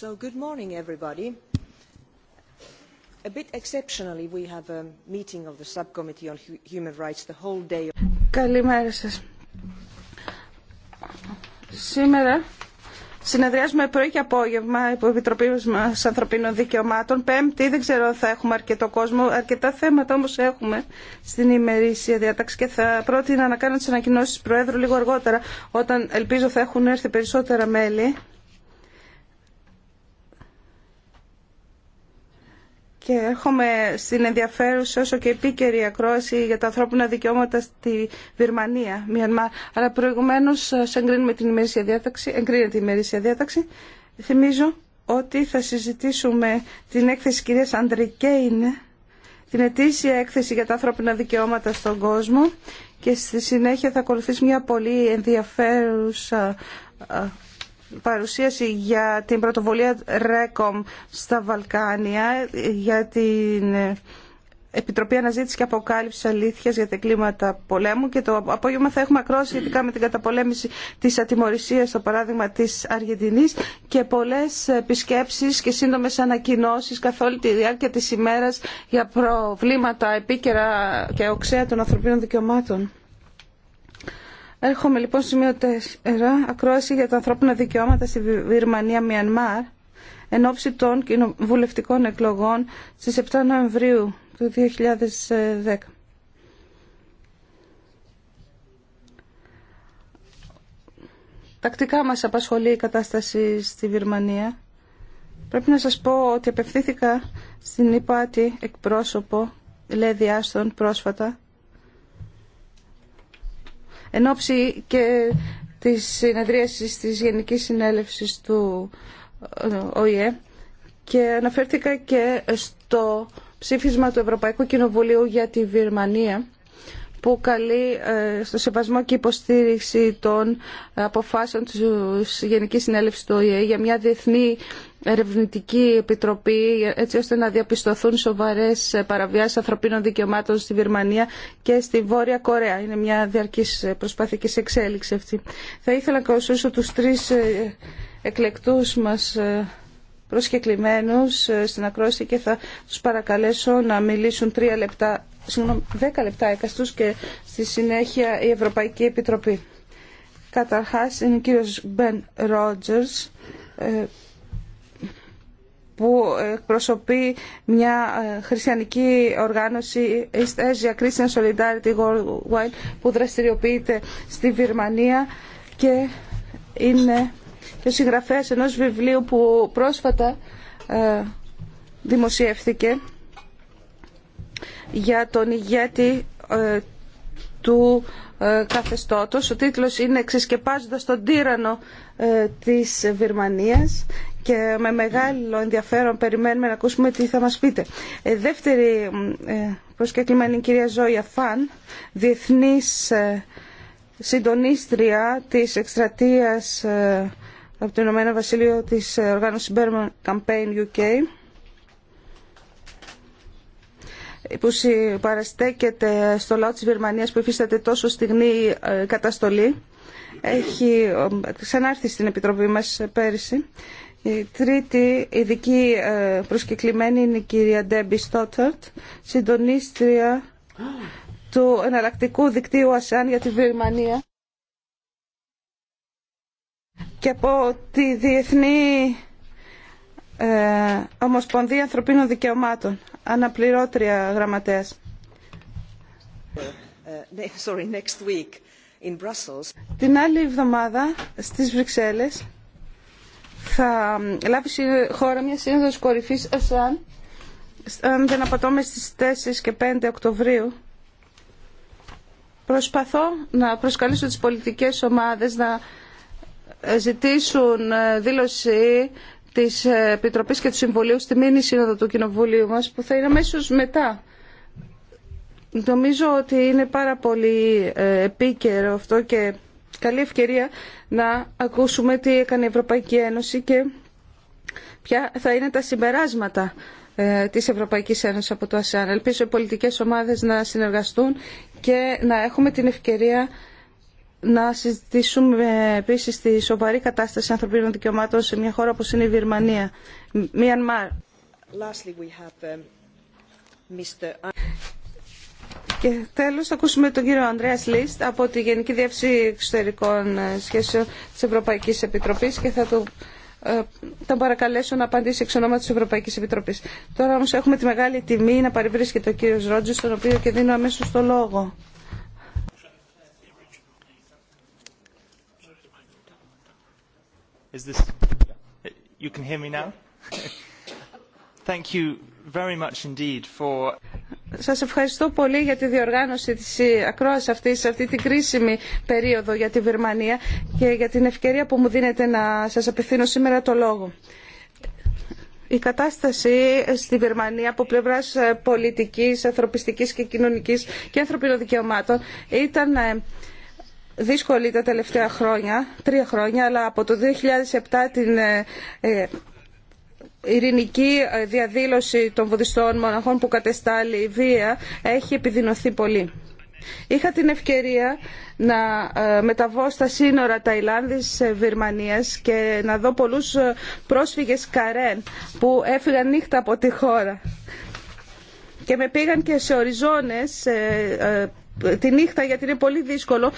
So good morning everybody. A bit exceptionally we have a meeting of the subcommittee on human rights the whole day. Καλημέρα σας. Σήμερα συνεδριάζουμε πρωί και απόγευμα υπό Επιτροπή μας Ανθρωπίνων Δικαιωμάτων. Πέμπτη, δεν ξέρω αν θα έχουμε αρκετό κόσμο. Αρκετά θέματα όμως έχουμε στην ημερήσια διάταξη και θα πρότεινα να κάνω τις ανακοινώσεις Προέδρου λίγο αργότερα όταν ελπίζω θα έχουν έρθει περισσότερα μέλη. και έρχομαι στην ενδιαφέρουσα όσο και επίκαιρη ακρόαση για τα ανθρώπινα δικαιώματα στη Βυρμανία, Μιανμάρ. Αλλά προηγουμένω, ε, σε εγκρίνουμε την ημερήσια διάταξη, εγκρίνεται η ημερήσια διάταξη, θυμίζω ότι θα συζητήσουμε την έκθεση κυρία Αντρικέιν, την ετήσια έκθεση για τα ανθρώπινα δικαιώματα στον κόσμο και στη συνέχεια θα ακολουθήσει μια πολύ ενδιαφέρουσα ε, παρουσίαση για την πρωτοβουλία ΡΕΚΟΜ στα Βαλκάνια, για την Επιτροπή Αναζήτηση και Αποκάλυψη Αλήθεια για τα κλίματα πολέμου και το απόγευμα θα έχουμε ακρόαση σχετικά με την καταπολέμηση τη ατιμορρησία, στο παράδειγμα τη Αργεντινή και πολλέ επισκέψει και σύντομε ανακοινώσει καθ' όλη τη διάρκεια τη ημέρα για προβλήματα επίκαιρα και οξέα των ανθρωπίνων δικαιωμάτων. Έρχομαι λοιπόν σημείο 4, ακρόαση για τα ανθρώπινα δικαιώματα στη Βυρμανία Μιανμάρ, εν ώψη των κοινοβουλευτικών εκλογών στις 7 Νοεμβρίου του 2010. Τακτικά μας απασχολεί η κατάσταση στη Βυρμανία. Πρέπει να σας πω ότι απευθύθηκα στην ΥΠΑΤΗ εκπρόσωπο Λέδη Άστον πρόσφατα εν ώψη και της συνεδρίασης της Γενικής Συνέλευσης του ε, ΟΗΕ και αναφέρθηκα και στο ψήφισμα του Ευρωπαϊκού Κοινοβουλίου για τη Βυρμανία που καλεί ε, στο σεβασμό και υποστήριξη των αποφάσεων της Γενικής Συνέλευσης του ΟΗΕ για μια διεθνή ερευνητική επιτροπή έτσι ώστε να διαπιστωθούν σοβαρές παραβιάσεις ανθρωπίνων δικαιωμάτων στη Βυρμανία και στη Βόρεια Κορέα. Είναι μια διαρκής προσπάθεια εξέλιξη αυτή. Θα ήθελα να καλωσορίσω τους τρεις ε, εκλεκτούς μας ε, προσκεκλημένους ε, στην ακρόαση και θα τους παρακαλέσω να μιλήσουν τρία λεπτά, συγγνώμη, δέκα λεπτά και στη συνέχεια η Ευρωπαϊκή Επιτροπή. Καταρχάς είναι ο κύριος Μπεν Ρότζερς, που εκπροσωπεί μια ε, χριστιανική οργάνωση East Asia Christian Solidarity Worldwide που δραστηριοποιείται στη Βυρμανία και είναι και ο συγγραφέας ενός βιβλίου που πρόσφατα ε, δημοσιεύθηκε για τον ηγέτη ε, του καθεστώτος. Ο τίτλος είναι «Ξεσκεπάζοντας τον τύρανο της Βυρμανίας» και με μεγάλο ενδιαφέρον περιμένουμε να ακούσουμε τι θα μας πείτε. Ε, δεύτερη ε, προσκεκλήμα είναι η κυρία Ζώια Φαν, διεθνής ε, συντονίστρια της εκστρατείας από το Ηνωμένο Βασίλειο της οργάνωσης Berman Campaign UK που παραστέκεται στο λαό της Βερμανίας που υφίσταται τόσο στιγμή καταστολή έχει ξανάρθει στην Επιτροπή μας πέρυσι η τρίτη ειδική ε, προσκεκλημένη είναι η κυρία Ντέμπι Στόταρτ, συντονίστρια του εναλλακτικού δικτύου ΑΣΑΝ για τη Βερμανία και από τη Διεθνή ε, Ομοσπονδία Ανθρωπίνων Δικαιωμάτων, αναπληρώτρια γραμματέας. Ε, ναι, sorry, next week in Την άλλη εβδομάδα στις Βρυξέλλες θα λάβει χώρα μια σύνδεση κορυφής ΕΣΑΝ αν δεν απατώμε στις 4 και 5 Οκτωβρίου προσπαθώ να προσκαλήσω τις πολιτικές ομάδες να ζητήσουν ε, δήλωση της Επιτροπής και του Συμβουλίου στη μήνυ σύνοδο του Κοινοβουλίου μας που θα είναι αμέσω μετά. Νομίζω ότι είναι πάρα πολύ ε, επίκαιρο αυτό και καλή ευκαιρία να ακούσουμε τι έκανε η Ευρωπαϊκή Ένωση και ποια θα είναι τα συμπεράσματα ε, της Ευρωπαϊκής Ένωσης από το ΑΣΕΑΝ. Ελπίζω οι πολιτικές ομάδες να συνεργαστούν και να έχουμε την ευκαιρία να συζητήσουμε ε, επίσης τη σοβαρή κατάσταση ανθρωπίνων δικαιωμάτων σε μια χώρα όπως είναι η Βυρμανία, Μιανμάρ. Ε, και τέλος θα ακούσουμε τον κύριο Ανδρέας Λίστ από τη Γενική Διεύθυνση Εξωτερικών ε, Σχέσεων της Ευρωπαϊκής Επιτροπής και θα ε, τον παρακαλέσω να απαντήσει εξ ονόματο της Ευρωπαϊκής Επιτροπής. Τώρα όμως έχουμε τη μεγάλη τιμή να παρευρίσκεται ο κύριο Ρότζη, τον οποίο και δίνω αμέσω το λόγο. Is this... you can hear me now? Thank you very Σας ευχαριστώ πολύ για τη διοργάνωση της ε, ακρόασης αυτής σε αυτή την κρίσιμη περίοδο για τη Βερμανία και για την ευκαιρία που μου δίνετε να σας απευθύνω σήμερα το λόγο. Η κατάσταση στη Βερμανία από πλευρά ε, πολιτική, ανθρωπιστική και κοινωνική και ανθρωπίνων δικαιωμάτων ήταν ε, δύσκολη τα τελευταία χρόνια, τρία χρόνια, αλλά από το 2007 την ειρηνική ε, διαδήλωση των βουδιστών μοναχών που κατεστάλλει η βία έχει επιδεινωθεί πολύ. Είχα την ευκαιρία να ε, μεταβώ στα σύνορα Ταϊλάνδης ε, Βυρμανίας και να δω πολλούς πρόσφυγες Καρέν που έφυγαν νύχτα από τη χώρα και με πήγαν και σε οριζόνες τη νύχτα γιατί είναι πολύ δύσκολο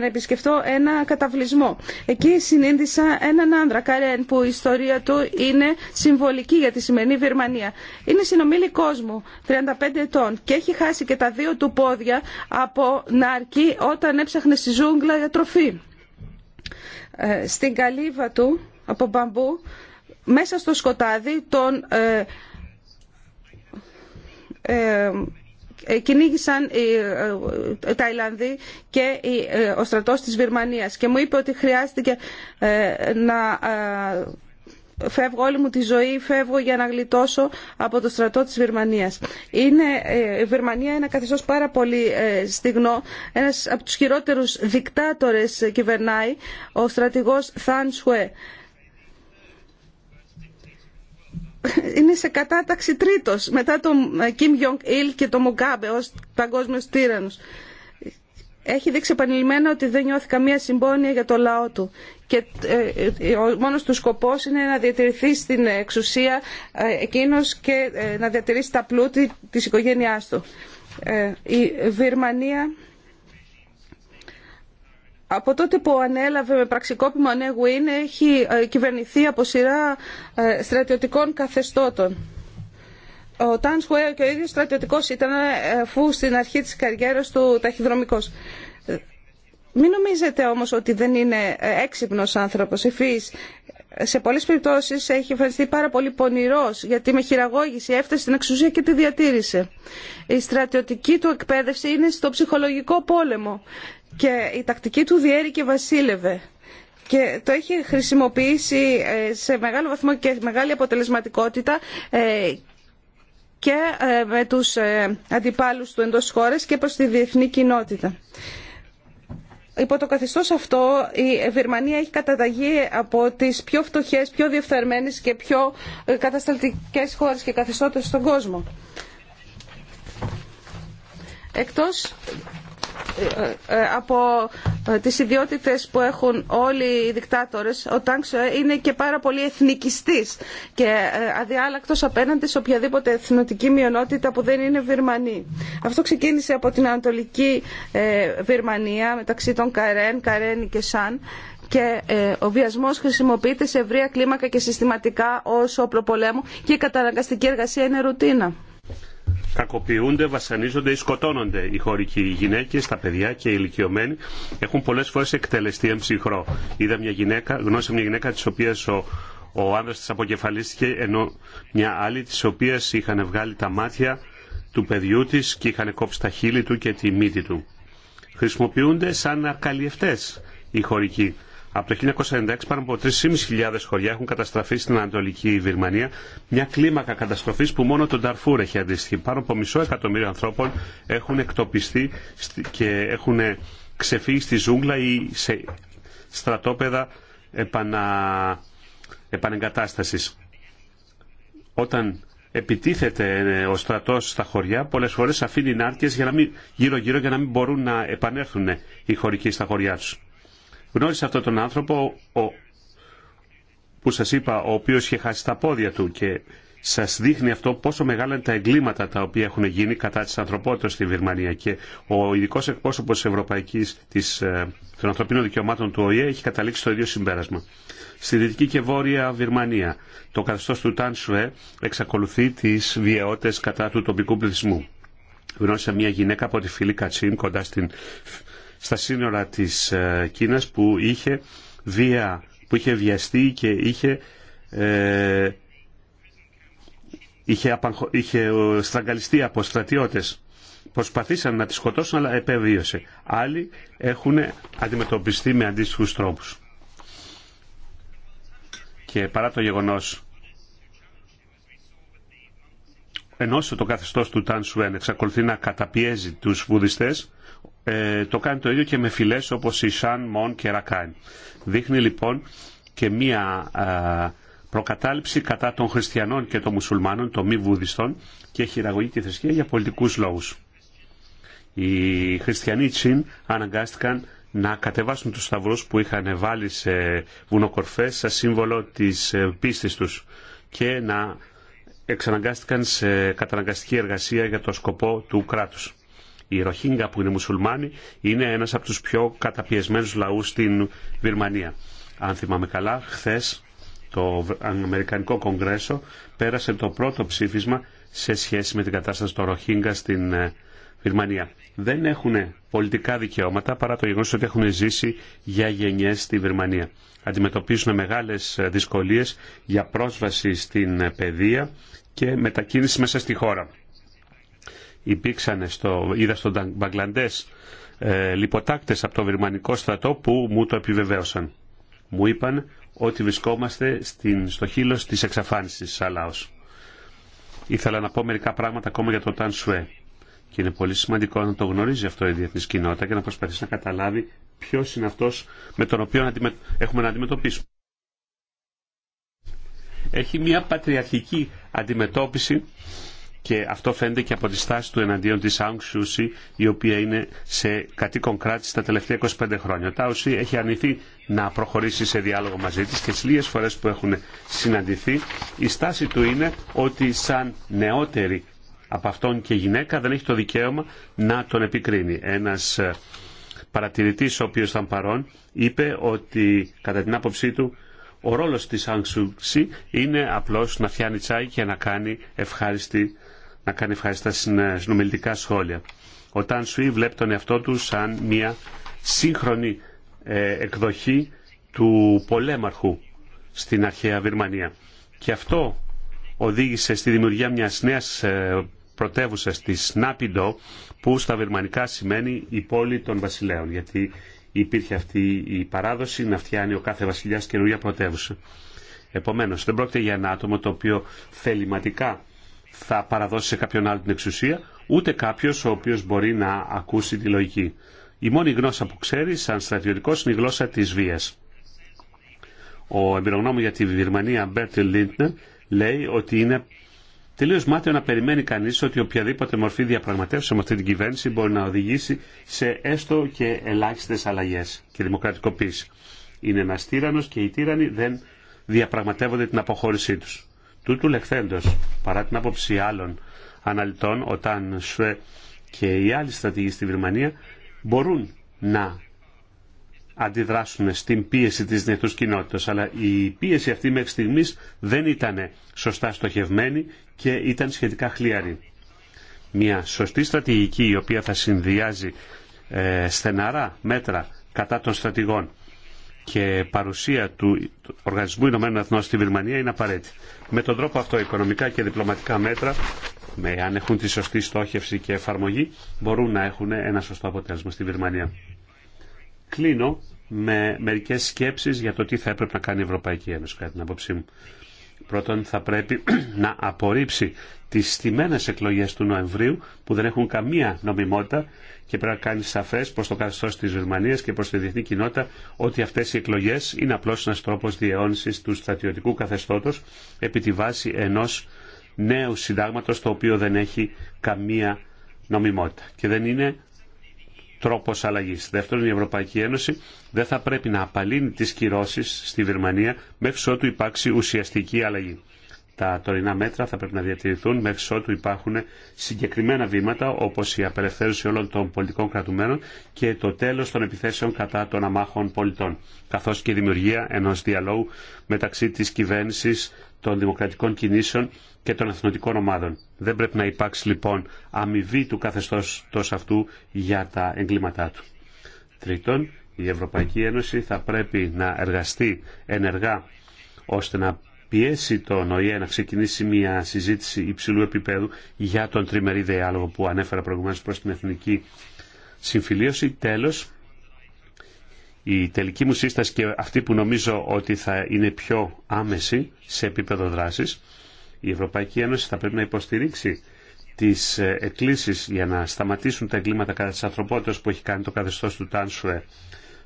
να επισκεφτώ ένα καταβλισμό. Εκεί συνήντησα έναν άντρα, Καρέν, που η ιστορία του είναι συμβολική για τη σημερινή Βερμανία. Είναι συνομήλικός μου, 35 ετών και έχει χάσει και τα δύο του πόδια από ναρκή όταν έψαχνε στη ζούγκλα για τροφή. Ε, στην καλύβα του από μπαμπού, μέσα στο σκοτάδι, τον... Ε, ε, ε, κυνήγησαν οι ε, Ταϊλανδοί και ε, ο στρατός της Βυρμανίας και μου είπε ότι χρειάστηκε να φεύγω όλη μου τη ζωή, φεύγω για να γλιτώσω από το στρατό της Βυρμανίας. Είναι η Βυρμανία ένα καθεστώς πάρα πολύ στιγνό, ένας από τους χειρότερους δικτάτορες κυβερνάει, ο στρατηγός Θαν Σουέ είναι σε κατάταξη τρίτος μετά τον Κιμ Γιονγκ Ιλ και τον Μουγκάμπε ως παγκόσμιος τύρανος. Έχει δείξει επανειλημμένα ότι δεν νιώθει καμία συμπόνια για το λαό του και ε, ε, ο μόνος του σκοπός είναι να διατηρηθεί στην εξουσία ε, εκείνος και να διατηρήσει τα πλούτη της οικογένειάς του. Η Βυρμανία από τότε που ανέλαβε με πραξικόπημα ο είναι, έχει ε, κυβερνηθεί από σειρά ε, στρατιωτικών καθεστώτων. Ο Ταν και ο ίδιος στρατιωτικός ήταν ε, αφού στην αρχή της καριέρας του ταχυδρομικός. Μην νομίζετε όμως ότι δεν είναι έξυπνος άνθρωπος, εφής σε πολλέ περιπτώσει έχει εμφανιστεί πάρα πολύ πονηρό, γιατί με χειραγώγηση έφτασε στην εξουσία και τη διατήρησε. Η στρατιωτική του εκπαίδευση είναι στο ψυχολογικό πόλεμο και η τακτική του διέρηκε βασίλευε και το έχει χρησιμοποιήσει ε, σε μεγάλο βαθμό και μεγάλη αποτελεσματικότητα ε, και ε, με τους αντιπάλους του εντός χώρας και προς τη διεθνή κοινότητα. Υπό το καθεστώς αυτό η Βερμανία έχει καταταγεί από τις πιο φτωχές, πιο διεφθαρμένες και πιο ε, κατασταλτικές χώρες και καθεστώτες στον κόσμο. Εκτός ε, ε, από ε, τις ιδιότητες που έχουν όλοι οι δικτάτορες ο Τάγκσο είναι και πάρα πολύ εθνικιστής και αδιάλακτος απέναντι σε οποιαδήποτε εθνοτική μειονότητα που δεν είναι Βυρμανή. Αυτό ξεκίνησε από την Ανατολική Βυρμανία μεταξύ των Καρέν, Καρένι και Σαν και ο βιασμός χρησιμοποιείται σε ευρεία κλίμακα και συστηματικά ως όπλο πολέμου και η καταναγκαστική εργασία είναι ρουτίνα κακοποιούνται, βασανίζονται ή σκοτώνονται οι χωρικοί. Οι γυναίκε, τα παιδιά και οι ηλικιωμένοι έχουν πολλέ φορέ εκτελεστεί εν Είδα μια γυναίκα, γνώρισα μια γυναίκα τη οποία ο, ο άνδρα τη αποκεφαλίστηκε, ενώ μια άλλη τη οποία είχαν βγάλει τα μάτια του παιδιού τη και είχαν κόψει τα χείλη του και τη μύτη του. Χρησιμοποιούνται σαν αρκαλιευτέ οι χωρικοί. Από το 1996 πάνω από 3.500 χωριά έχουν καταστραφεί στην Ανατολική Βυρμανία, μια κλίμακα καταστροφή που μόνο τον Ταρφούρ έχει αντίστοιχη. Πάνω από μισό εκατομμύριο ανθρώπων έχουν εκτοπιστεί και έχουν ξεφύγει στη ζούγκλα ή σε στρατόπεδα επανα... επανεγκατάστασης. Όταν επιτίθεται ε, ο στρατό στα χωριά, πολλέ φορέ αφήνει νάρκες γύρω-γύρω για να μην μπορούν να επανέλθουν οι χωρικοί στα χωριά του. Γνώρισα αυτόν τον άνθρωπο που σας είπα, ο οποίος είχε χάσει τα πόδια του και σας δείχνει αυτό πόσο μεγάλα είναι τα εγκλήματα τα οποία έχουν γίνει κατά της ανθρωπότητας στη Βερμανία και ο ειδικό εκπρόσωπος της Ευρωπαϊκής, της, ε, των ανθρωπίνων δικαιωμάτων του ΟΗΕ έχει καταλήξει το ίδιο συμπέρασμα. Στη Δυτική και Βόρεια Βερμανία, το καθεστώς του Τάνσουε εξακολουθεί τις βιαιότητες κατά του τοπικού πληθυσμού. Γνώρισα μια γυναίκα από τη φίλη Κατσίν κοντά στην στα σύνορα της ε, Κίνας που είχε, βία, που είχε βιαστεί και είχε, ε, είχε, απαγχω, είχε ε, στραγγαλιστεί από στρατιώτες. Προσπαθήσαν να τη σκοτώσουν αλλά επεβίωσε. Άλλοι έχουν αντιμετωπιστεί με αντίστοιχους τρόπους. Και παρά το γεγονός ενώ το καθεστώς του Ταν Σουέν εξακολουθεί να καταπιέζει τους βουδιστές, ε, το κάνει το ίδιο και με φυλές όπως η Σαν, Μον και Ρακάν. Δείχνει λοιπόν και μία προκατάληψη κατά των χριστιανών και των μουσουλμάνων, των μη βουδιστών και χειραγωγή και θρησκεία για πολιτικούς λόγους. Οι χριστιανοί Τσιν αναγκάστηκαν να κατεβάσουν τους σταυρούς που είχαν βάλει σε βουνοκορφές σαν σύμβολο της ε, πίστη τους και να εξαναγκάστηκαν σε καταναγκαστική εργασία για το σκοπό του κράτους. Οι Ροχίνγκα που είναι μουσουλμάνοι είναι ένας από τους πιο καταπιεσμένους λαούς στην Βυρμανία. Αν θυμάμαι καλά, χθες το Αμερικανικό Κογκρέσο πέρασε το πρώτο ψήφισμα σε σχέση με την κατάσταση των Ροχίνγκα στην ε, Βιρμανία. Δεν έχουν πολιτικά δικαιώματα παρά το γεγονός ότι έχουν ζήσει για γενιές στη Βυρμανία. Αντιμετωπίζουν μεγάλες ε, δυσκολίες για πρόσβαση στην ε, παιδεία και μετακίνηση μέσα στη χώρα υπήρξαν στο, είδα στον Μπαγκλαντές ε, λιποτάκτες από το βερμανικό στρατό που μου το επιβεβαίωσαν. Μου είπαν ότι βρισκόμαστε στην, στο χείλο της εξαφάνισης της Αλάος. Ήθελα να πω μερικά πράγματα ακόμα για το Ταν Σουέ. Και είναι πολύ σημαντικό να το γνωρίζει αυτό η διεθνή κοινότητα και να προσπαθήσει να καταλάβει ποιο είναι αυτό με τον οποίο έχουμε να αντιμετωπίσουμε. Έχει μια πατριαρχική αντιμετώπιση και αυτό φαίνεται και από τη στάση του εναντίον της Aung η οποία είναι σε κατοίκον κράτη τα τελευταία 25 χρόνια. Ο Τάουσι έχει αρνηθεί να προχωρήσει σε διάλογο μαζί της και τις λίγες φορές που έχουν συναντηθεί η στάση του είναι ότι σαν νεότερη από αυτόν και γυναίκα δεν έχει το δικαίωμα να τον επικρίνει. Ένας ε, παρατηρητής ο οποίος ήταν παρόν είπε ότι κατά την άποψή του ο ρόλος της Αγσούξη είναι απλώς να φτιάνει τσάι και να κάνει ευχάριστη να κάνει ευχαριστά συνομιλητικά σχόλια. Ο Ταν Σουί βλέπει τον εαυτό του σαν μια σύγχρονη ε, εκδοχή του πολέμαρχου στην αρχαία Βυρμανία. Και αυτό οδήγησε στη δημιουργία μιας νέας ε, πρωτεύουσα τη Νάπιντο που στα βερμανικά σημαίνει η πόλη των βασιλέων γιατί υπήρχε αυτή η παράδοση να φτιάνει ο κάθε βασιλιάς καινούργια πρωτεύουσα. Επομένως δεν πρόκειται για ένα άτομο το οποίο θεληματικά θα παραδώσει σε κάποιον άλλον την εξουσία, ούτε κάποιο ο οποίο μπορεί να ακούσει τη λογική. Η μόνη γλώσσα που ξέρει, σαν στρατιωτικό, είναι η γλώσσα τη βία. Ο εμπειρογνώμη για τη Βιρμανία Μπέρτιλ Λίντνερ, λέει ότι είναι τελείω μάταιο να περιμένει κανεί ότι οποιαδήποτε μορφή διαπραγματεύσεων με αυτή την κυβέρνηση μπορεί να οδηγήσει σε έστω και ελάχιστε αλλαγέ και δημοκρατικοποίηση. Είναι ένα τύρανο και οι τύρανοι δεν διαπραγματεύονται την αποχώρησή του. Τούτου λεχθέντος, παρά την άποψη άλλων αναλυτών, όταν Ταν Σουέ και οι άλλοι στρατηγοί στη Βερμανία μπορούν να αντιδράσουν στην πίεση της διεθνούς κοινότητας. Αλλά η πίεση αυτή μέχρι στιγμής δεν ήταν σωστά στοχευμένη και ήταν σχετικά χλιαρή. Μια σωστή στρατηγική η οποία θα συνδυάζει ε, στεναρά μέτρα κατά των στρατηγών και παρουσία του Οργανισμού Ηνωμένων Εθνών στη Βερμανία είναι απαραίτητη. Με τον τρόπο αυτό, οικονομικά και διπλωματικά μέτρα, με, αν έχουν τη σωστή στόχευση και εφαρμογή, μπορούν να έχουν ένα σωστό αποτέλεσμα στη Βερμανία. Κλείνω με μερικές σκέψεις για το τι θα έπρεπε να κάνει η Ευρωπαϊκή Ένωση, κατά την απόψή μου. Πρώτον, θα πρέπει να απορρίψει τις στιμένες εκλογές του Νοεμβρίου που δεν έχουν καμία νομιμότητα και πρέπει να κάνει σαφέ προ το καθεστώ τη Γερμανία και προ τη διεθνή κοινότητα ότι αυτέ οι εκλογέ είναι απλώ ένα τρόπο διαιώνιση του στρατιωτικού καθεστώτο επί τη βάση ενό νέου συντάγματο το οποίο δεν έχει καμία νομιμότητα και δεν είναι τρόπο αλλαγή. Δεύτερον, η Ευρωπαϊκή Ένωση δεν θα πρέπει να απαλύνει τι κυρώσει στη Βερμανία μέχρι ότου υπάρξει ουσιαστική αλλαγή. Τα τωρινά μέτρα θα πρέπει να διατηρηθούν μέχρι ότου υπάρχουν συγκεκριμένα βήματα όπως η απελευθέρωση όλων των πολιτικών κρατουμένων και το τέλος των επιθέσεων κατά των αμάχων πολιτών καθώς και η δημιουργία ενός διαλόγου μεταξύ της κυβέρνησης των δημοκρατικών κινήσεων και των εθνοτικών ομάδων. Δεν πρέπει να υπάρξει λοιπόν αμοιβή του καθεστώτος αυτού για τα εγκλήματά του. Τρίτον, η Ευρωπαϊκή Ένωση θα πρέπει να εργαστεί ενεργά ώστε να πιέσει τον ΟΗΕ να ξεκινήσει μια συζήτηση υψηλού επίπεδου για τον τριμερή διάλογο που ανέφερα προηγουμένω προ την Εθνική Συμφιλίωση. Τέλο, η τελική μου σύσταση και αυτή που νομίζω ότι θα είναι πιο άμεση σε επίπεδο δράση, η Ευρωπαϊκή Ένωση θα πρέπει να υποστηρίξει τι ε, εκκλήσει για να σταματήσουν τα εγκλήματα κατά τη ανθρωπότητα που έχει κάνει το καθεστώ του Τάνσουε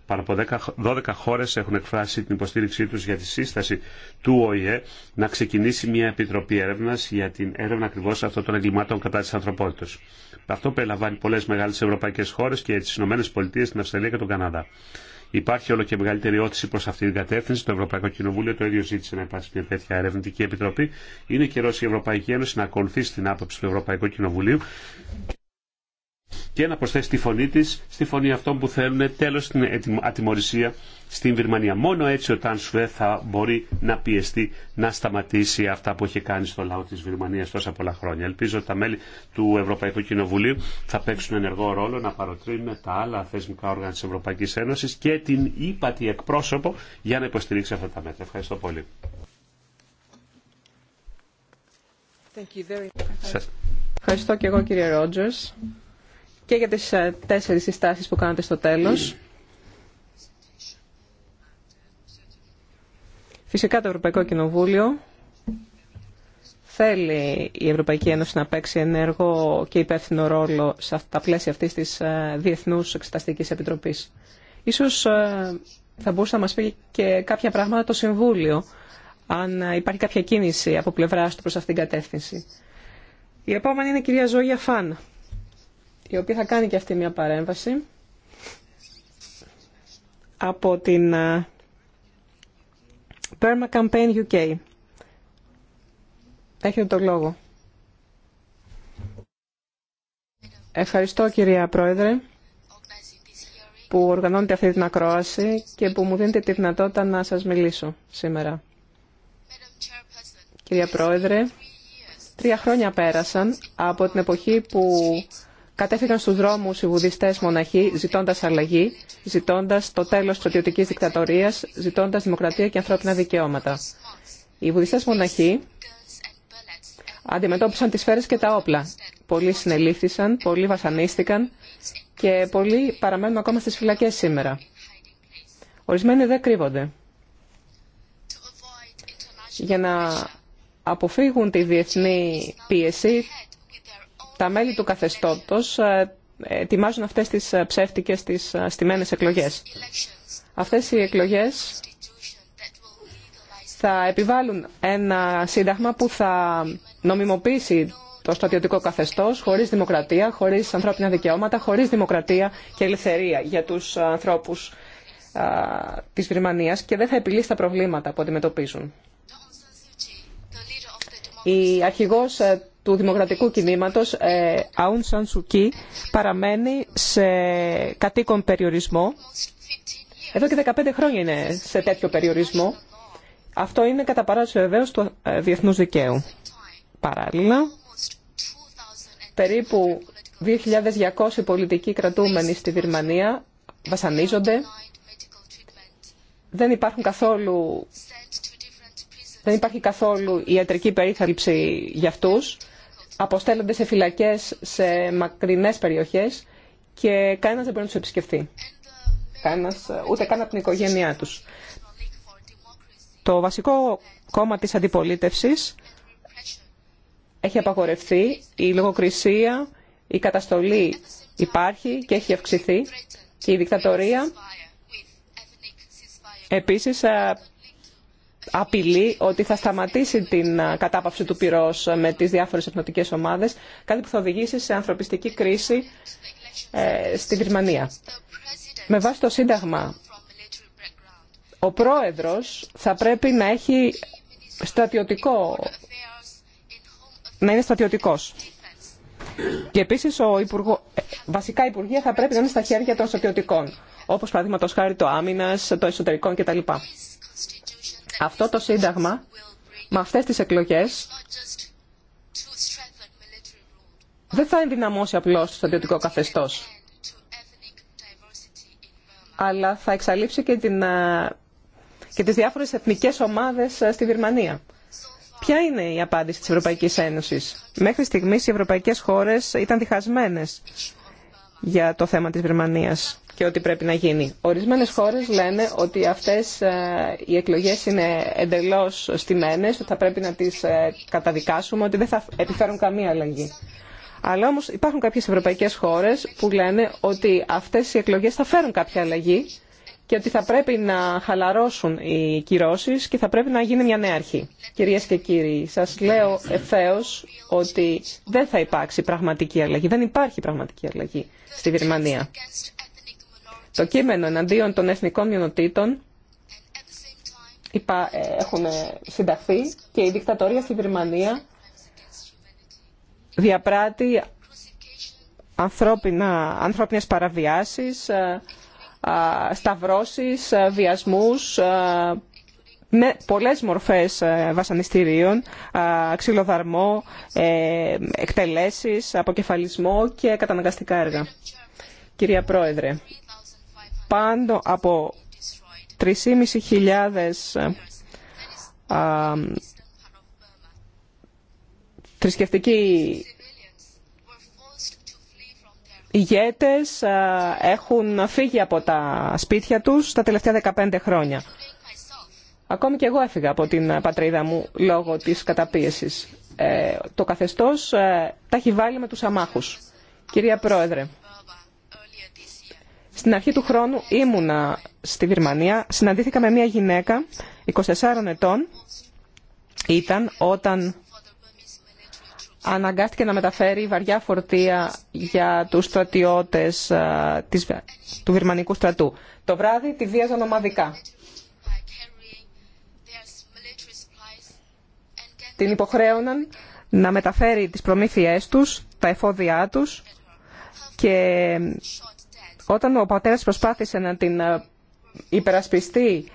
πάνω από 12 χώρες έχουν εκφράσει την υποστήριξή τους για τη σύσταση του ΟΗΕ να ξεκινήσει μια επιτροπή έρευνας για την έρευνα ακριβώς αυτών των εγκλημάτων κατά της ανθρωπότητας. Αυτό περιλαμβάνει πολλές μεγάλες ευρωπαϊκές χώρες και τις ΗΠΑ, την Αυστραλία και τον Καναδά. Υπάρχει όλο και μεγαλύτερη όθηση προ αυτή την κατεύθυνση. Το Ευρωπαϊκό Κοινοβούλιο το ίδιο ζήτησε να υπάρξει μια τέτοια ερευνητική επιτροπή. Είναι καιρό η Ευρωπαϊκή Ένωση να ακολουθήσει την άποψη του Ευρωπαϊκού Κοινοβουλίου και να προσθέσει τη φωνή της στη φωνή αυτών που θέλουν τέλος στην ατιμορρησία στην Βυρμανία. Μόνο έτσι ο Ταν Σουέ θα μπορεί να πιεστεί να σταματήσει αυτά που έχει κάνει στο λαό της Βυρμανίας τόσα πολλά χρόνια. Ελπίζω ότι τα μέλη του Ευρωπαϊκού Κοινοβουλίου θα παίξουν ενεργό ρόλο να παροτρύνουν τα άλλα θεσμικά όργανα της Ευρωπαϊκής Ένωσης και την ύπατη εκπρόσωπο για να υποστηρίξει αυτά τα μέτρα. Ευχαριστώ πολύ. Ευχαριστώ και εγώ κύριε Ρότζερς και για τις ε, τέσσερις συστάσεις που κάνατε στο τέλος. Φυσικά το Ευρωπαϊκό Κοινοβούλιο θέλει η Ευρωπαϊκή Ένωση να παίξει ενεργό και υπεύθυνο ρόλο σε τα πλαίσια αυτής της ε, Διεθνούς Εξεταστικής Επιτροπής. Ίσως ε, θα μπορούσε να μας πει και κάποια πράγματα το Συμβούλιο, αν υπάρχει κάποια κίνηση από πλευράς του προς αυτήν την κατεύθυνση. Η επόμενη είναι η κυρία Ζώγια Φάν η οποία θα κάνει και αυτή μια παρέμβαση από την Perma ε, Campaign UK. Έχετε το λόγο. Ευχαριστώ κυρία Πρόεδρε που οργανώνετε αυτή την ακρόαση και που μου δίνετε τη δυνατότητα να σας μιλήσω σήμερα. Κυρία Πρόεδρε, τρία χρόνια πέρασαν από την εποχή που κατέφυγαν στους δρόμους οι βουδιστές μοναχοί ζητώντας αλλαγή, ζητώντας το τέλος στρατιωτικής δικτατορίας, ζητώντας δημοκρατία και ανθρώπινα δικαιώματα. Οι βουδιστές μοναχοί αντιμετώπισαν τις σφαίρες και τα όπλα. Πολλοί συνελήφθησαν, πολλοί βασανίστηκαν και πολλοί παραμένουν ακόμα στις φυλακές σήμερα. Ορισμένοι δεν κρύβονται. Για να αποφύγουν τη διεθνή πίεση, τα μέλη του καθεστώτος ε, ετοιμάζουν αυτές τις ε, ψεύτικες, τις ε, στιμένες εκλογές. Αυτές οι εκλογές θα επιβάλλουν ένα σύνταγμα που θα νομιμοποιήσει το στρατιωτικό καθεστώς χωρίς δημοκρατία, χωρίς ανθρώπινα δικαιώματα, χωρίς δημοκρατία και ελευθερία για τους ανθρώπους της Βρυμανίας και δεν θα επιλύσει τα προβλήματα που αντιμετωπίζουν του δημοκρατικού κινήματος ε, Αούν Σαν παραμένει σε κατοίκον περιορισμό. Εδώ και 15 χρόνια είναι σε τέτοιο περιορισμό. Αυτό είναι κατά παράδοση βεβαίως του ε, διεθνούς δικαίου. Παράλληλα, περίπου 2.200 πολιτικοί κρατούμενοι στη Βυρμανία βασανίζονται. Δεν, υπάρχουν καθόλου, δεν υπάρχει καθόλου ιατρική περίθαλψη για αυτούς αποστέλλονται σε φυλακές σε μακρινές περιοχές και κανένας δεν μπορεί να τους επισκεφθεί. ούτε καν από την οικογένειά τους. Το βασικό κόμμα της αντιπολίτευσης έχει απαγορευτεί, η λογοκρισία, η καταστολή υπάρχει και έχει αυξηθεί και η δικτατορία επίσης ε, απειλή ότι θα σταματήσει την κατάπαυση του πυρός με τις διάφορες εθνοτικές ομάδες, κάτι που θα οδηγήσει σε ανθρωπιστική κρίση ε, στη Γερμανία. Με βάση το Σύνταγμα, ο πρόεδρος θα πρέπει να έχει στρατιωτικό, να είναι στρατιωτικός. Και επίσης ο υπουργό, ε, βασικά η Υπουργεία θα πρέπει να είναι στα χέρια των στρατιωτικών, όπως παραδείγματος χάρη το άμυνας, το εσωτερικό κτλ. Αυτό το Σύνταγμα, με αυτές τις εκλογές, δεν θα ενδυναμώσει απλώς το στρατιωτικό καθεστώς, αλλά θα εξαλείψει και, την, ε, και τις διάφορες εθνικές ομάδες ε, στη Βυρμανία. Ποια είναι η απάντηση της Ευρωπαϊκής Ένωσης. Μέχρι στιγμής οι ευρωπαϊκές χώρες ήταν διχασμένες για το θέμα της Βερμανίας και ότι πρέπει να γίνει. Ορισμένες χώρες λένε ότι αυτές ε, οι εκλογές είναι εντελώς στημένες, ότι θα πρέπει να τις ε, καταδικάσουμε, ότι δεν θα επιφέρουν καμία αλλαγή. Αλλά όμως υπάρχουν κάποιες ευρωπαϊκές χώρες που λένε ότι αυτές οι εκλογές θα φέρουν κάποια αλλαγή και ότι θα πρέπει να χαλαρώσουν οι κυρώσεις και θα πρέπει να γίνει μια νέα αρχή. Κυρίες και κύριοι, σας λέω ευθέω ότι δεν θα υπάρξει πραγματική αλλαγή. Δεν υπάρχει πραγματική αλλαγή στη Γερμανία. Το κείμενο εναντίον των εθνικών μειονοτήτων ε, έχουν συνταχθεί και η δικτατορία στη Βερμανία διαπράττει ανθρώπινα, ανθρώπινες παραβιάσεις, ε, ε, σταυρώσεις, βιασμούς, με πολλές μορφές βασανιστήριων, ξυλοδαρμό, εκτελέσεις, αποκεφαλισμό και καταναγκαστικά έργα. Κυρία Πρόεδρε, πάνω από 3.500 θρησκευτικοί ηγέτες έχουν φύγει από τα σπίτια τους τα τελευταία 15 χρόνια. Ακόμη και εγώ έφυγα από την πατρίδα μου λόγω της καταπίεσης. Ε, το καθεστώς ε, τα έχει βάλει με τους αμάχους. Κυρία Πρόεδρε, στην αρχή του χρόνου ήμουνα στη Βυρμανία, συναντήθηκα με μια γυναίκα 24 ετών, ήταν όταν αναγκάστηκε να μεταφέρει βαριά φορτία για τους στρατιώτες του Βυρμανικού στρατού. Το βράδυ τη βίαζαν ομαδικά. Την υποχρέωναν να μεταφέρει τις προμήθειές τους, τα εφόδια τους και όταν ο πατέρας προσπάθησε να την ε, υπερασπιστεί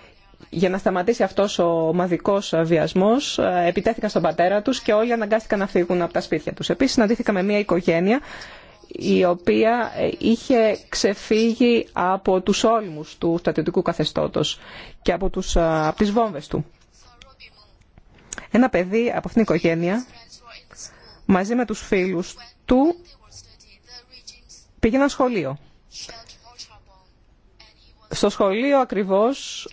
για να σταματήσει αυτός ο ομαδικός βιασμός, ε, επιτέθηκαν στον πατέρα τους και όλοι αναγκάστηκαν να φύγουν από τα σπίτια τους. Επίσης συναντήθηκα με μια οικογένεια η οποία ε, είχε ξεφύγει από τους όλμους του στρατιωτικού καθεστώτος και από, τους, από τις βόμβες του. Ένα παιδί από αυτήν την οικογένεια, μαζί με τους φίλους του, πήγε σχολείο στο σχολείο ακριβώς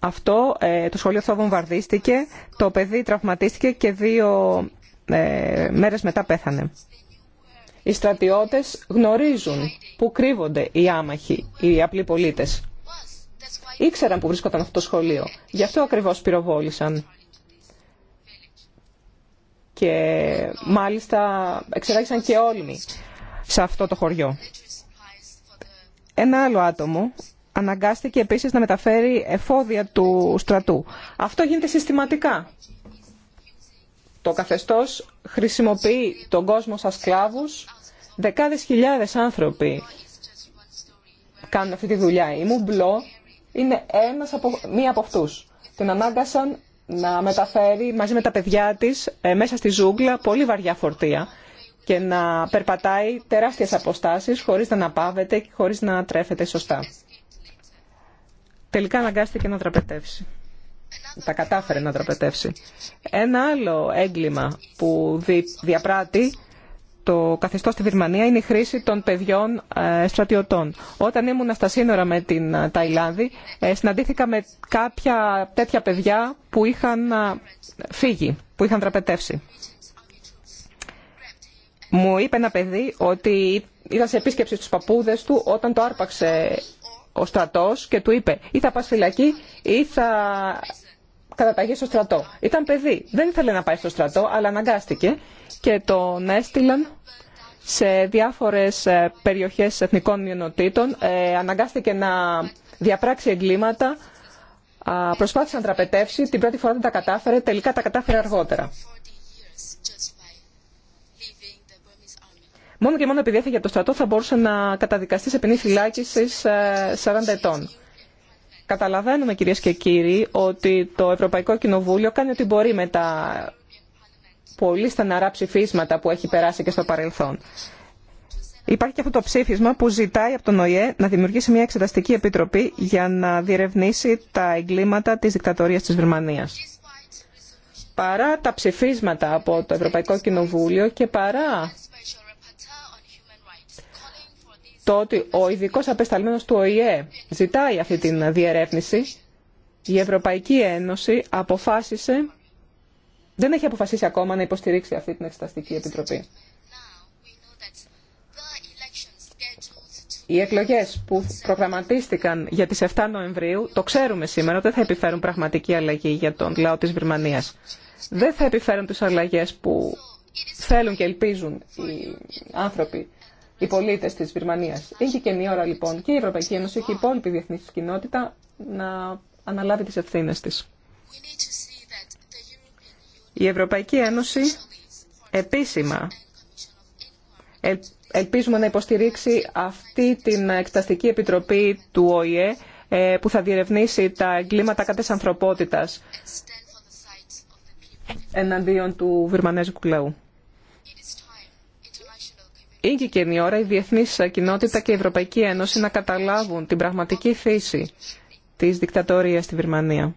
αυτό, ε, το σχολείο αυτό βομβαρδίστηκε, το παιδί τραυματίστηκε και δύο ε, μέρες μετά πέθανε. Οι στρατιώτες γνωρίζουν που κρύβονται οι άμαχοι, οι απλοί πολίτες. Ήξεραν που βρίσκονταν αυτό το σχολείο. Γι' αυτό ακριβώς πυροβόλησαν. Και μάλιστα εξεράγησαν και όλοι σε αυτό το χωριό. Ένα άλλο άτομο αναγκάστηκε επίσης να μεταφέρει εφόδια του στρατού. Αυτό γίνεται συστηματικά. Το καθεστώς χρησιμοποιεί τον κόσμο σαν σκλάβους. Δεκάδες χιλιάδες άνθρωποι κάνουν αυτή τη δουλειά. Η Μουμπλό είναι ένας από, μία από αυτούς. Την ανάγκασαν να μεταφέρει μαζί με τα παιδιά της ε, μέσα στη ζούγκλα πολύ βαριά φορτία και να περπατάει τεράστιες αποστάσεις χωρίς να αναπαύεται και χωρίς να τρέφεται σωστά. Τελικά αναγκάστηκε να τραπετεύσει. Τα κατάφερε να τραπετεύσει. Ένα άλλο έγκλημα που διαπράττει το καθεστώς στη Βυρμανία είναι η χρήση των παιδιών ε, στρατιωτών. Όταν ήμουν στα σύνορα με την ε, Ταϊλάνδη, ε, συναντήθηκα με κάποια τέτοια παιδιά που είχαν φύγει, που είχαν τραπετεύσει. Μου είπε ένα παιδί ότι ήταν σε επίσκεψη στους παππούδες του όταν το άρπαξε ο στρατός και του είπε ή θα πας φυλακή ή θα καταταγεί στο στρατό. Ήταν παιδί, δεν ήθελε να πάει στο στρατό αλλά αναγκάστηκε και τον έστειλαν σε διάφορες ε, περιοχές εθνικών μειονοτήτων, ε, αναγκάστηκε να διαπράξει εγκλήματα, προσπάθησε να τραπετεύσει, την πρώτη φορά δεν τα κατάφερε, τελικά τα κατάφερε αργότερα. Μόνο και μόνο επειδή έφυγε από το στρατό θα μπορούσε να καταδικαστεί σε ποινή φυλάκιση 40 ε, ετών. Καταλαβαίνουμε κυρίες και κύριοι ότι το Ευρωπαϊκό Κοινοβούλιο κάνει ό,τι μπορεί με τα πολύ στεναρά ψηφίσματα που έχει περάσει και στο παρελθόν. Υπάρχει και αυτό το ψήφισμα που ζητάει από τον ΟΗΕ να δημιουργήσει μια εξεταστική επιτροπή για να διερευνήσει τα εγκλήματα της δικτατορίας της Βερμανίας. Παρά τα ψηφίσματα από το Ευρωπαϊκό Κοινοβούλιο και παρά το ότι ο ειδικό απεσταλμένος του ΟΗΕ ζητάει αυτή την διερεύνηση, η Ευρωπαϊκή Ένωση αποφάσισε, δεν έχει αποφασίσει ακόμα να υποστηρίξει αυτή την Εξεταστική Επιτροπή. Οι εκλογές που προγραμματίστηκαν για τις 7 Νοεμβρίου, το ξέρουμε σήμερα, δεν θα επιφέρουν πραγματική αλλαγή για τον λαό της Βρυμανίας. Δεν θα επιφέρουν τις αλλαγές που θέλουν και ελπίζουν οι άνθρωποι οι πολίτε της Βυρμανίας. Έχει και ώρα λοιπόν και η Ευρωπαϊκή Ένωση και η υπόλοιπη διεθνή κοινότητα να αναλάβει τις ευθύνε της. Η Ευρωπαϊκή Ένωση επίσημα ε, ελπίζουμε να υποστηρίξει αυτή την εκταστική επιτροπή του ΟΗΕ ε, που θα διερευνήσει τα εγκλήματα κατά της ανθρωπότητας εναντίον του βυρμανέζικου λαού ήγηκε η ώρα η διεθνή κοινότητα και η Ευρωπαϊκή Ένωση να καταλάβουν την πραγματική φύση της δικτατορία στη Βερμανία.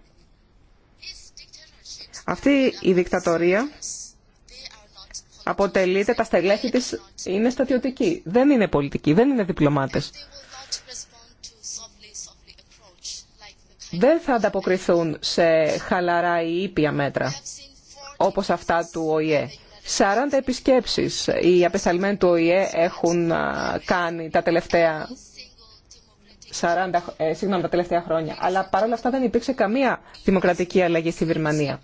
Αυτή η δικτατορία αποτελείται, τα στελέχη της είναι στατιωτική. Δεν είναι πολιτική, δεν είναι διπλωμάτες. Δεν θα ανταποκριθούν σε χαλαρά ή ήπια μέτρα, όπως αυτά του ΟΗΕ. Σαράντα επισκέψεις οι απεσταλμένοι του ΟΗΕ έχουν κάνει τα τελευταία 40, ε, τα τελευταία χρόνια. Αλλά παρόλα αυτά δεν υπήρξε καμία δημοκρατική αλλαγή στη Βυρμανία.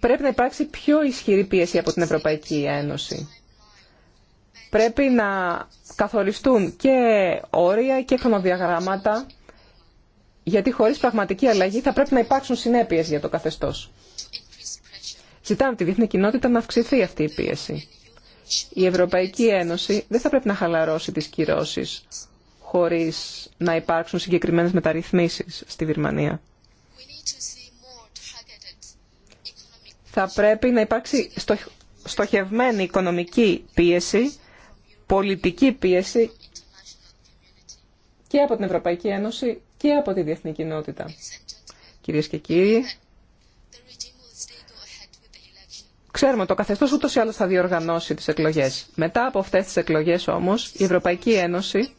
Πρέπει να υπάρξει πιο ισχυρή πίεση από την Ευρωπαϊκή Ένωση. Πρέπει να καθοριστούν και όρια και χρονοδιαγράμματα γιατί χωρίς πραγματική αλλαγή θα πρέπει να υπάρξουν συνέπειες για το καθεστώς. Ζητάμε τη διεθνή κοινότητα να αυξηθεί αυτή η πίεση. Η Ευρωπαϊκή Ένωση δεν θα πρέπει να χαλαρώσει τις κυρώσεις χωρίς να υπάρξουν συγκεκριμένες μεταρρυθμίσεις στη Βυρμανία. Θα πρέπει να υπάρξει στοχευμένη οικονομική πίεση, πολιτική πίεση και από την Ευρωπαϊκή Ένωση και από τη διεθνή κοινότητα. Κυρίε και κύριοι, Ξέρουμε το καθεστώς ούτως ή άλλως θα διοργανώσει τις εκλογέ. Μετά από αυτέ τι εκλογέ όμω, η Ευρωπαϊκή Ένωση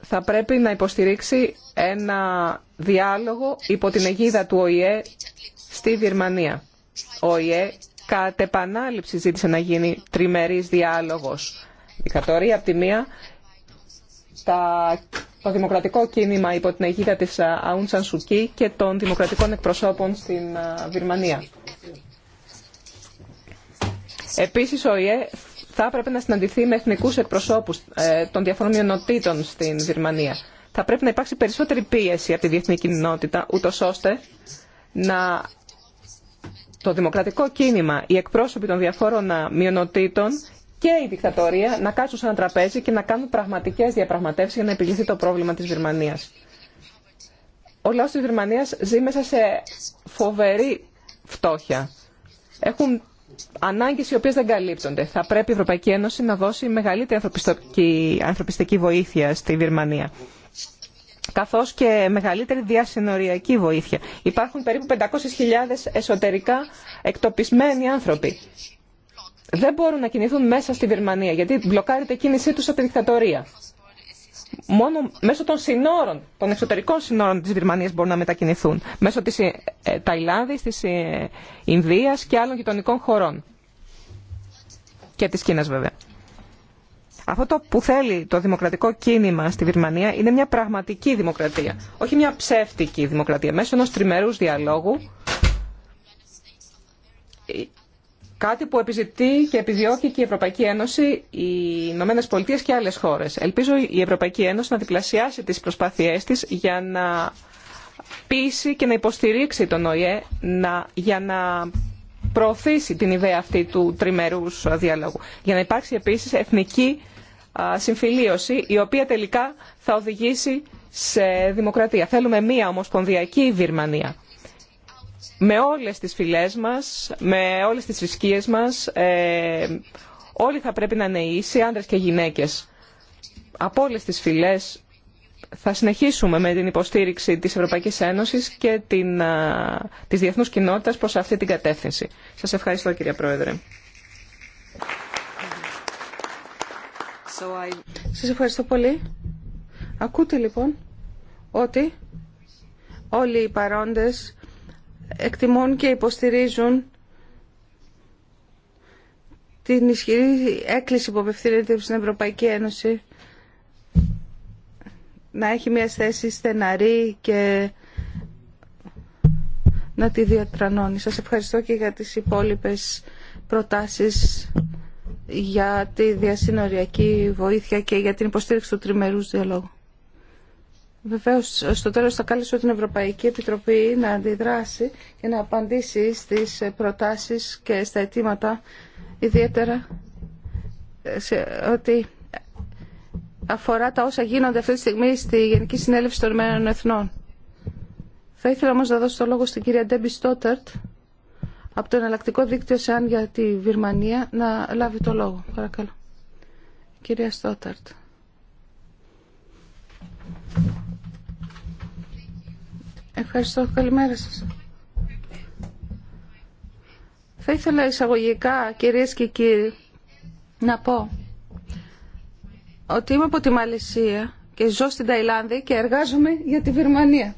θα πρέπει να υποστηρίξει ένα διάλογο υπό την αιγίδα του ΟΗΕ στη Βιρμανία. Ο ΟΗΕ κατ' επανάληψη ζήτησε να γίνει τριμερής διάλογος. κατορία από τη μία το δημοκρατικό κίνημα υπό την αιγύδα της Αούν ε, Σουκή και των δημοκρατικών εκπροσώπων στην ε, Βυρμανία. Επίσης, ο ΙΕ θα έπρεπε να συναντηθεί με εθνικούς εκπροσώπους ε, των διαφορών μειονοτήτων στην Βυρμανία. Θα πρέπει να υπάρξει περισσότερη πίεση από τη διεθνή κοινότητα, ούτως ώστε να το δημοκρατικό κίνημα, οι εκπρόσωποι των διαφόρων μειονοτήτων και η δικτατορία να κάτσουν σε ένα τραπέζι και να κάνουν πραγματικέ διαπραγματεύσει για να επιλυθεί το πρόβλημα τη Βερμανία. Ο λαό τη Βερμανία ζει μέσα σε φοβερή φτώχεια. Έχουν ανάγκε οι οποίε δεν καλύπτονται. Θα πρέπει η Ευρωπαϊκή Ένωση να δώσει μεγαλύτερη ανθρωπιστική βοήθεια στη Βερμανία καθώς και μεγαλύτερη διασυνοριακή βοήθεια. Υπάρχουν περίπου 500.000 εσωτερικά εκτοπισμένοι άνθρωποι δεν μπορούν να κινηθούν μέσα στη Βερμανία, γιατί μπλοκάρεται η κίνησή τους από τη δικτατορία. Μόνο μέσω των συνόρων, των εξωτερικών συνόρων της Βερμανίας μπορούν να μετακινηθούν. Μέσω της ε, ε, Ταϊλάνδης, της ε, Ινδίας και άλλων γειτονικών χωρών. Και της Κίνας βέβαια. Αυτό το που θέλει το δημοκρατικό κίνημα στη Βερμανία είναι μια πραγματική δημοκρατία. Όχι μια ψεύτικη δημοκρατία. Μέσω ενός τριμερούς διαλόγου Κάτι που επιζητεί και επιδιώκει και η Ευρωπαϊκή Ένωση, οι Ηνωμένε Πολιτείε και άλλε χώρε. Ελπίζω η Ευρωπαϊκή Ένωση να διπλασιάσει τι προσπάθειέ τη για να πείσει και να υποστηρίξει τον ΟΗΕ να, για να προωθήσει την ιδέα αυτή του τριμερούς διαλόγου. Για να υπάρξει επίσης εθνική συμφιλίωση η οποία τελικά θα οδηγήσει σε δημοκρατία. Θέλουμε μία ομοσπονδιακή Βιρμανία με όλες τις φυλές μας, με όλες τις θρησκείες μας, ε, όλοι θα πρέπει να είναι ίσοι, άντρες και γυναίκες. Από όλες τις φυλές θα συνεχίσουμε με την υποστήριξη της Ευρωπαϊκής Ένωσης και την, α, της διεθνούς κοινότητας προς αυτή την κατεύθυνση. Σας ευχαριστώ κύριε Πρόεδρε. Σας ευχαριστώ πολύ. Ακούτε λοιπόν ότι όλοι οι παρόντες εκτιμούν και υποστηρίζουν την ισχυρή έκκληση που απευθύνεται στην Ευρωπαϊκή Ένωση να έχει μια θέση στεναρή και να τη διατρανώνει. Σας ευχαριστώ και για τις υπόλοιπες προτάσεις για τη διασυνοριακή βοήθεια και για την υποστήριξη του τριμερούς διαλόγου. Βεβαίως, στο τέλος θα κάλεσω την Ευρωπαϊκή Επιτροπή να αντιδράσει και να απαντήσει στις προτάσεις και στα αιτήματα, ιδιαίτερα ότι αφορά τα όσα γίνονται αυτή τη στιγμή στη Γενική Συνέλευση των Ηνωμένων Εθνών. Θα ήθελα όμως να δώσω το λόγο στην κυρία Ντέμπι Στόταρτ από το εναλλακτικό δίκτυο ΣΕΑΝ για τη Βυρμανία να λάβει το λόγο. Παρακαλώ. Κυρία Στόταρτ. Ευχαριστώ. Καλημέρα σας. Θα ήθελα εισαγωγικά, κυρίες και κύριοι, να πω ότι είμαι από τη Μαλαισία και ζω στην Ταϊλάνδη και εργάζομαι για τη Βερμανία.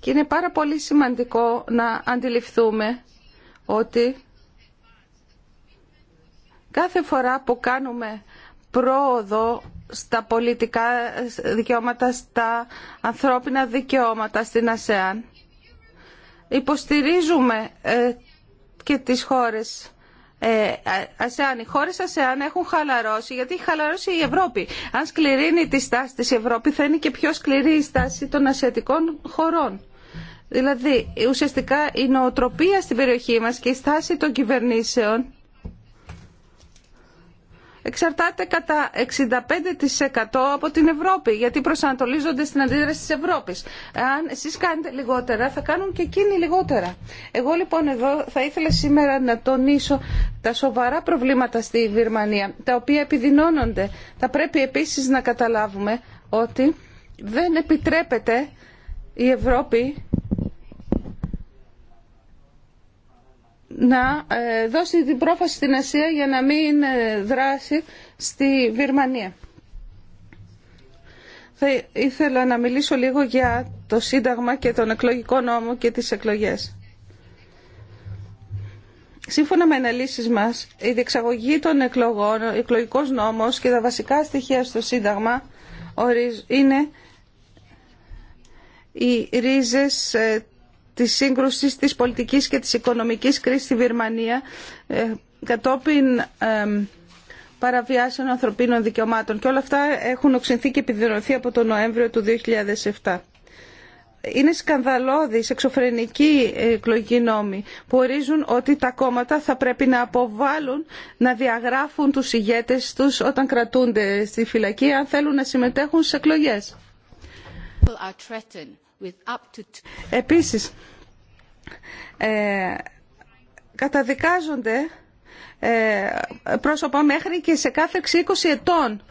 Και είναι πάρα πολύ σημαντικό να αντιληφθούμε ότι κάθε φορά που κάνουμε πρόοδο στα πολιτικά δικαιώματα, στα ανθρώπινα δικαιώματα στην ΑΣΕΑΝ. Υποστηρίζουμε ε, και τις χώρες ε, ΑΣΕΑΝ. Οι χώρες ΑΣΕΑΝ έχουν χαλαρώσει, γιατί έχει χαλαρώσει η Ευρώπη. Αν σκληρύνει τη στάση της Ευρώπη, θα είναι και πιο σκληρή η στάση των ασιατικών χωρών. Δηλαδή, ουσιαστικά η νοοτροπία στην περιοχή μας και η στάση των κυβερνήσεων εξαρτάται κατά 65% από την Ευρώπη, γιατί προσανατολίζονται στην αντίδραση της Ευρώπης. Αν εσείς κάνετε λιγότερα, θα κάνουν και εκείνοι λιγότερα. Εγώ λοιπόν εδώ θα ήθελα σήμερα να τονίσω τα σοβαρά προβλήματα στη Βυρμανία, τα οποία επιδεινώνονται. Θα πρέπει επίσης να καταλάβουμε ότι δεν επιτρέπεται η Ευρώπη να ε, δώσει την πρόφαση στην Ασία για να μην ε, δράσει στη Βυρμανία. Θα ήθελα να μιλήσω λίγο για το Σύνταγμα και τον εκλογικό νόμο και τις εκλογές. Σύμφωνα με αναλύσει μας, η διεξαγωγή των εκλογών, ο εκλογικός νόμος και τα βασικά στοιχεία στο Σύνταγμα είναι οι ρίζες ε, της σύγκρουσης της πολιτικής και της οικονομικής κρίσης στη Βυρμανία ε, κατόπιν παραβιάσεων ανθρωπίνων δικαιωμάτων. Και όλα αυτά έχουν οξυνθεί και επιδεινωθεί από τον Νοέμβριο του 2007. Είναι σκανδαλώδη, εξωφρενική εκλογική νόμη που ορίζουν ότι τα κόμματα θα πρέπει να αποβάλουν, να διαγράφουν τους ηγέτες τους όταν κρατούνται στη φυλακή αν θέλουν να συμμετέχουν στις εκλογές. Επίσης, ε, καταδικάζονται ε, πρόσωπα μέχρι και σε κάθε 20 ετών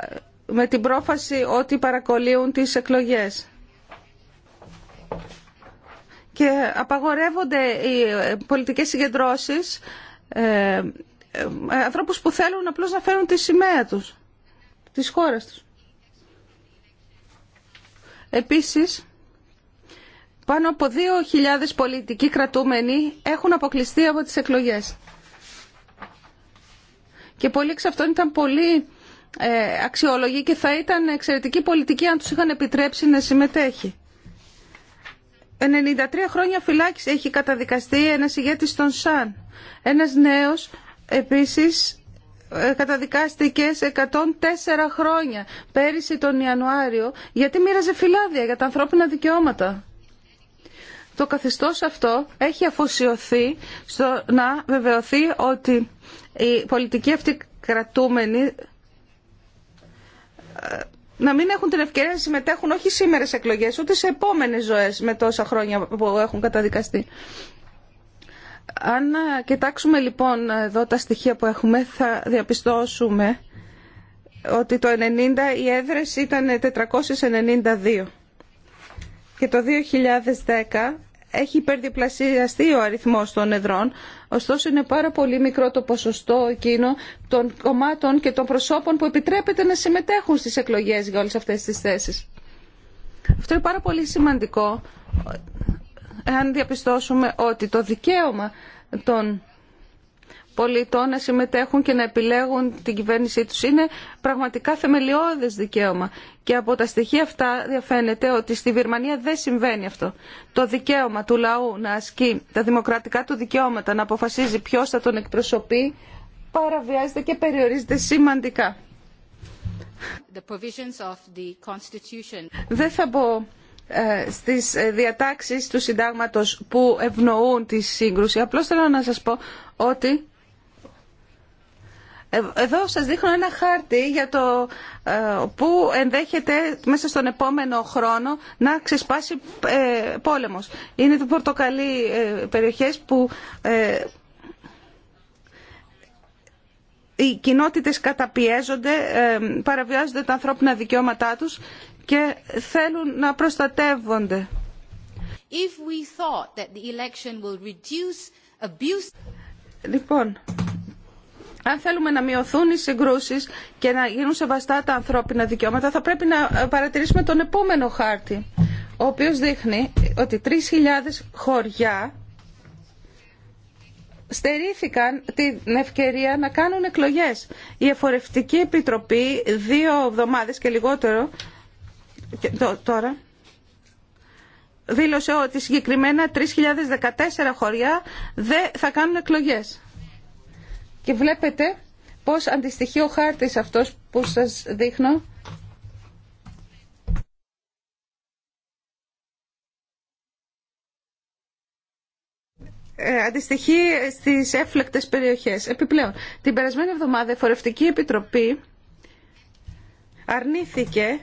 ε, με την πρόφαση ότι παρακολύουν τις εκλογές. Και απαγορεύονται οι ε, πολιτικές συγκεντρώσεις ε, ε, ανθρώπους που θέλουν απλώς να φέρουν τη σημαία τους, της χώρας τους. Επίσης, πάνω από 2.000 πολιτικοί κρατούμενοι έχουν αποκλειστεί από τις εκλογές. Και πολλοί εξ αυτών ήταν πολύ ε, αξιόλογοι και θα ήταν εξαιρετική πολιτική αν τους είχαν επιτρέψει να συμμετέχει. 93 χρόνια φυλάκιση έχει καταδικαστεί ένας ηγέτης των ΣΑΝ. Ένας νέος επίσης ε, καταδικάστηκε σε 104 χρόνια πέρυσι τον Ιανουάριο γιατί μοίραζε φυλάδια για τα ανθρώπινα δικαιώματα. Το καθεστώς αυτό έχει αφοσιωθεί στο να βεβαιωθεί ότι η πολιτική αυτοί κρατούμενοι ε, να μην έχουν την ευκαιρία να συμμετέχουν όχι σήμερα σε εκλογές, ούτε σε επόμενες ζωές με τόσα χρόνια που έχουν καταδικαστεί. Αν ε, κοιτάξουμε λοιπόν εδώ τα στοιχεία που έχουμε, θα διαπιστώσουμε ότι το 90 η έδρες ήταν 492 και το 2010 έχει υπερδιπλασιαστεί ο αριθμός των εδρών, ωστόσο είναι πάρα πολύ μικρό το ποσοστό εκείνο των κομμάτων και των προσώπων που επιτρέπεται να συμμετέχουν στις εκλογές για όλες αυτές τις θέσεις. Αυτό είναι πάρα πολύ σημαντικό, αν διαπιστώσουμε ότι το δικαίωμα των πολιτών να συμμετέχουν και να επιλέγουν την κυβέρνησή τους είναι πραγματικά θεμελιώδες δικαίωμα. Και από τα στοιχεία αυτά διαφαίνεται ότι στη Βυρμανία δεν συμβαίνει αυτό. Το δικαίωμα του λαού να ασκεί τα δημοκρατικά του δικαιώματα, να αποφασίζει ποιο θα τον εκπροσωπεί, παραβιάζεται και περιορίζεται σημαντικά. The of the Δεν θα μπω ε, στις διατάξεις του συντάγματος που ευνοούν τη σύγκρουση. Απλώς θέλω να σας πω ότι ε, εδώ σας δείχνω ένα χάρτη για το ε, που ενδέχεται μέσα στον επόμενο χρόνο να ξεσπάσει ε, πόλεμος. Είναι το πορτοκαλί περιοχές που οι κοινότητες καταπιέζονται, παραβιάζονται τα ανθρώπινα δικαιώματά τους και θέλουν να προστατεύονται. If we Λοιπόν, αν θέλουμε να μειωθούν οι συγκρούσει και να γίνουν σεβαστά τα ανθρώπινα δικαιώματα, θα πρέπει να ε, παρατηρήσουμε τον επόμενο χάρτη, ο οποίο δείχνει ότι 3.000 χωριά στερήθηκαν την ευκαιρία να κάνουν εκλογές. Η Εφορευτική Επιτροπή δύο εβδομάδες και λιγότερο τώρα δήλωσε ότι συγκεκριμένα 3.014 χωριά δεν θα κάνουν εκλογές. Και βλέπετε πώς αντιστοιχεί ο χάρτης αυτός που σας δείχνω. Ε, αντιστοιχεί στις έφλεκτες περιοχές. Επιπλέον, την περασμένη εβδομάδα η Φορευτική Επιτροπή αρνήθηκε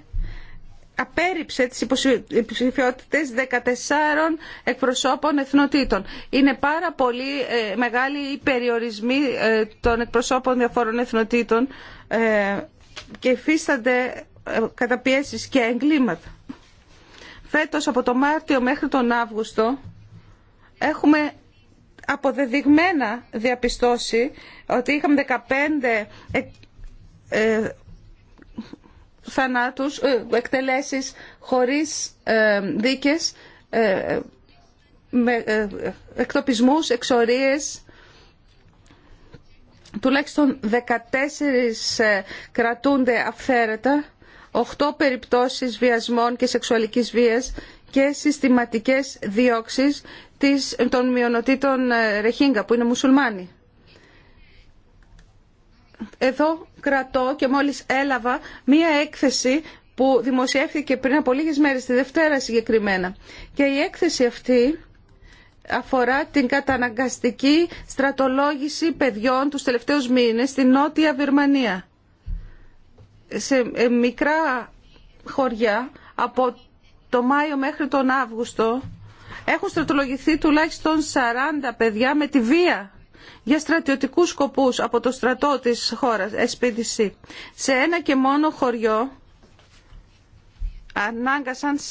απέρριψε τις υποψηφιότητες 14 εκπροσώπων εθνοτήτων. Είναι πάρα πολύ ε, μεγάλη οι περιορισμοί ε, των εκπροσώπων διαφόρων εθνοτήτων ε, και υφίστανται καταπιέσεις και εγκλήματα. Φέτος από το Μάρτιο μέχρι τον Αύγουστο έχουμε αποδεδειγμένα διαπιστώσει ότι είχαμε 15 θανάτους, ε, εκτελέσεις χωρίς ε, δίκες, ε, με, ε, εκτοπισμούς, εξορίες. Τουλάχιστον 14 ε, κρατούνται αυθαίρετα, 8 περιπτώσεις βιασμών και σεξουαλικής βίας και συστηματικές διώξεις της, των μειονοτήτων Ρεχίνγκα που είναι μουσουλμάνοι εδώ κρατώ και μόλις έλαβα μία έκθεση που δημοσιεύθηκε πριν από λίγες μέρες, τη Δευτέρα συγκεκριμένα. Και η έκθεση αυτή αφορά την καταναγκαστική στρατολόγηση παιδιών τους τελευταίους μήνες στη Νότια Βερμανία. Σε ε, μικρά χωριά από το Μάιο μέχρι τον Αύγουστο έχουν στρατολογηθεί τουλάχιστον 40 παιδιά με τη βία για στρατιωτικούς σκοπούς από το στρατό της χώρας, SPDC. Σε ένα και μόνο χωριό ανάγκασαν 40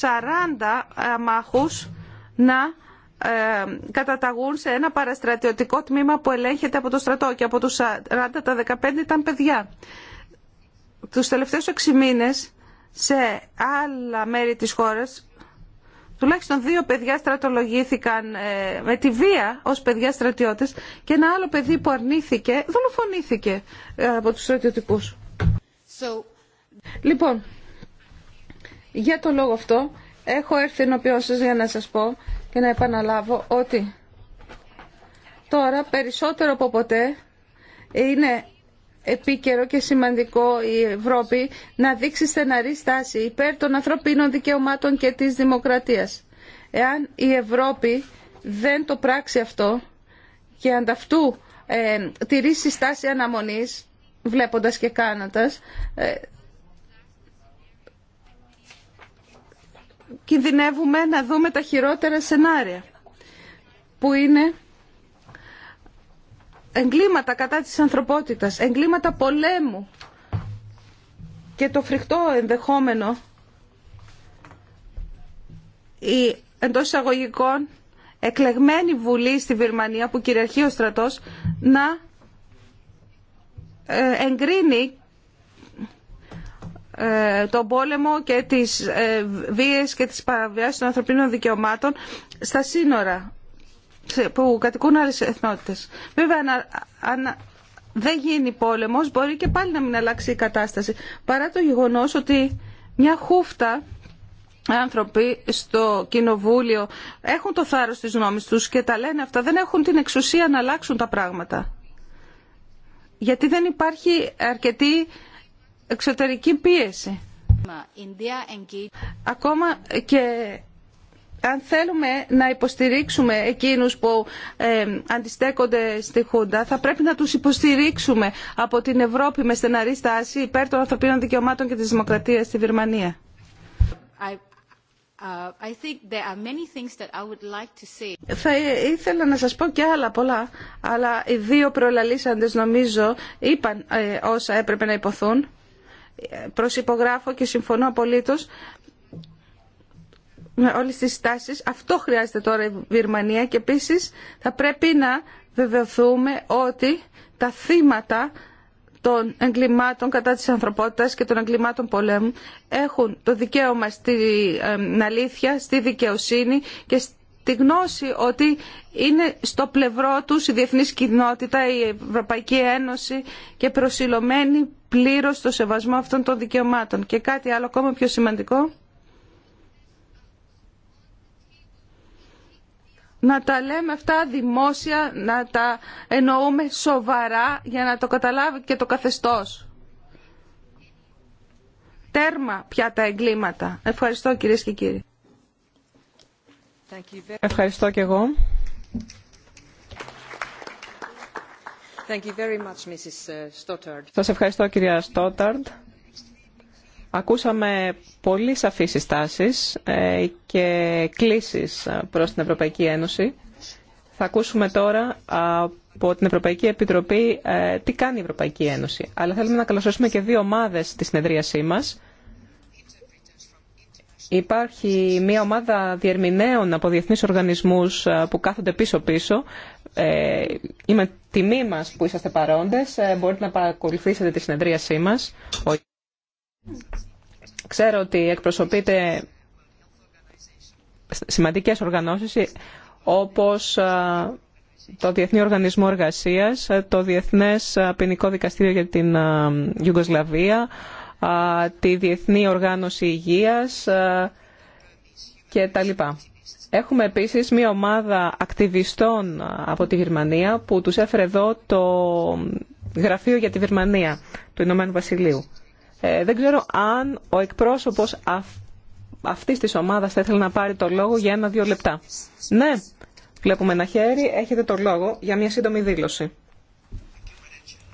ε, μάχους να ε, καταταγούν σε ένα παραστρατιωτικό τμήμα που ελέγχεται από το στρατό και από τους 40 τα 15 ήταν παιδιά. Τους τελευταίους 6 μήνες σε άλλα μέρη της χώρας Τουλάχιστον δύο παιδιά στρατολογήθηκαν ε, με τη βία ως παιδιά στρατιώτες και ένα άλλο παιδί που αρνήθηκε, δολοφονήθηκε ε, από τους στρατιωτικούς. Λοιπόν, για το λόγο αυτό έχω έρθει ενώπιόν για να σας πω και να επαναλάβω ότι τώρα περισσότερο από ποτέ είναι επίκαιρο και σημαντικό η Ευρώπη να δείξει στεναρή στάση υπέρ των ανθρωπίνων δικαιωμάτων και της δημοκρατίας. Εάν η Ευρώπη δεν το πράξει αυτό και ανταυτού ε, τηρήσει στάση αναμονής, βλέποντας και κάνοντας, ε, κινδυνεύουμε να δούμε τα χειρότερα σενάρια, που είναι εγκλήματα κατά της ανθρωπότητας, εγκλήματα πολέμου και το φρικτό ενδεχόμενο η εντός εισαγωγικών εκλεγμένη βουλή στη Βυρμανία που κυριαρχεί ο στρατός να ε, εγκρίνει ε, τον πόλεμο και τις ε, βίες και τις παραβιάσεις των ανθρωπίνων δικαιωμάτων στα σύνορα που κατοικούν άλλε εθνότητες. Βέβαια, αν δεν γίνει πόλεμος, μπορεί και πάλι να μην αλλάξει η κατάσταση. Παρά το γεγονός ότι μια χούφτα άνθρωποι στο κοινοβούλιο έχουν το θάρρος της γνώμη τους και τα λένε αυτά, δεν έχουν την εξουσία να αλλάξουν τα πράγματα. Γιατί δεν υπάρχει αρκετή εξωτερική πίεση. Ακόμα και αν θέλουμε να υποστηρίξουμε εκείνους που ε, αντιστέκονται στη Χούντα, θα πρέπει να τους υποστηρίξουμε από την Ευρώπη με στεναρή στάση υπέρ των ανθρωπίνων δικαιωμάτων και της δημοκρατίας στη Βερμανία. Θα ήθελα να σας πω και άλλα πολλά, αλλά οι δύο προλαλήσαντες νομίζω είπαν ε, όσα έπρεπε να υποθούν. Ε, προσυπογράφω και συμφωνώ απολύτως με όλες τις στάσεις. Αυτό χρειάζεται τώρα η Βυρμανία και επίσης θα πρέπει να βεβαιωθούμε ότι τα θύματα των εγκλημάτων κατά της ανθρωπότητας και των εγκλημάτων πολέμου έχουν το δικαίωμα στην αλήθεια, στη δικαιοσύνη και στη γνώση ότι είναι στο πλευρό τους η διεθνής κοινότητα, η Ευρωπαϊκή Ένωση και προσιλωμένη πλήρως στο σεβασμό αυτών των δικαιωμάτων. Και κάτι άλλο ακόμα πιο σημαντικό να τα λέμε αυτά δημόσια, να τα εννοούμε σοβαρά για να το καταλάβει και το καθεστώς. Τέρμα πια τα εγκλήματα. Ευχαριστώ κυρίε και κύριοι. Ευχαριστώ και εγώ. Thank Σας ευχαριστώ κυρία Στόταρντ. Ακούσαμε πολύ σαφείς συστάσεις ε, και κλήσεις ε, προς την Ευρωπαϊκή Ένωση. Θα ακούσουμε τώρα από την Ευρωπαϊκή Επιτροπή ε, τι κάνει η Ευρωπαϊκή Ένωση. Αλλά θέλουμε να καλωσορίσουμε και δύο ομάδες στη συνεδρίασή μας. Υπάρχει μια ομάδα διερμηνέων από διεθνείς οργανισμούς που κάθονται πίσω-πίσω. Είμαι τιμή μας που είσαστε παρόντες. Μπορείτε να παρακολουθήσετε τη συνεδρίασή μας. Ξέρω ότι εκπροσωπείτε σημαντικές οργανώσεις όπως το Διεθνή Οργανισμό Εργασίας, το Διεθνές Ποινικό Δικαστήριο για την Ιουγκοσλαβία, τη Διεθνή Οργάνωση Υγείας και τα λοιπά. Έχουμε επίσης μια ομάδα ακτιβιστών από τη Γερμανία που τους έφερε εδώ το Γραφείο για τη Γερμανία του Ηνωμένου Βασιλείου. Ε, δεν ξέρω αν ο εκπρόσωπος αυ... αυτής της ομάδας θα ήθελε να πάρει το λόγο για ένα-δύο λεπτά. Ναι, βλέπουμε ένα χέρι, έχετε το λόγο για μια σύντομη δήλωση.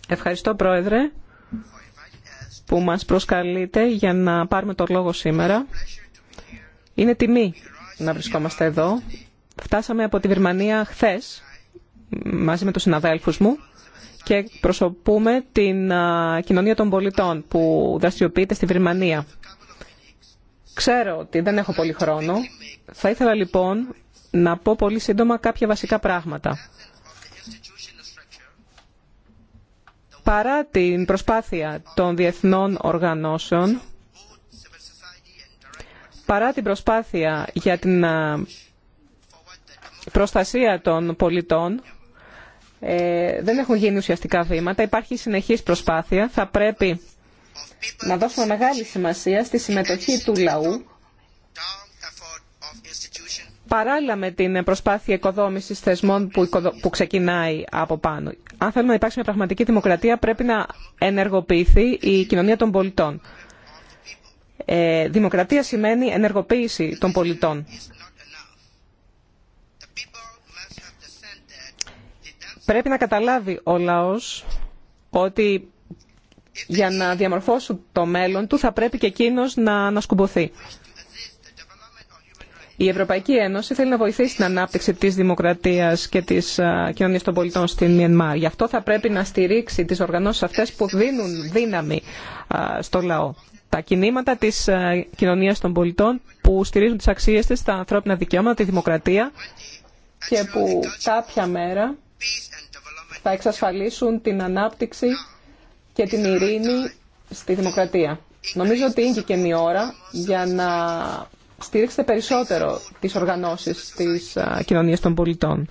Ευχαριστώ Πρόεδρε που μας προσκαλείτε για να πάρουμε το λόγο σήμερα. Είναι τιμή να βρισκόμαστε εδώ. Φτάσαμε από τη Βερμανία χθες μαζί με τους συναδέλφους μου και προσωπούμε την κοινωνία των πολιτών που δραστηριοποιείται στη Βρυμανία. Ξέρω ότι δεν έχω πολύ χρόνο. Θα ήθελα λοιπόν να πω πολύ σύντομα κάποια βασικά πράγματα. Παρά την προσπάθεια των διεθνών οργανώσεων, παρά την προσπάθεια για την προστασία των πολιτών, ε, δεν έχουν γίνει ουσιαστικά βήματα. Υπάρχει συνεχής προσπάθεια. Θα πρέπει να δώσουμε μεγάλη σημασία στη συμμετοχή του λαού παράλληλα με την προσπάθεια οικοδόμησης θεσμών που ξεκινάει από πάνω. Αν θέλουμε να υπάρξει μια πραγματική δημοκρατία πρέπει να ενεργοποιηθεί η κοινωνία των πολιτών. Ε, δημοκρατία σημαίνει ενεργοποίηση των πολιτών. Πρέπει να καταλάβει ο λαός ότι για να διαμορφώσουν το μέλλον του θα πρέπει και εκείνο να, να Η Ευρωπαϊκή Ένωση θέλει να βοηθήσει την ανάπτυξη της δημοκρατίας και της κοινωνίας των πολιτών στην Μιενμάρ. Γι' αυτό θα πρέπει να στηρίξει τις οργανώσεις αυτές που δίνουν δύναμη στο λαό. Τα κινήματα της κοινωνίας των πολιτών που στηρίζουν τις αξίες της, τα ανθρώπινα δικαιώματα, τη δημοκρατία και που κάποια μέρα θα εξασφαλίσουν την ανάπτυξη και την ειρήνη στη δημοκρατία. Νομίζω ότι είναι και, μια ώρα για να στήριξετε περισσότερο τις οργανώσεις της κοινωνίας των πολιτών.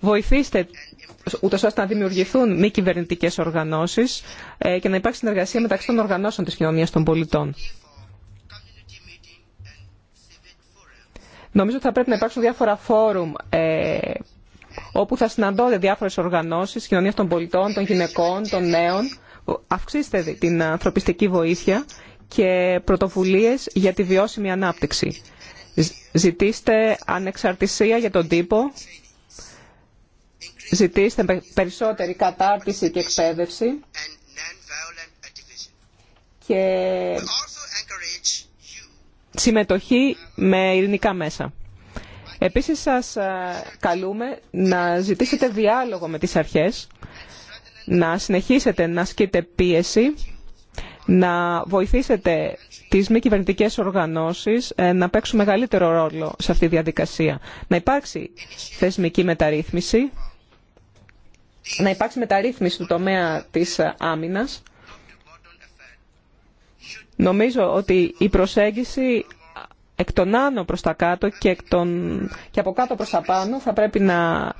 Βοηθήστε ούτως ώστε να δημιουργηθούν μη κυβερνητικές οργανώσεις ε, και να υπάρξει συνεργασία μεταξύ των οργανώσεων της κοινωνίας των πολιτών. Νομίζω ότι θα πρέπει να υπάρξουν διάφορα φόρουμ ε, όπου θα συναντώνται διάφορες οργανώσεις κοινωνία των πολιτών, των γυναικών, των νέων. Αυξήστε την ανθρωπιστική βοήθεια και πρωτοβουλίες για τη βιώσιμη ανάπτυξη. Ζητήστε ανεξαρτησία για τον τύπο. Ζητήστε περισσότερη κατάρτιση και εκπαίδευση. Και συμμετοχή με ειρηνικά μέσα. Επίσης σας ε, καλούμε να ζητήσετε διάλογο με τις αρχές, να συνεχίσετε να ασκείτε πίεση, να βοηθήσετε τις μη κυβερνητικέ οργανώσεις ε, να παίξουν μεγαλύτερο ρόλο σε αυτή τη διαδικασία. Να υπάρξει θεσμική μεταρρύθμιση, να υπάρξει μεταρρύθμιση του τομέα της ε, άμυνας, Νομίζω ότι η προσέγγιση εκ των άνω προς τα κάτω και, και από κάτω προς τα πάνω θα πρέπει να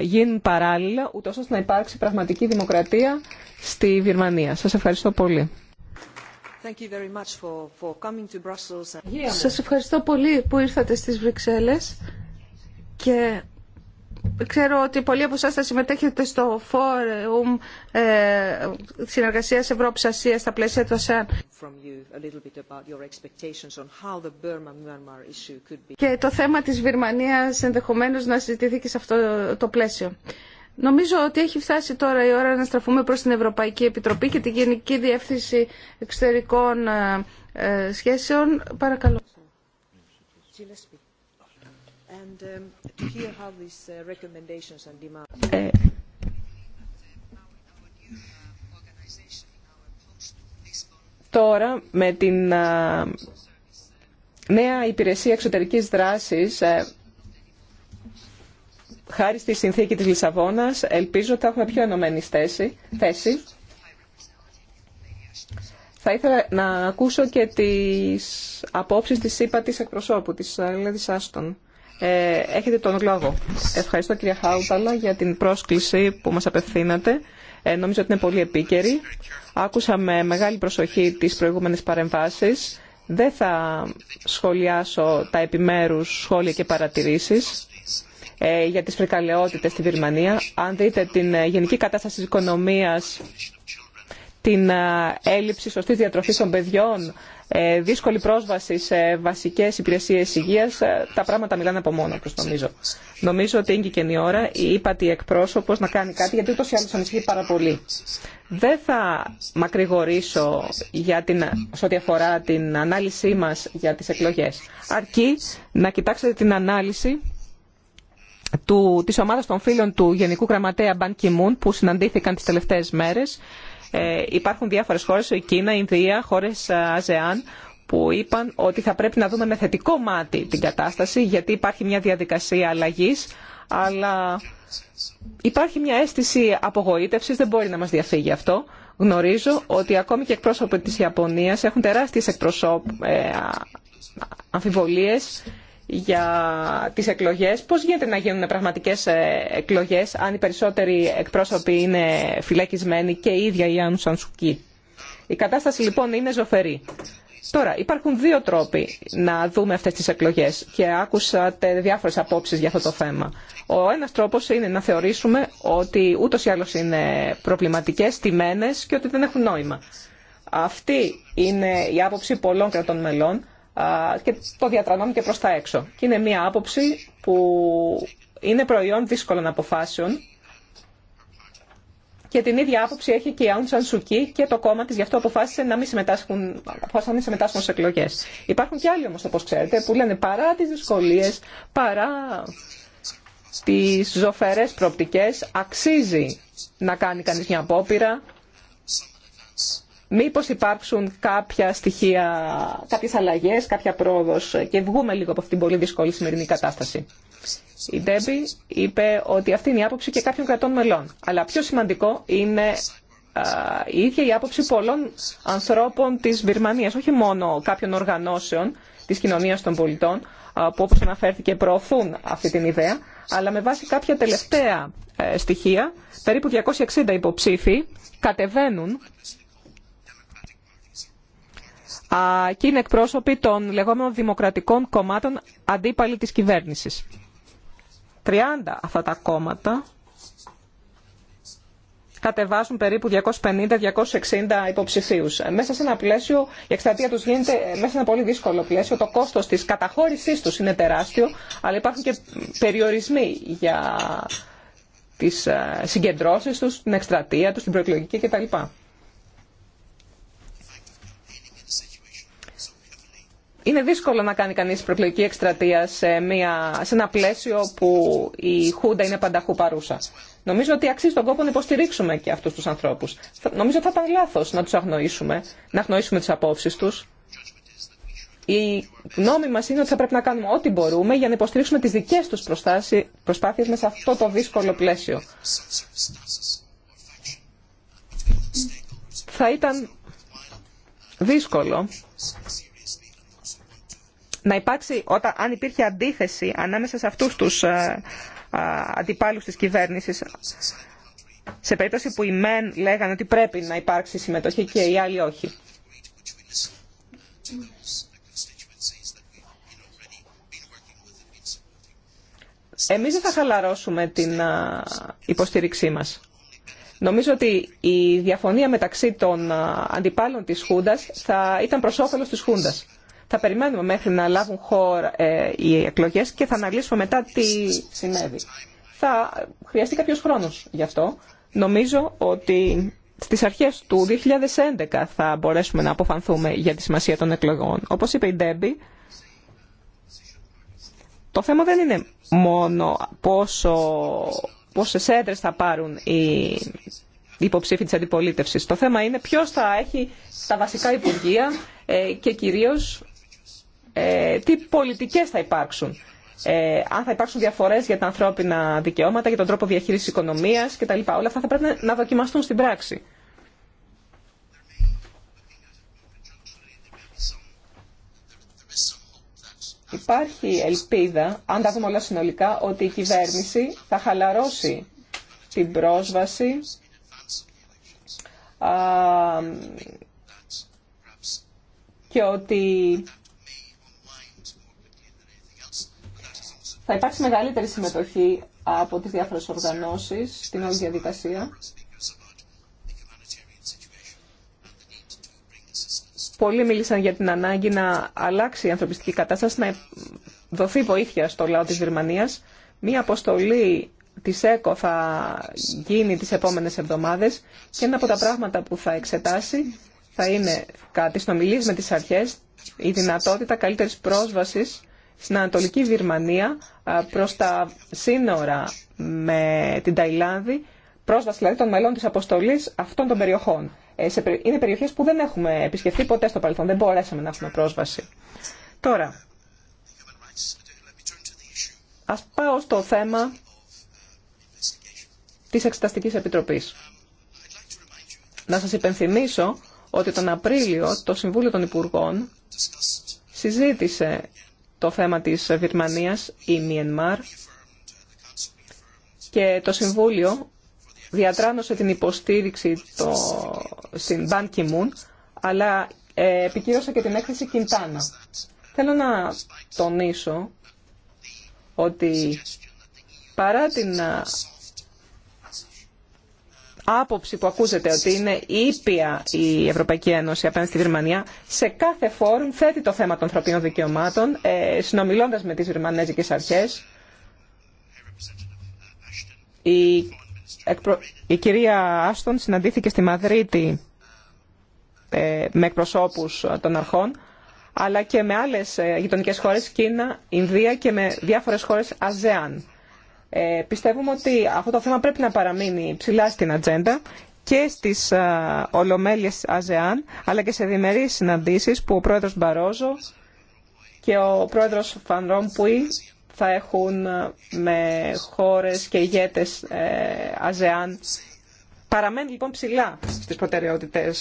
γίνουν παράλληλα, ούτως ώστε να υπάρξει πραγματική δημοκρατία στη Βυρμανία. Σας ευχαριστώ πολύ. Thank Σας ευχαριστώ πολύ που ήρθατε στις Βρυξέλλες και Ξέρω ότι πολλοί από εσά θα συμμετέχετε στο Φόρουμ ε, Συνεργασία Ευρώπη-Ασία στα πλαίσια του ΑΣΕΑΝ. Και το θέμα τη Βυρμανία ενδεχομένω να συζητηθεί και σε αυτό το πλαίσιο. Νομίζω ότι έχει φτάσει τώρα η ώρα να στραφούμε προς την Ευρωπαϊκή Επιτροπή και την Γενική Διεύθυνση Εξωτερικών ε, ε, Σχέσεων. Παρακαλώ. Τώρα με την νέα υπηρεσία εξωτερικής δράσης ε, χάρη στη συνθήκη της Λισαβόνας ελπίζω ότι θα έχουμε πιο ενωμένη θέση. Θα ήθελα να ακούσω και τις απόψεις της ΥΠΑ της εκπροσώπου, της Λέδης Άστον. Ε, έχετε τον λόγο. Ευχαριστώ κυρία Χάουταλα για την πρόσκληση που μας απευθύνατε. Ε, νομίζω ότι είναι πολύ επίκαιρη. Άκουσα με μεγάλη προσοχή τις προηγούμενες παρεμβάσεις. Δεν θα σχολιάσω τα επιμέρους σχόλια και παρατηρήσεις ε, για τις φρικαλαιότητες στη Βυρμανία. Αν δείτε την γενική κατάσταση της οικονομίας, την έλλειψη σωστής διατροφής των παιδιών, ε, δύσκολη πρόσβαση σε βασικές υπηρεσίες υγείας, ε, τα πράγματα μιλάνε από μόνο τους νομίζω. Νομίζω ότι είναι και η ώρα η ύπατη εκπρόσωπος να κάνει κάτι, γιατί ούτω ή άλλως ανησυχεί πάρα πολύ. Δεν θα μακρηγορήσω για την, σε ό,τι αφορά την ανάλυση μας για τις εκλογές. Αρκεί να κοιτάξετε την ανάλυση του, της ομάδας των φίλων του Γενικού Γραμματέα Μπαν Κιμούν που συναντήθηκαν τις τελευταίες μέρες ε, υπάρχουν διάφορες χώρες, η Κίνα, η Ινδία, χώρες ε, ΑΖΕΑΝ, που είπαν ότι θα πρέπει να δούμε με θετικό μάτι την κατάσταση, γιατί υπάρχει μια διαδικασία αλλαγής, αλλά υπάρχει μια αίσθηση απογοήτευσης, δεν μπορεί να μας διαφύγει αυτό. Γνωρίζω ότι ακόμη και εκπρόσωποι της Ιαπωνίας έχουν τεράστιες εκπροσώπ, ε, αμφιβολίες για τις εκλογές. Πώς γίνεται να γίνουν πραγματικές ε, εκλογές αν οι περισσότεροι εκπρόσωποι είναι φυλακισμένοι και η ίδια η Άννου Σανσουκή. Η κατάσταση λοιπόν είναι ζωφερή. Τώρα, υπάρχουν δύο τρόποι να δούμε αυτές τις εκλογές και άκουσατε διάφορες απόψεις για αυτό το θέμα. Ο ένας τρόπος είναι να θεωρήσουμε ότι ούτως ή άλλως είναι προβληματικές, τιμένες και ότι δεν έχουν νόημα. Αυτή είναι η άποψη πολλών κρατών μελών και το διατρανώνουν και προς τα έξω. Και είναι μία άποψη που είναι προϊόν δύσκολων αποφάσεων και την ίδια άποψη έχει και η Άουν Σαν και το κόμμα της. γι' αυτό αποφάσισε να μην συμμετάσχουν, να μην συμμετάσχουν σε εκλογέ. Υπάρχουν και άλλοι όμω, όπω ξέρετε, που λένε παρά τις δυσκολίες, παρά τις ζωφερές προοπτικέ, αξίζει να κάνει κανεί μια απόπειρα Μήπως υπάρξουν κάποια στοιχεία, κάποιες αλλαγές, κάποια πρόοδος και βγούμε λίγο από αυτήν την πολύ δύσκολη σημερινή κατάσταση. Η Ντέμπι είπε ότι αυτή είναι η άποψη και κάποιων κρατών μελών. Αλλά πιο σημαντικό είναι η ίδια η άποψη πολλών ανθρώπων της Βυρμανίας, όχι μόνο κάποιων οργανώσεων της κοινωνίας των πολιτών, που όπως αναφέρθηκε προωθούν αυτή την ιδέα, αλλά με βάση κάποια τελευταία ε, στοιχεία, περίπου 260 υποψήφοι κατεβαίνουν και είναι εκπρόσωποι των λεγόμενων δημοκρατικών κομμάτων αντίπαλοι της κυβέρνησης. 30 αυτά τα κομματα κατεβασουν κατεβάζουν περίπου 250-260 υποψηφίους. Μέσα σε ένα πλαίσιο, η εκστρατεία τους γίνεται μέσα σε ένα πολύ δύσκολο πλαίσιο. Το κόστος της καταχώρησής τους είναι τεράστιο, αλλά υπάρχουν και περιορισμοί για τις ε, συγκεντρώσεις τους, την εκστρατεία τους, την προεκλογική κτλ. Είναι δύσκολο να κάνει κανείς προεκλογική εκστρατεία σε, μια, σε ένα πλαίσιο που η Χούντα είναι πανταχού παρούσα. Νομίζω ότι αξίζει τον κόπο να υποστηρίξουμε και αυτούς τους ανθρώπους. Νομίζω ότι θα ήταν λάθος να τους αγνοήσουμε, να αγνοήσουμε τις απόψεις τους. Η γνώμη μας είναι ότι θα πρέπει να κάνουμε ό,τι μπορούμε για να υποστηρίξουμε τις δικές τους προσπάθειες μέσα σε αυτό το δύσκολο πλαίσιο. Θα ήταν δύσκολο να υπάρξει, όταν, αν υπήρχε αντίθεση ανάμεσα σε αυτούς τους ε, ε, αντιπάλους της κυβέρνησης, σε περίπτωση που οι ΜΕΝ λέγανε ότι πρέπει να υπάρξει συμμετοχή και οι άλλοι όχι. Εμείς δεν θα χαλαρώσουμε την ε, υποστήριξή μας. Νομίζω ότι η διαφωνία μεταξύ των αντιπάλων της Χούντας θα ήταν προς όφελος της Χούντας. Θα περιμένουμε μέχρι να λάβουν χώρα ε, οι εκλογές και θα αναλύσουμε μετά τι συνέβη. Θα χρειαστεί κάποιος χρόνος γι' αυτό. Νομίζω ότι στις αρχές του 2011 θα μπορέσουμε να αποφανθούμε για τη σημασία των εκλογών. Όπως είπε η Ντέμπη, το θέμα δεν είναι μόνο πόσο, πόσες έντρες θα πάρουν οι υποψήφοι της αντιπολίτευσης. Το θέμα είναι ποιος θα έχει τα βασικά υπουργεία ε, και κυρίως ε, τι πολιτικές θα υπάρξουν. Ε, αν θα υπάρξουν διαφορές για τα ανθρώπινα δικαιώματα, για τον τρόπο διαχείρισης οικονομίας κτλ. Όλα αυτά θα πρέπει να δοκιμαστούν στην πράξη. Υπάρχει ελπίδα, αν τα δούμε όλα συνολικά, ότι η κυβέρνηση θα χαλαρώσει την πρόσβαση και ότι θα υπάρξει μεγαλύτερη συμμετοχή από τις διάφορες οργανώσεις στην όλη διαδικασία. Πολλοί μίλησαν για την ανάγκη να αλλάξει η ανθρωπιστική κατάσταση, να δοθεί βοήθεια στο λαό της Γερμανίας. Μία αποστολή της ΕΚΟ θα γίνει τις επόμενες εβδομάδες και ένα από τα πράγματα που θα εξετάσει θα είναι κάτι συνομιλίες με τις αρχές, η δυνατότητα καλύτερης πρόσβασης στην Ανατολική Βυρμανία προς τα σύνορα με την Ταϊλάνδη, πρόσβαση δηλαδή των μελών της αποστολής αυτών των περιοχών. Ε, είναι περιοχές που δεν έχουμε επισκεφθεί ποτέ στο παρελθόν, δεν μπορέσαμε να έχουμε πρόσβαση. Τώρα, ας πάω στο θέμα της Εξεταστικής Επιτροπής. Να σας υπενθυμίσω ότι τον Απρίλιο το Συμβούλιο των Υπουργών συζήτησε το θέμα της Βιρμανίας, η Μιενμάρ, και το Συμβούλιο διατράνωσε την υποστήριξη το, στην Ban ki αλλά ε, επικύρωσε και την έκθεση Κιντάνα. Θέλω να τονίσω ότι παρά την άποψη που ακούσετε ότι είναι ήπια η Ευρωπαϊκή Ένωση απέναντι στη Γερμανία, σε κάθε φόρουμ θέτει το θέμα των ανθρωπίνων δικαιωμάτων, ε, συνομιλώντας με τις γερμανέζικες αρχές. Η, η κυρία Άστον συναντήθηκε στη Μαδρίτη ε, με εκπροσώπους των αρχών, αλλά και με άλλες ε, γειτονικές χώρες, Κίνα, Ινδία και με διάφορες χώρες ΑΖΕΑΝ ε, πιστεύουμε ότι αυτό το θέμα πρέπει να παραμείνει ψηλά στην ατζέντα και στις ολομέλειε Ολομέλειες ΑΖΕΑΝ, αλλά και σε διμερείς συναντήσεις που ο πρόεδρος Μπαρόζο και ο πρόεδρος Φαν θα έχουν ε, με χώρες και ηγέτες ε, ΑΖΕΑΝ. Παραμένει λοιπόν ψηλά στις προτεραιότητε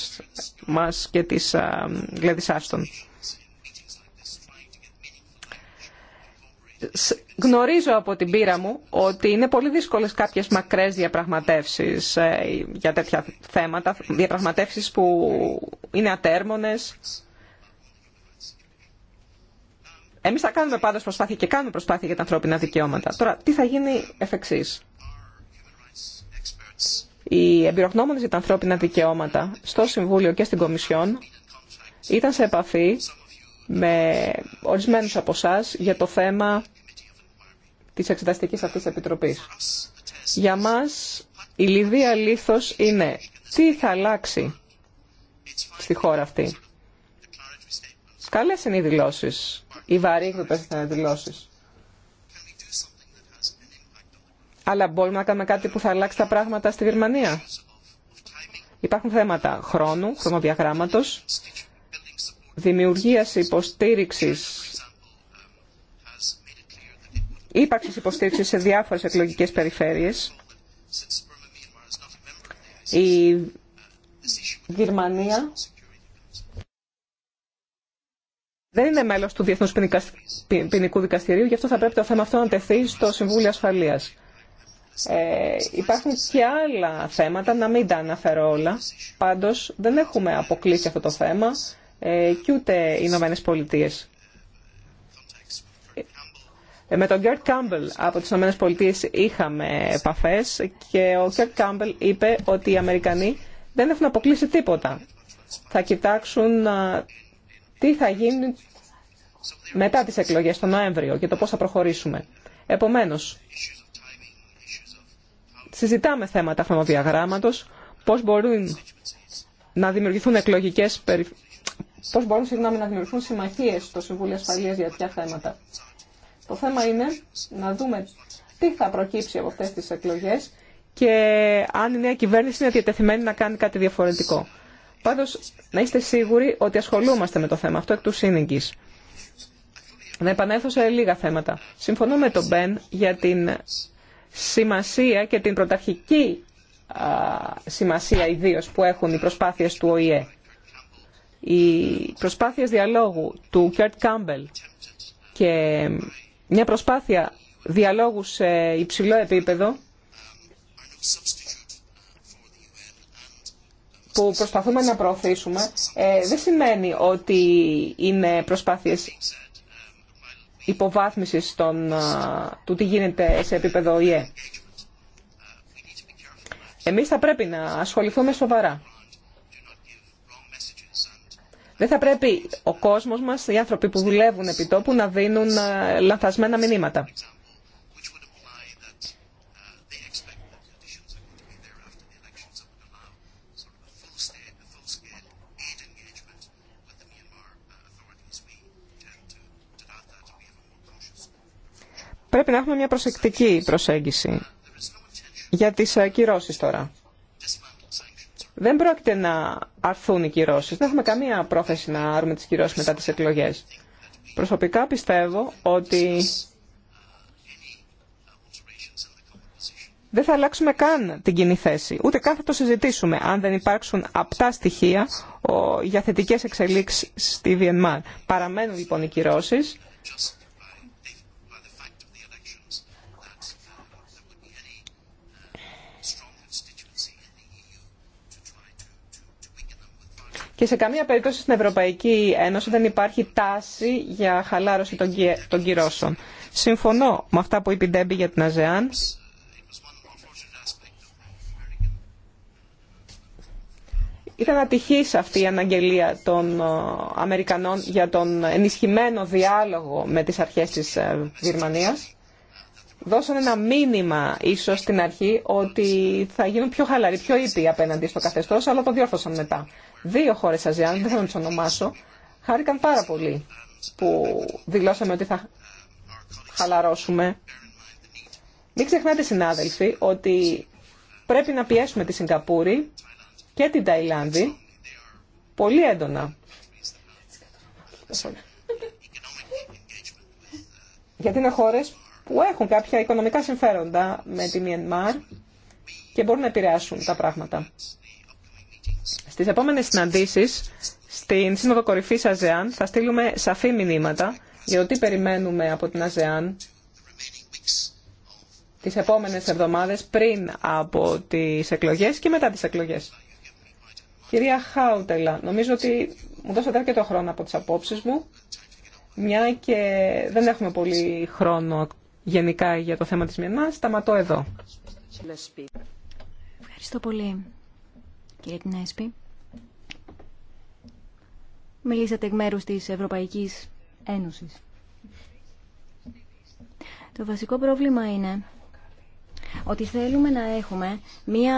μας και της Γκλέδης Άστον. Γνωρίζω από την πείρα μου ότι είναι πολύ δύσκολες κάποιες μακρές διαπραγματεύσεις ε, για τέτοια θέματα, διαπραγματεύσεις που είναι ατέρμονες. Εμείς θα κάνουμε πάντως προσπάθεια και κάνουμε προσπάθεια για τα ανθρώπινα δικαιώματα. Τώρα, τι θα γίνει εφ' εξής. Οι εμπειρογνώμονες για τα ανθρώπινα δικαιώματα στο Συμβούλιο και στην Κομισιόν ήταν σε επαφή με ορισμένους από εσά για το θέμα της εξεταστικής αυτής επιτροπής. Για μας η λιδία λήθος είναι τι θα αλλάξει στη χώρα αυτή. Καλές είναι οι δηλώσεις, οι βαρύγδουτες θα είναι δηλώσεις. Αλλά μπορούμε να κάνουμε κάτι που θα αλλάξει τα πράγματα στη Γερμανία. Υπάρχουν θέματα χρόνου, χρονοδιαγράμματος δημιουργίας υποστήριξης ύπαρξης υποστήριξη σε διάφορες εκλογικές περιφέρειες. Η Γερμανία δεν είναι μέλος του Διεθνούς Ποινικού Δικαστηρίου, γι' αυτό θα πρέπει το θέμα αυτό να τεθεί στο Συμβούλιο Ασφαλείας. Ε, υπάρχουν και άλλα θέματα, να μην τα αναφέρω όλα. Πάντως δεν έχουμε αποκλείσει αυτό το θέμα. Ε, και ούτε οι Ηνωμένε Πολιτείε. Ε, με τον Κέρτ Κάμπελ από τις Ηνωμένε Πολιτείες είχαμε επαφές και ο Κέρτ Κάμπελ είπε ότι οι Αμερικανοί δεν έχουν αποκλείσει τίποτα. Θα κοιτάξουν ε, τι θα γίνει μετά τις εκλογές τον Νοέμβριο και το πώς θα προχωρήσουμε. Επομένως, συζητάμε θέματα χρονοδιαγράμματος, πώς μπορούν να δημιουργηθούν εκλογικές πώς μπορούν συγγνώμη, να δημιουργηθούν συμμαχίες στο Συμβούλιο Ασφαλείας για τέτοια θέματα. Το θέμα είναι να δούμε τι θα προκύψει από αυτές τις εκλογές και αν η νέα κυβέρνηση είναι διατεθειμένη να κάνει κάτι διαφορετικό. Πάντως, να είστε σίγουροι ότι ασχολούμαστε με το θέμα αυτό εκ του σύνυγκης. Να επανέλθω σε λίγα θέματα. Συμφωνώ με τον Μπεν για την σημασία και την πρωταρχική σημασία ιδίω που έχουν οι προσπάθειες του ΟΗΕ. Οι προσπάθειες διαλόγου του Κέρτ Κάμπελ και μια προσπάθεια διαλόγου σε υψηλό επίπεδο που προσπαθούμε να προωθήσουμε ε, δεν σημαίνει ότι είναι προσπάθειες υποβάθμισης των, ε, του τι γίνεται σε επίπεδο ΙΕ. Εμείς θα πρέπει να ασχοληθούμε σοβαρά δεν θα πρέπει ο κόσμος μας, οι άνθρωποι που δουλεύουν επί τόπου, να δίνουν ε, λανθασμένα μηνύματα. Πρέπει να έχουμε μια προσεκτική προσέγγιση για τις ακυρώσεις ε, τώρα. Δεν πρόκειται να αρθούν οι κυρώσει. Δεν έχουμε καμία πρόθεση να άρουμε τι κυρώσει μετά τι εκλογέ. Προσωπικά πιστεύω ότι δεν θα αλλάξουμε καν την κοινή θέση. Ούτε καν θα το συζητήσουμε αν δεν υπάρξουν απτά στοιχεία για θετικέ εξελίξει στη Βιενμάρ. Παραμένουν λοιπόν οι κυρώσει Και σε καμία περίπτωση στην Ευρωπαϊκή Ένωση δεν υπάρχει τάση για χαλάρωση των, κυε... κυρώσεων. Συμφωνώ με αυτά που είπε η για την ΑΖΕΑΝ. Ήταν ατυχής αυτή η αναγγελία των ε, Αμερικανών για τον ενισχυμένο διάλογο με τις αρχές της ε, Γερμανίας. Δώσαν ένα μήνυμα ίσως στην αρχή ότι θα γίνουν πιο χαλαροί, πιο ήπιοι απέναντι στο καθεστώς, αλλά το διόρθωσαν μετά. Δύο χώρες ΑΖΙΑΝ, δεν θέλω να ονομάσω, χάρηκαν πάρα πολύ που δηλώσαμε ότι θα χαλαρώσουμε. Μην ξεχνάτε συνάδελφοι ότι πρέπει να πιέσουμε τη Σιγκαπούρη και την Ταϊλάνδη πολύ έντονα. Γιατί είναι χώρες που έχουν κάποια οικονομικά συμφέροντα με τη Μάρ και μπορούν να επηρεάσουν τα πράγματα. Στι επόμενε συναντήσει, στην Σύνοδο Κορυφής ΑΖΕΑΝ θα στείλουμε σαφή μηνύματα για το τι περιμένουμε από την ΑΖΕΑΝ τις επόμενες εβδομάδες πριν από τις εκλογές και μετά τις εκλογές. Κυρία Χάουτελα, νομίζω ότι μου δώσατε αρκετό χρόνο από τις απόψεις μου, μια και δεν έχουμε πολύ χρόνο γενικά για το θέμα της Τα Σταματώ εδώ. Ευχαριστώ πολύ, κύριε Τινέσπη. Μιλήσατε εκ μέρους της Ευρωπαϊκής Ένωσης. Το βασικό πρόβλημα είναι ότι θέλουμε να έχουμε μία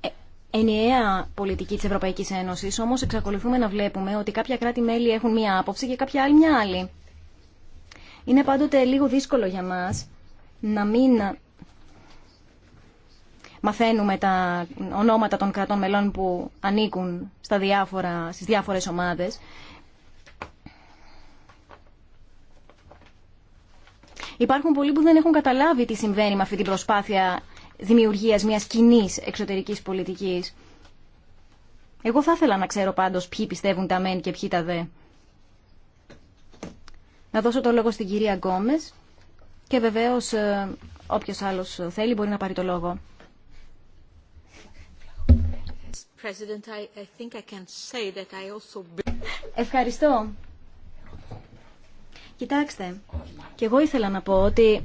ε, ενιαία πολιτική της Ευρωπαϊκής Ένωσης, όμως εξακολουθούμε να βλέπουμε ότι κάποια κράτη-μέλη έχουν μία άποψη και κάποια άλλη μία άλλη. Είναι πάντοτε λίγο δύσκολο για μας να μην μαθαίνουμε τα ονόματα των κρατών μελών που ανήκουν στα διάφορα, στις διάφορες ομάδες. Υπάρχουν πολλοί που δεν έχουν καταλάβει τι συμβαίνει με αυτή την προσπάθεια δημιουργίας μιας κοινή εξωτερικής πολιτικής. Εγώ θα ήθελα να ξέρω πάντως ποιοι πιστεύουν τα μεν και ποιοι τα δε. Να δώσω το λόγο στην κυρία Γκόμες και βεβαίως ε, όποιος άλλος θέλει μπορεί να πάρει το λόγο. Ευχαριστώ. Κοιτάξτε, και εγώ ήθελα να πω ότι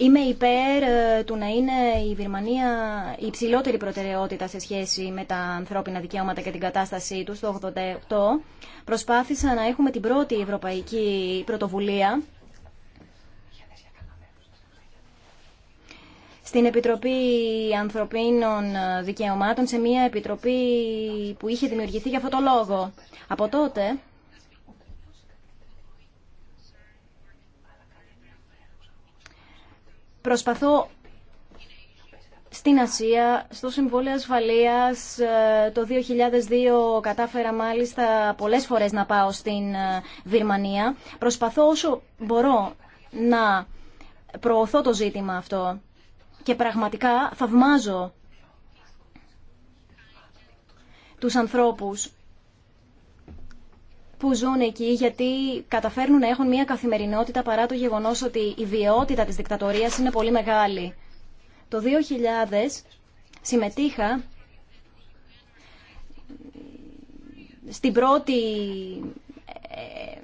Είμαι υπέρ ε, του να είναι η Βυρμανία η υψηλότερη προτεραιότητα σε σχέση με τα ανθρώπινα δικαιώματα και την κατάστασή του το 1988. Προσπάθησα να έχουμε την πρώτη ευρωπαϊκή πρωτοβουλία στην Επιτροπή Ανθρωπίνων Δικαιωμάτων, σε μια επιτροπή που είχε δημιουργηθεί για αυτό το λόγο. Από τότε... Προσπαθώ στην Ασία, στο Συμβούλιο Ασφαλείας ε, το 2002 κατάφερα μάλιστα πολλές φορές να πάω στην ε, Βιρμανία... Προσπαθώ όσο μπορώ να προωθώ το ζήτημα αυτό και πραγματικά θαυμάζω τους ανθρώπους που ζουν εκεί γιατί καταφέρνουν να έχουν μια καθημερινότητα παρά το γεγονός ότι η βιαιότητα της δικτατορίας είναι πολύ μεγάλη. Το 2000 συμμετείχα στην πρώτη ε,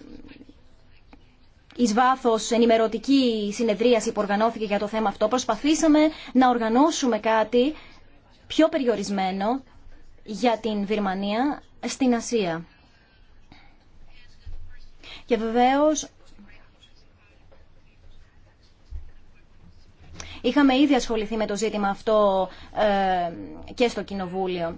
εις βάθος ενημερωτική συνεδρίαση που οργανώθηκε για το θέμα αυτό, προσπαθήσαμε να οργανώσουμε κάτι πιο περιορισμένο για την Βυρμανία στην Ασία. Και βεβαίως είχαμε ήδη ασχοληθεί με το ζήτημα αυτό ε, και στο Κοινοβούλιο.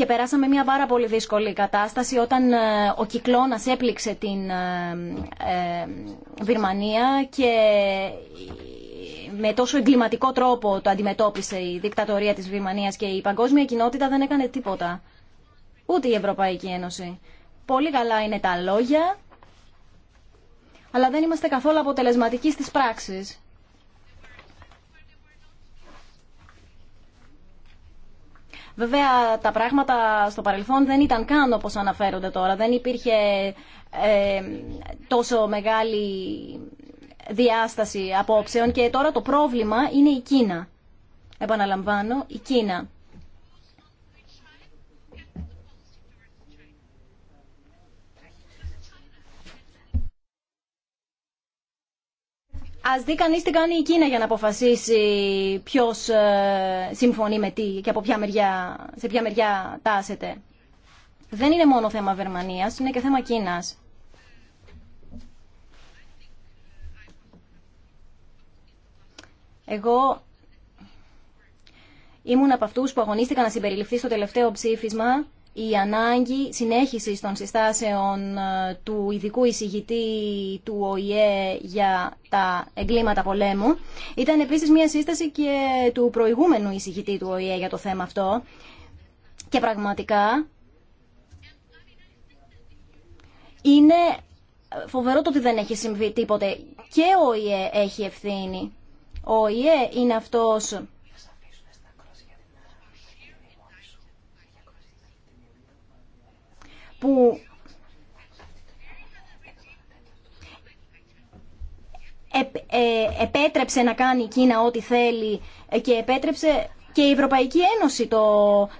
και περάσαμε μια πάρα πολύ δύσκολη κατάσταση όταν ε, ο κυκλώνας έπληξε την ε, ε, Βυρμανία και με τόσο εγκληματικό τρόπο το αντιμετώπισε η δικτατορία της Βυρμανίας και η παγκόσμια κοινότητα δεν έκανε τίποτα. Ούτε η Ευρωπαϊκή Ένωση. Πολύ καλά είναι τα λόγια, αλλά δεν είμαστε καθόλου αποτελεσματικοί στις πράξεις. Βέβαια τα πράγματα στο παρελθόν δεν ήταν καν όπως αναφέρονται τώρα. Δεν υπήρχε ε, τόσο μεγάλη διάσταση απόψεων και τώρα το πρόβλημα είναι η Κίνα. Επαναλαμβάνω, η Κίνα. Ας δει κανεί τι κάνει η Κίνα για να αποφασίσει ποιος ε, συμφωνεί με τι και από ποια μεριά, σε ποια μεριά τάσεται. Δεν είναι μόνο θέμα βερμανία, είναι και θέμα Κίνας. Εγώ ήμουν από αυτού που αγωνίστηκα να συμπεριληφθεί στο τελευταίο ψήφισμα η ανάγκη συνέχισή των συστάσεων ε, του ειδικού εισηγητή του ΟΗΕ για τα εγκλήματα πολέμου. Ήταν επίσης μια σύσταση και του προηγούμενου εισηγητή του ΟΗΕ για το θέμα αυτό. Και πραγματικά είναι φοβερό το ότι δεν έχει συμβεί τίποτε. Και ο ΟΗΕ έχει ευθύνη. Ο ΟΗΕ είναι αυτός που ε, επέτρεψε να κάνει η Κίνα ό,τι θέλει και επέτρεψε και η Ευρωπαϊκή Ένωση το,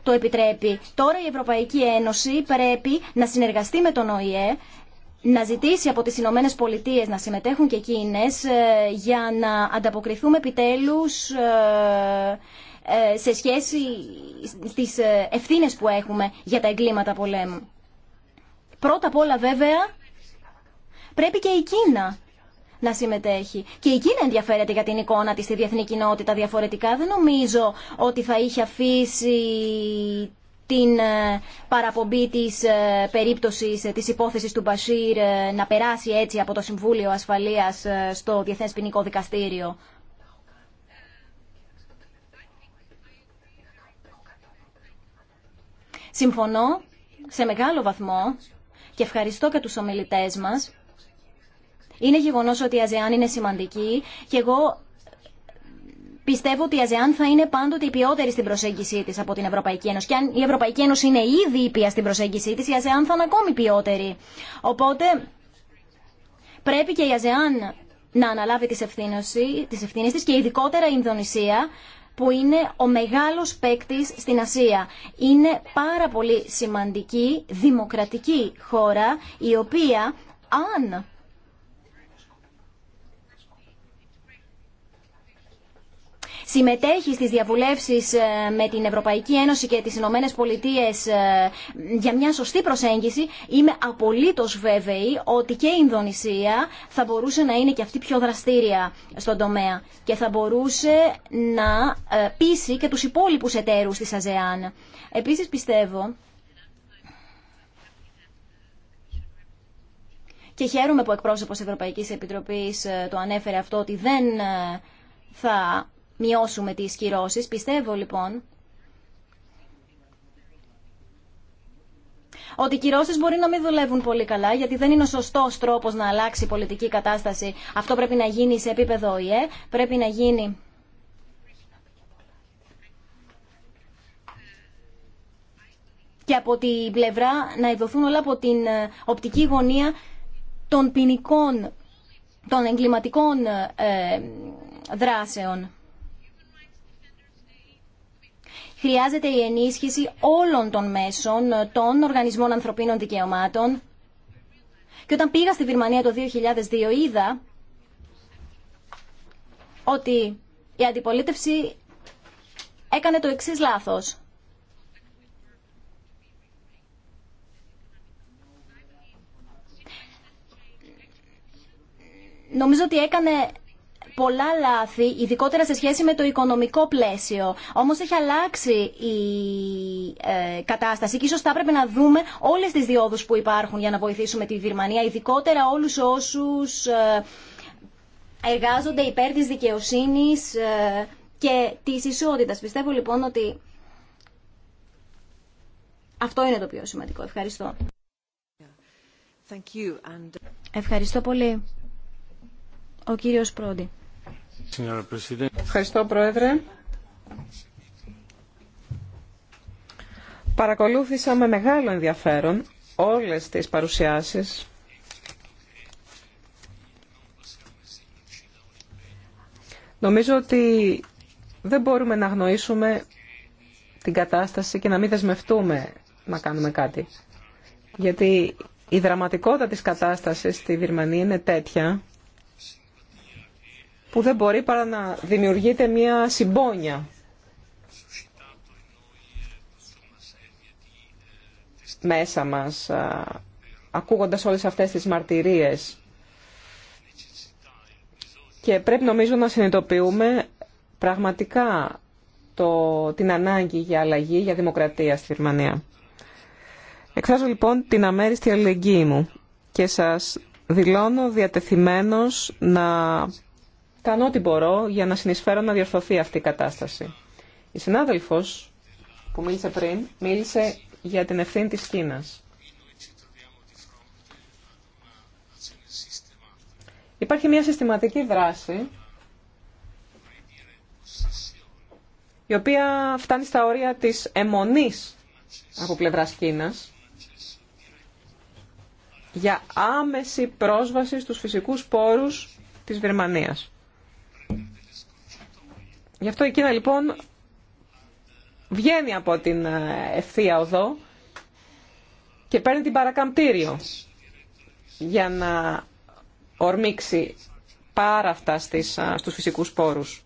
το επιτρέπει. Τώρα η Ευρωπαϊκή Ένωση πρέπει να συνεργαστεί με τον ΟΗΕ να ζητήσει από τις Ηνωμένε Πολιτείες να συμμετέχουν και εκείνες ε, για να ανταποκριθούμε επιτέλους ε, σε σχέση στις ευθύνες που έχουμε για τα εγκλήματα πολέμου. Πρώτα απ' όλα βέβαια πρέπει και η Κίνα να συμμετέχει. Και η Κίνα ενδιαφέρεται για την εικόνα της στη διεθνή κοινότητα διαφορετικά. Δεν νομίζω ότι θα είχε αφήσει την ε, παραπομπή της ε, περίπτωσης ε, της υπόθεσης του Μπασίρ να περάσει έτσι από το Συμβούλιο Ασφαλείας στο Διεθνές Ποινικό Δικαστήριο. Συμφωνώ σε μεγάλο βαθμό και ευχαριστώ και τους ομιλητές μας. Είναι γεγονός ότι η ΑΖΕΑΝ είναι σημαντική και εγώ πιστεύω ότι η ΑΖΕΑΝ θα είναι πάντοτε η ποιότερη στην προσέγγιση της από την Ευρωπαϊκή Ένωση. Και αν η Ευρωπαϊκή Ένωση είναι ήδη ήπια στην προσέγγιση της, η ΑΖΕΑΝ θα είναι ακόμη ποιότερη. Οπότε πρέπει και η ΑΖΕΑΝ να αναλάβει τις της και ειδικότερα η Ινδονησία που είναι ο μεγάλος παίκτη στην Ασία. Είναι πάρα πολύ σημαντική δημοκρατική χώρα η οποία αν συμμετέχει στις διαβουλεύσεις ε, με την Ευρωπαϊκή Ένωση και τις Ηνωμένε Πολιτείε ε, για μια σωστή προσέγγιση, είμαι απολύτως βέβαιη ότι και η Ινδονησία θα μπορούσε να είναι και αυτή πιο δραστήρια στον τομέα και θα μπορούσε να ε, πείσει και τους υπόλοιπους εταίρους της ΑΖΕΑΝ. Επίσης πιστεύω και χαίρομαι που εκπρόσωπος Ευρωπαϊκής Επιτροπής το ανέφερε αυτό ότι δεν θα μειώσουμε τις κυρώσεις. Πιστεύω λοιπόν ότι οι κυρώσεις μπορεί να μην δουλεύουν πολύ καλά, γιατί δεν είναι ο σωστός τρόπος να αλλάξει η πολιτική κατάσταση. Αυτό πρέπει να γίνει σε επίπεδο ΙΕ. πρέπει να γίνει. και από την πλευρά να ειδωθούν όλα από την ε, οπτική γωνία των ποινικών, των εγκληματικών ε, δράσεων χρειάζεται η ενίσχυση όλων των μέσων των οργανισμών ανθρωπίνων δικαιωμάτων. Και όταν πήγα στη Βυρμανία το 2002 είδα ότι η αντιπολίτευση έκανε το εξής λάθος. Νομίζω ότι έκανε πολλά λάθη, ειδικότερα σε σχέση με το οικονομικό πλαίσιο. Όμως έχει αλλάξει η ε, κατάσταση και ίσω θα έπρεπε να δούμε όλες τις διόδους που υπάρχουν για να βοηθήσουμε τη Βιρμανία, ειδικότερα όλους όσους ε, εργάζονται υπέρ τη δικαιοσύνη ε, και τη ισότητα. Πιστεύω λοιπόν ότι αυτό είναι το πιο σημαντικό. Ευχαριστώ. Thank you. And... Ευχαριστώ πολύ. Ο κύριος Πρόντι. Ευχαριστώ, Πρόεδρε. Παρακολούθησα με μεγάλο ενδιαφέρον όλες τις παρουσιάσεις Νομίζω ότι δεν μπορούμε να γνωρίσουμε την κατάσταση και να μην δεσμευτούμε να κάνουμε κάτι. Γιατί η δραματικότητα της κατάστασης στη Βυρμανία είναι τέτοια που δεν μπορεί παρά να δημιουργείται μια συμπόνια μέσα μας, ακούγοντας όλες αυτές τις μαρτυρίες. Και πρέπει νομίζω να συνειδητοποιούμε πραγματικά το, την ανάγκη για αλλαγή, για δημοκρατία στη Γερμανία. Εκφράζω λοιπόν την αμέριστη αλληλεγγύη μου και σας δηλώνω διατεθειμένος να κάνω ό,τι μπορώ για να συνεισφέρω να διορθωθεί αυτή η κατάσταση. Η συνάδελφος που μίλησε πριν, μίλησε για την ευθύνη της Κίνας. Υπάρχει μια συστηματική δράση η οποία φτάνει στα όρια της αιμονής από πλευράς Κίνας για άμεση πρόσβαση στους φυσικούς πόρους της Βερμανίας. Γι' αυτό η Κίνα λοιπόν βγαίνει από την ε, ευθεία οδό και παίρνει την παρακαμπτήριο για να ορμήξει πάρα αυτά στις, στους φυσικούς πόρους.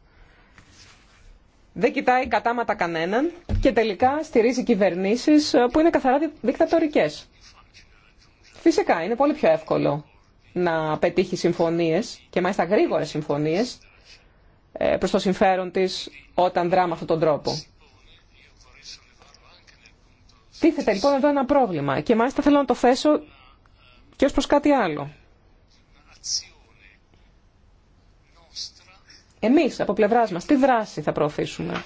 Δεν κοιτάει κατάματα κανέναν και τελικά στηρίζει κυβερνήσεις ε, που είναι καθαρά δικτατορικές. Φυσικά είναι πολύ πιο εύκολο να πετύχει συμφωνίες και μάλιστα γρήγορες συμφωνίες ε, προς το συμφέρον της όταν δρά με αυτόν τον τρόπο. Τίθεται λοιπόν εδώ ένα πρόβλημα και μάλιστα θέλω να το θέσω και ως προς κάτι άλλο. Εμείς από πλευράς μας τι δράση θα προωθήσουμε.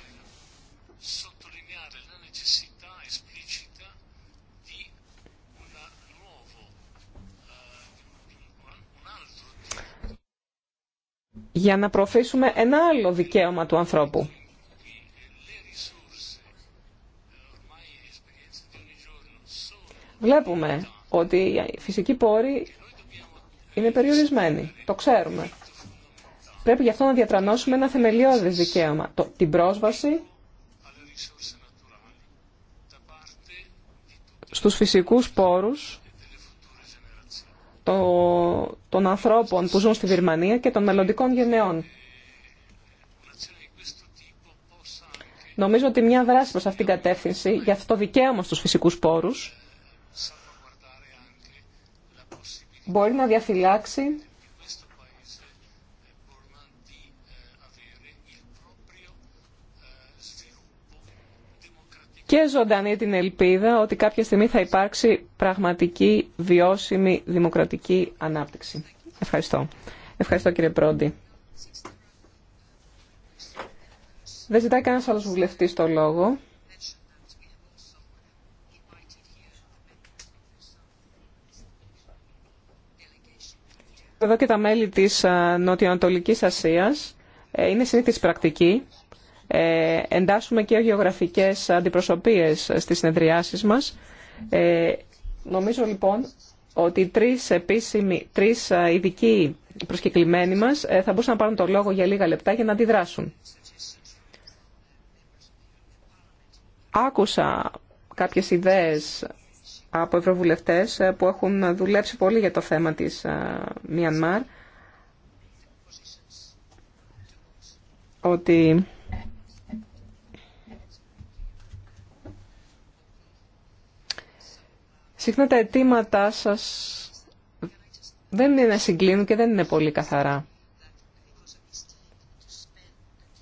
για να προωθήσουμε ένα άλλο δικαίωμα του ανθρώπου. Βλέπουμε ότι οι φυσικοί πόροι είναι περιορισμένοι. Το ξέρουμε. Πρέπει γι' αυτό να διατρανώσουμε ένα θεμελιώδες δικαίωμα. την πρόσβαση στους φυσικούς πόρους των ανθρώπων που ζουν στη Βυρμανία και των μελλοντικών γενεών. Νομίζω ότι μια δράση προς αυτήν την κατεύθυνση για αυτό το δικαίωμα στους φυσικούς πόρους μπορεί να διαφυλάξει και ζωντανή την ελπίδα ότι κάποια στιγμή θα υπάρξει πραγματική, βιώσιμη, δημοκρατική ανάπτυξη. Ευχαριστώ. Ευχαριστώ κύριε Πρόντι. Δεν ζητάει κανένας άλλος βουλευτής το λόγο. Εδώ και τα μέλη της ε, Νοτιοανατολικής Ασίας ε, είναι συνήθις πρακτική ε, εντάσσουμε και γεωγραφικές αντιπροσωπείες στις συνεδριάσεις μας. Ε, νομίζω λοιπόν ότι τρεις, επίσημοι, τρεις ειδικοί προσκεκλημένοι μας ε, θα μπορούσαν να πάρουν το λόγο για λίγα λεπτά για να αντιδράσουν. Άκουσα κάποιες ιδέες από ευρωβουλευτές που έχουν δουλέψει πολύ για το θέμα της Μιανμάρ ότι Συχνά τα αιτήματά σας δεν είναι συγκλίνουν και δεν είναι πολύ καθαρά.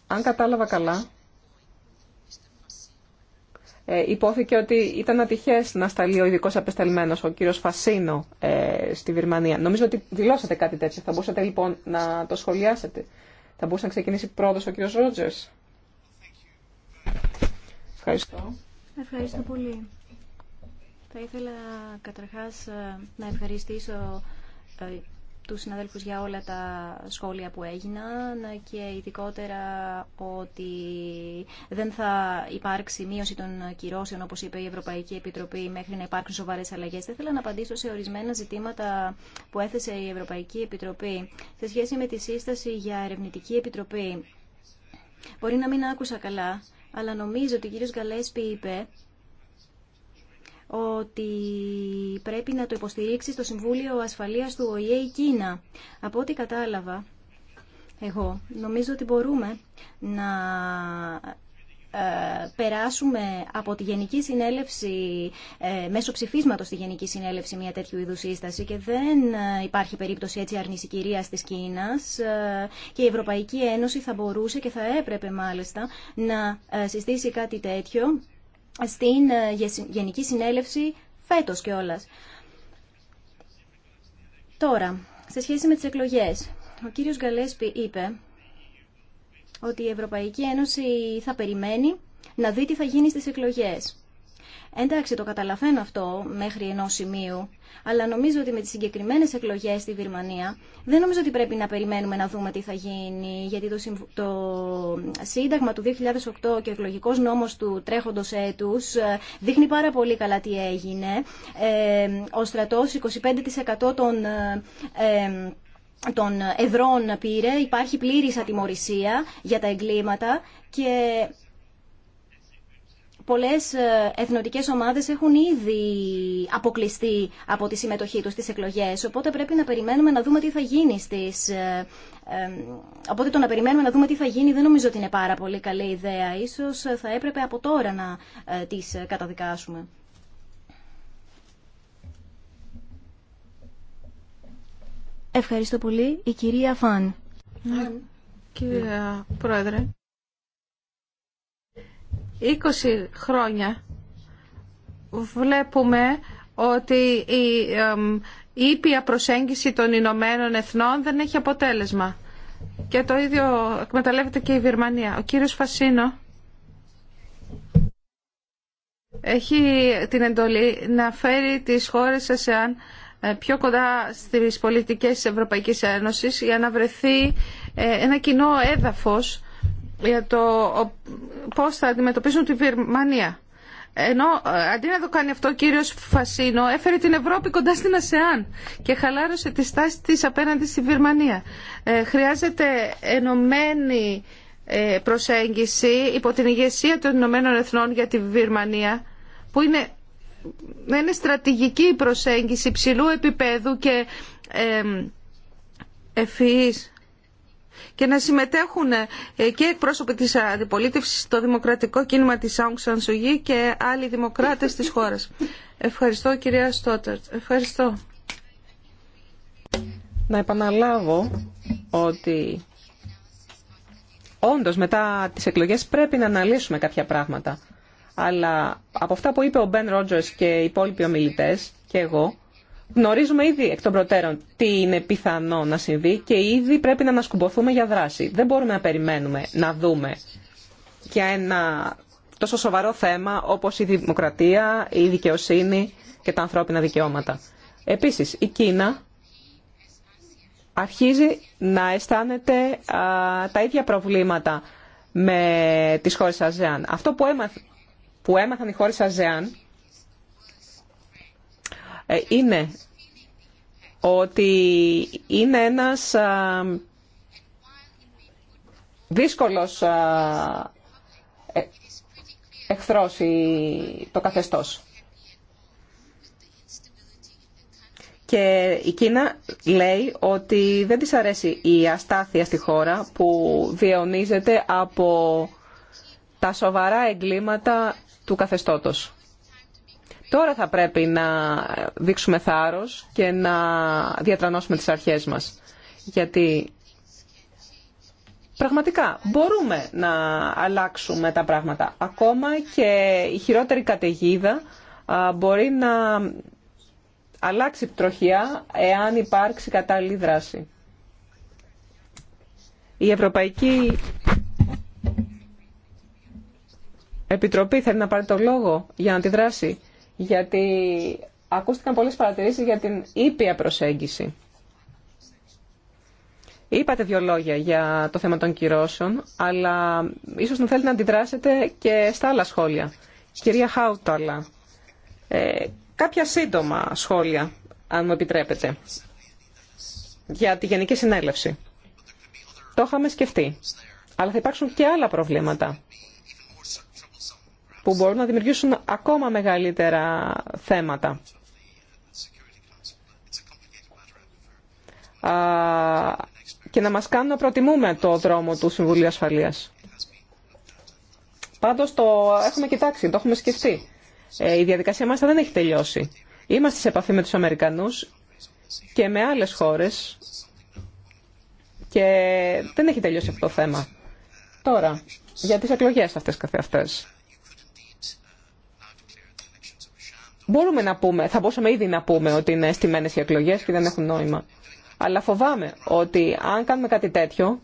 Αν κατάλαβα καλά, ε, υπόθηκε ότι ήταν ατυχές να σταλεί ο ειδικό απεσταλμένος, ο κύριος Φασίνο, ε, στη Βυρμανία. Νομίζω ότι δηλώσατε κάτι τέτοιο. Θα μπορούσατε λοιπόν να το σχολιάσετε. Θα μπορούσε να ξεκινήσει πρώτος ο κύριος Ρότζερς. Ευχαριστώ. Ευχαριστώ πολύ. Θα ήθελα καταρχάς ε, να ευχαριστήσω ε, τους συναδέλφους για όλα τα σχόλια που έγιναν και ειδικότερα ότι δεν θα υπάρξει μείωση των κυρώσεων όπως είπε η Ευρωπαϊκή Επιτροπή μέχρι να υπάρξουν σοβαρές αλλαγές. Θα ήθελα να απαντήσω σε ορισμένα ζητήματα που έθεσε η Ευρωπαϊκή Επιτροπή σε σχέση με τη σύσταση για ερευνητική επιτροπή. Μπορεί να μην άκουσα καλά, αλλά νομίζω ότι ο κύριος Γκαλέσπη είπε ότι πρέπει να το υποστηρίξει στο Συμβούλιο Ασφαλείας του ΟΗΕ η Κίνα. Από ό,τι κατάλαβα, εγώ νομίζω ότι μπορούμε να ε, περάσουμε από τη Γενική Συνέλευση, ε, μέσω ψηφίσματος στη Γενική Συνέλευση μια τέτοιου είδους σύσταση και δεν ε, υπάρχει περίπτωση έτσι αρνηση της Κίνας και η Ευρωπαϊκή Ένωση θα μπορούσε και θα έπρεπε μάλιστα να συστήσει κάτι τέτοιο στην ε, Γενική Συνέλευση φέτος όλας. Τώρα, σε σχέση με τις εκλογές, ο κύριος Γκαλέσπη είπε ότι η Ευρωπαϊκή Ένωση θα περιμένει να δει τι θα γίνει στις εκλογές. Εντάξει, το καταλαβαίνω αυτό μέχρι ενό σημείου, αλλά νομίζω ότι με τις συγκεκριμένε εκλογές στη Βυρμανία δεν νομίζω ότι πρέπει να περιμένουμε να δούμε τι θα γίνει, γιατί το, το Σύνταγμα του 2008 και ο εκλογικό νόμος του τρέχοντο έτου, ε, δείχνει πάρα πολύ καλά τι έγινε. Ε, ο στρατός 25% των... Ε, ε των πήρε, υπάρχει πλήρης ατιμορρησία για τα εγκλήματα και πολλές ε, εθνοτικές ομάδες έχουν ήδη αποκλειστεί από τη συμμετοχή τους στις εκλογές, οπότε πρέπει να περιμένουμε να δούμε τι θα γίνει στις... Ε, ε, οπότε το να περιμένουμε να δούμε τι θα γίνει δεν νομίζω ότι είναι πάρα πολύ καλή ιδέα. Ίσως θα έπρεπε από τώρα να τις καταδικάσουμε. Ευχαριστώ πολύ. Η κυρία Φαν. Κύριε Πρόεδρε, 20 χρόνια βλέπουμε ότι η ήπια προσέγγιση των Ηνωμένων Εθνών δεν έχει αποτέλεσμα. Και το ίδιο εκμεταλλεύεται και η Βυρμανία. Ο κύριος Φασίνο έχει την εντολή να φέρει τις χώρες ΑΣΕΑΝ ε, πιο κοντά στις πολιτικές της Ευρωπαϊκής Ένωσης για να βρεθεί ε, ένα κοινό έδαφος για το πώ θα αντιμετωπίσουν τη Βερμανία. Ενώ ε, αντί να το κάνει αυτό ο κύριος Φασίνο έφερε την Ευρώπη κοντά στην ΑΣΕΑΝ και χαλάρωσε τη στάση της απέναντι στη Βερμανία. Ε, χρειάζεται ενωμένη ε, προσέγγιση υπό την ηγεσία των Ηνωμένων Εθνών για τη Βερμανία που είναι, είναι στρατηγική προσέγγιση ψηλού επίπεδου και ε, και να συμμετέχουν ε, και εκπρόσωποι της αντιπολίτευσης στο δημοκρατικό κίνημα της Aung San Suu και άλλοι δημοκράτες της χώρας. Ευχαριστώ κυρία Στότερτ. Ευχαριστώ. Να επαναλάβω ότι όντως μετά τις εκλογές πρέπει να αναλύσουμε κάποια πράγματα. Αλλά από αυτά που είπε ο Μπεν Ρότζερς και οι υπόλοιποι ομιλητές και εγώ, Γνωρίζουμε ήδη εκ των προτέρων τι είναι πιθανό να συμβεί και ήδη πρέπει να ανασκουμποθούμε για δράση. Δεν μπορούμε να περιμένουμε να δούμε για ένα τόσο σοβαρό θέμα όπως η δημοκρατία, η δικαιοσύνη και τα ανθρώπινα δικαιώματα. Επίσης, η Κίνα αρχίζει να αισθάνεται τα ίδια προβλήματα με τις χώρες ΑΖΕΑΝ. Αυτό που, που έμαθαν οι χώρες ΑΖΕΑΝ ε, είναι ότι είναι ένας δύσκολος ε, εχθρός το καθεστώς. Και η Κίνα λέει ότι δεν της αρέσει η αστάθεια στη χώρα που διαιωνίζεται από τα σοβαρά εγκλήματα του καθεστώτος. Τώρα θα πρέπει να δείξουμε θάρρος και να διατρανώσουμε τις αρχές μας. Γιατί πραγματικά μπορούμε να αλλάξουμε τα πράγματα. Ακόμα και η χειρότερη καταιγίδα μπορεί να αλλάξει τροχιά εάν υπάρξει κατάλληλη δράση. Η Ευρωπαϊκή Επιτροπή θέλει να πάρει το λόγο για να αντιδράσει γιατί ακούστηκαν πολλές παρατηρήσεις για την ήπια προσέγγιση. Είπατε δύο λόγια για το θέμα των κυρώσεων, αλλά ίσως να θέλετε να αντιδράσετε και στα άλλα σχόλια. Κυρία Χάουταλα, ε, κάποια σύντομα σχόλια, αν μου επιτρέπετε, για τη Γενική Συνέλευση. Το είχαμε σκεφτεί, αλλά θα υπάρξουν και άλλα προβλήματα που μπορούν να δημιουργήσουν ακόμα μεγαλύτερα θέματα. και να μας κάνουν να προτιμούμε το δρόμο του Συμβουλίου Ασφαλείας. Πάντως το έχουμε κοιτάξει, το έχουμε σκεφτεί. Ε, η διαδικασία μας δεν έχει τελειώσει. Είμαστε σε επαφή με τους Αμερικανούς και με άλλες χώρες και δεν έχει τελειώσει αυτό το θέμα. Τώρα, για τις εκλογές αυτές καθεαυτές. Μπορούμε να πούμε, θα μπορούσαμε ήδη να πούμε ότι είναι στημένες οι εκλογές και δεν έχουν νόημα. Αλλά φοβάμαι ότι αν κάνουμε κάτι τέτοιο,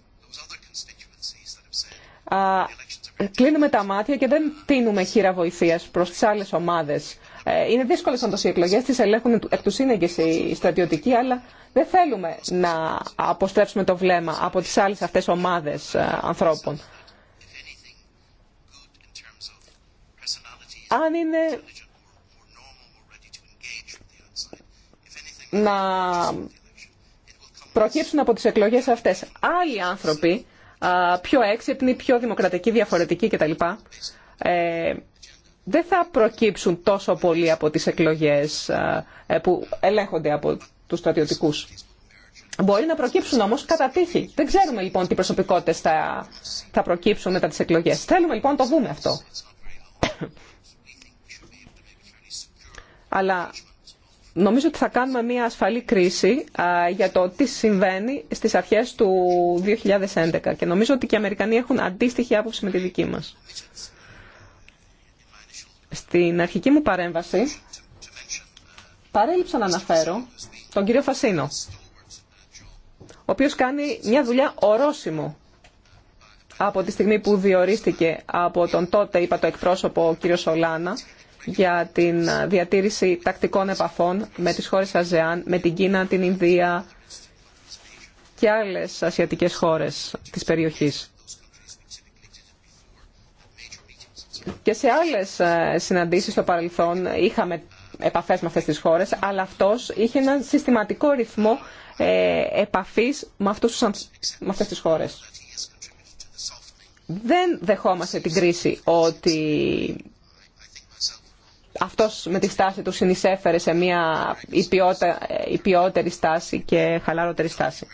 κλείνουμε τα μάτια και δεν τίνουμε χείρα βοηθείας προς τις άλλες ομάδες. Ε, είναι δύσκολε όντω οι εκλογέ, τι ελέγχουν εκ του σύνεγγυ οι στρατιωτικοί, αλλά δεν θέλουμε να αποστρέψουμε το βλέμμα από τι άλλε αυτέ ομάδε ε, ανθρώπων. Αν είναι να προκύψουν από τις εκλογές αυτές. Άλλοι άνθρωποι, πιο έξυπνοι, πιο δημοκρατικοί, διαφορετικοί κτλ. Ε, δεν θα προκύψουν τόσο πολύ από τις εκλογές ε, που ελέγχονται από τους στρατιωτικούς. Μπορεί να προκύψουν όμως κατά τύχη. Δεν ξέρουμε λοιπόν τι προσωπικότητες θα, προκύψουν μετά τις εκλογές. Θέλουμε λοιπόν να το δούμε αυτό. Αλλά Νομίζω ότι θα κάνουμε μια ασφαλή κρίση για το τι συμβαίνει στις αρχές του 2011 και νομίζω ότι και οι Αμερικανοί έχουν αντίστοιχη άποψη με τη δική μας. Στην αρχική μου παρέμβαση παρέλειψα να αναφέρω τον κύριο Φασίνο, ο οποίος κάνει μια δουλειά ορόσημο από τη στιγμή που διορίστηκε από τον τότε, είπα, το εκπρόσωπο κύριο Σολάνα για την διατήρηση τακτικών επαφών με τις χώρες ΑΖΕΑΝ, με την Κίνα, την Ινδία και άλλες ασιατικές χώρες της περιοχής. Και σε άλλες ε, συναντήσεις στο παρελθόν είχαμε επαφές με αυτές τις χώρες, αλλά αυτός είχε έναν συστηματικό ρυθμό ε, επαφής με, αυτούς, με αυτές τις χώρες. Δεν δεχόμαστε την κρίση ότι αυτός με τη στάση του συνεισέφερε σε μια υπιότερη στάση και χαλαρότερη στάση.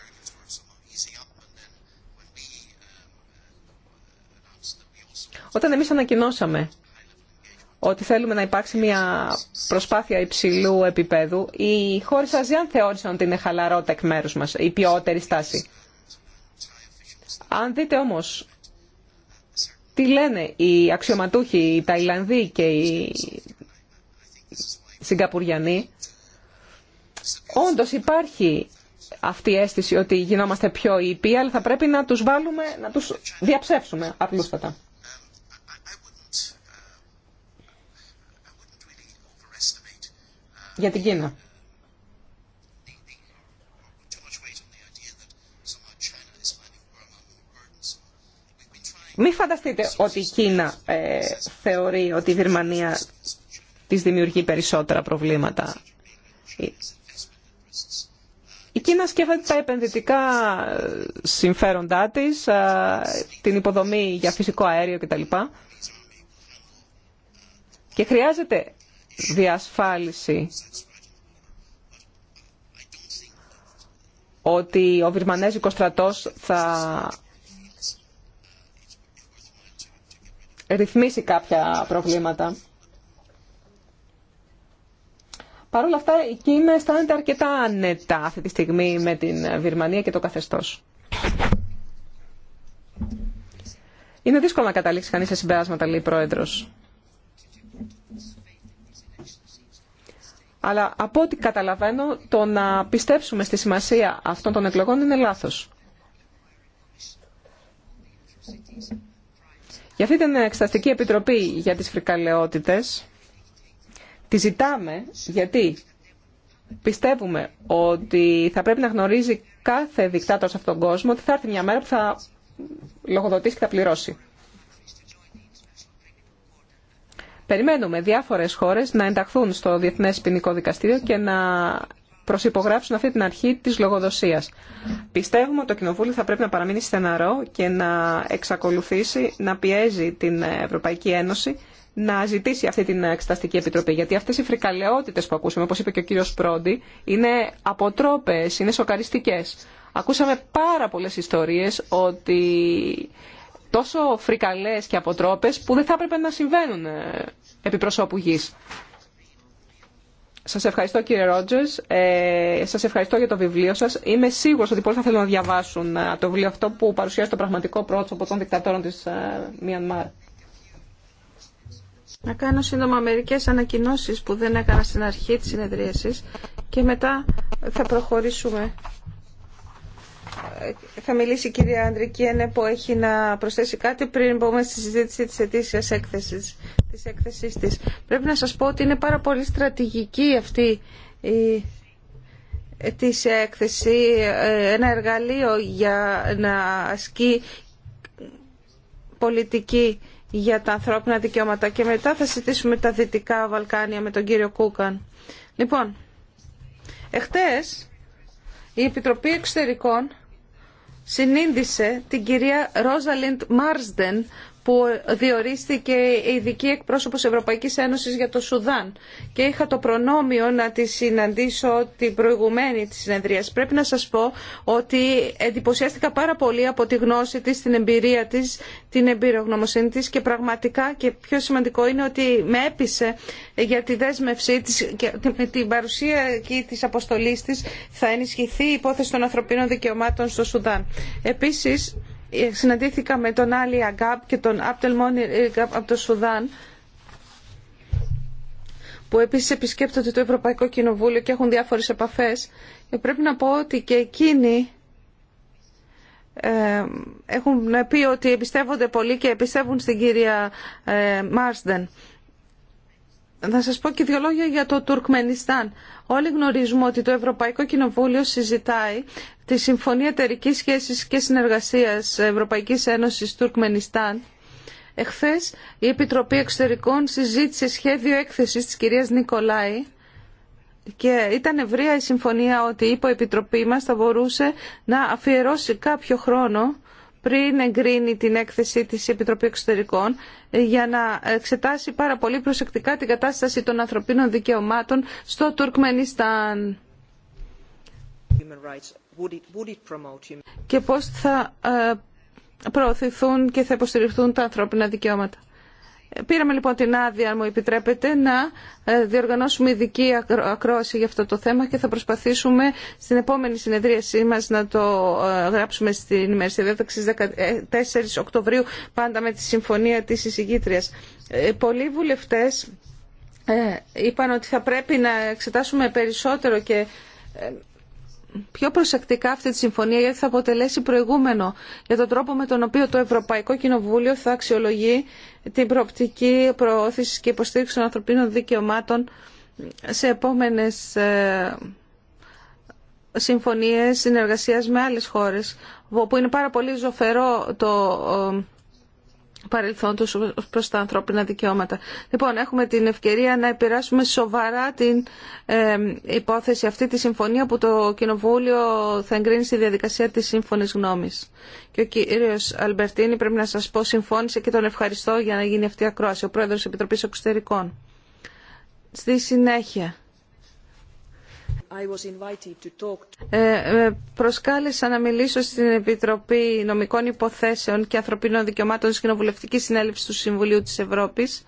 Όταν εμείς ανακοινώσαμε ότι θέλουμε να υπάρξει μια προσπάθεια υψηλού επίπεδου, οι χώρες Αζιάν θεώρησαν ότι είναι χαλαρότερη εκ μέρους μας, η ποιότερη στάση. Αν δείτε όμως τι λένε οι αξιωματούχοι, οι Ταϊλανδοί και οι Συγκαπουριανοί, Όντω υπάρχει αυτή η αίσθηση ότι γινόμαστε πιο ήπιοι, αλλά θα πρέπει να τους βάλουμε, να τους διαψεύσουμε απλούστατα. Για την Κίνα. Μην φανταστείτε ότι η Κίνα ε, θεωρεί ότι η Βυρμανία της δημιουργεί περισσότερα προβλήματα. Η Κίνα σκέφτεται τα επενδυτικά συμφέροντά της, ε, την υποδομή για φυσικό αέριο κτλ. Και χρειάζεται διασφάλιση ότι ο Βυρμανέζικος στρατός θα ρυθμίσει κάποια προβλήματα. Παρ' όλα αυτά η Κίνα αισθάνεται αρκετά άνετα αυτή τη στιγμή με την Βυρμανία και το καθεστώς. Είναι δύσκολο να καταλήξει κανείς σε συμπεράσματα, λέει η Πρόεδρος. Αλλά από ό,τι καταλαβαίνω, το να πιστέψουμε στη σημασία αυτών των εκλογών είναι λάθος. Για αυτή την Εξεταστική Επιτροπή για τις Φρικαλαιότητες, Τη ζητάμε γιατί πιστεύουμε ότι θα πρέπει να γνωρίζει κάθε δικτάτορα σε αυτόν τον κόσμο ότι θα έρθει μια μέρα που θα λογοδοτήσει και θα πληρώσει. Περιμένουμε διάφορες χώρες να ενταχθούν στο Διεθνές Ποινικό Δικαστήριο και να προσυπογράψουν αυτή την αρχή της λογοδοσίας. Πιστεύουμε ότι το Κοινοβούλιο θα πρέπει να παραμείνει στεναρό και να εξακολουθήσει να πιέζει την Ευρωπαϊκή Ένωση να ζητήσει αυτή την Εξεταστική Επιτροπή. Γιατί αυτέ οι φρικαλαιότητε που ακούσαμε, όπω είπε και ο κύριο Πρόντι, είναι αποτρόπε, είναι σοκαριστικέ. Ακούσαμε πάρα πολλέ ιστορίε ότι τόσο φρικαλές και αποτρόπε που δεν θα έπρεπε να συμβαίνουν ε, επί προσώπου γης. Σας ευχαριστώ κύριε Ρότζες, ε, σας ευχαριστώ για το βιβλίο σας. Είμαι σίγουρος ότι πολλοί θα θέλουν να διαβάσουν ε, το βιβλίο αυτό που παρουσιάζει το πραγματικό πρόσωπο των δικτατόρων της ε, Μιανμάρ. Να κάνω σύντομα μερικές ανακοινώσεις που δεν έκανα στην αρχή της συνεδρίασης και μετά θα προχωρήσουμε θα μιλήσει η κυρία Ανδρική Ένε που έχει να προσθέσει κάτι πριν πούμε στη συζήτηση της ετήσιας έκθεσης, της έκθεσης της. Πρέπει να σας πω ότι είναι πάρα πολύ στρατηγική αυτή η ετήσια έκθεση, ένα εργαλείο για να ασκεί πολιτική για τα ανθρώπινα δικαιώματα και μετά θα συζητήσουμε τα Δυτικά Βαλκάνια με τον κύριο Κούκαν. Λοιπόν, εχθές η Επιτροπή Εξωτερικών συνήντησε την κυρία Ρόζαλιντ Μάρσδεν που διορίστηκε η ειδική εκπρόσωπος Ευρωπαϊκής Ένωσης για το Σουδάν και είχα το προνόμιο να τη συναντήσω την προηγουμένη της συνεδρίας. Πρέπει να σας πω ότι εντυπωσιάστηκα πάρα πολύ από τη γνώση της, την εμπειρία της, την εμπειρογνωμοσύνη της και πραγματικά και πιο σημαντικό είναι ότι με έπεισε για τη δέσμευσή της και την παρουσία και της αποστολής της θα ενισχυθεί η υπόθεση των ανθρωπίνων δικαιωμάτων στο Σουδάν. Επίσης, συναντήθηκα με τον Άλλη Αγκάπ και τον Απτελμόνι Αγκάπ από το Σουδάν που επίσης επισκέπτονται το Ευρωπαϊκό Κοινοβούλιο και έχουν διάφορες επαφές. Πρέπει να πω ότι και εκείνοι ε, έχουν πει ότι εμπιστεύονται πολύ και εμπιστεύουν στην κυρία ε, Μάρσδεν. Να σας πω και δύο λόγια για το Τουρκμενιστάν. Όλοι γνωρίζουμε ότι το Ευρωπαϊκό Κοινοβούλιο συζητάει τη Συμφωνία Εταιρικής Σχέσης και Συνεργασίας Ευρωπαϊκής Ένωσης Τουρκμενιστάν. Εχθές η Επιτροπή Εξωτερικών συζήτησε σχέδιο έκθεσης της κυρίας Νικολάη και ήταν ευρεία η συμφωνία ότι η υποεπιτροπή μας θα μπορούσε να αφιερώσει κάποιο χρόνο πριν εγκρίνει την έκθεση της Επιτροπή Εξωτερικών για να εξετάσει πάρα πολύ προσεκτικά την κατάσταση των ανθρωπίνων δικαιωμάτων στο Τουρκμενιστάν και πώς θα ε, προωθηθούν και θα υποστηριχθούν τα ανθρώπινα δικαιώματα. Πήραμε λοιπόν την άδεια, αν μου επιτρέπετε, να ε, διοργανώσουμε ειδική ακρόαση για αυτό το θέμα και θα προσπαθήσουμε στην επόμενη συνεδρίασή μας να το ε, γράψουμε στην ημερησία της 14 Οκτωβρίου, πάντα με τη συμφωνία της εισηγήτριας. Ε, πολλοί βουλευτές είπαν ότι θα πρέπει να εξετάσουμε περισσότερο και πιο προσεκτικά αυτή τη συμφωνία γιατί θα αποτελέσει προηγούμενο για τον τρόπο με τον οποίο το Ευρωπαϊκό Κοινοβούλιο θα αξιολογεί την προοπτική προώθηση και υποστήριξη των ανθρωπίνων δικαιωμάτων σε επόμενες ε, συμφωνίες συνεργασίας με άλλες χώρες όπου είναι πάρα πολύ ζωφερό το ε, παρελθόντος προς τα ανθρώπινα δικαιώματα. Λοιπόν, έχουμε την ευκαιρία να επηρεάσουμε σοβαρά την υπόθεση αυτή τη συμφωνία που το Κοινοβούλιο θα εγκρίνει στη διαδικασία της σύμφωνη γνώμης. Και ο κύριο Αλμπερτίνη πρέπει να σας πω συμφώνησε και τον ευχαριστώ για να γίνει αυτή η ακρόαση, ο πρόεδρος της Επιτροπής Εξωτερικών. Στη συνέχεια. Ε, ε, προσκάλεσα να μιλήσω στην Επιτροπή Νομικών Υποθέσεων και Ανθρωπίνων Δικαιωμάτων της Κοινοβουλευτικής Συνέλευσης του Συμβουλίου της Ευρώπης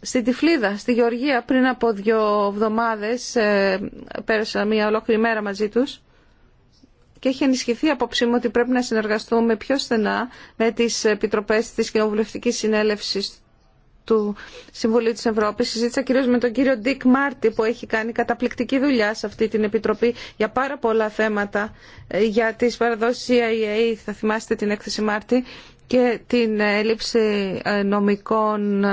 στην Τυφλίδα, στη Γεωργία, πριν από δύο εβδομάδες ε, πέρασα μια ολόκληρη μέρα μαζί τους και έχει ενισχυθεί απόψη μου ότι πρέπει να συνεργαστούμε πιο στενά με τις επιτροπές της Κοινοβουλευτικής Συνέλευσης του Συμβουλίου της Ευρώπης. Συζήτησα κυρίως με τον κύριο Ντίκ Μάρτι που έχει κάνει καταπληκτική δουλειά σε αυτή την Επιτροπή για πάρα πολλά θέματα ε, για τις παραδόσεις CIA, θα θυμάστε την έκθεση Μάρτι, και την ε, έλλειψη ε, νομικών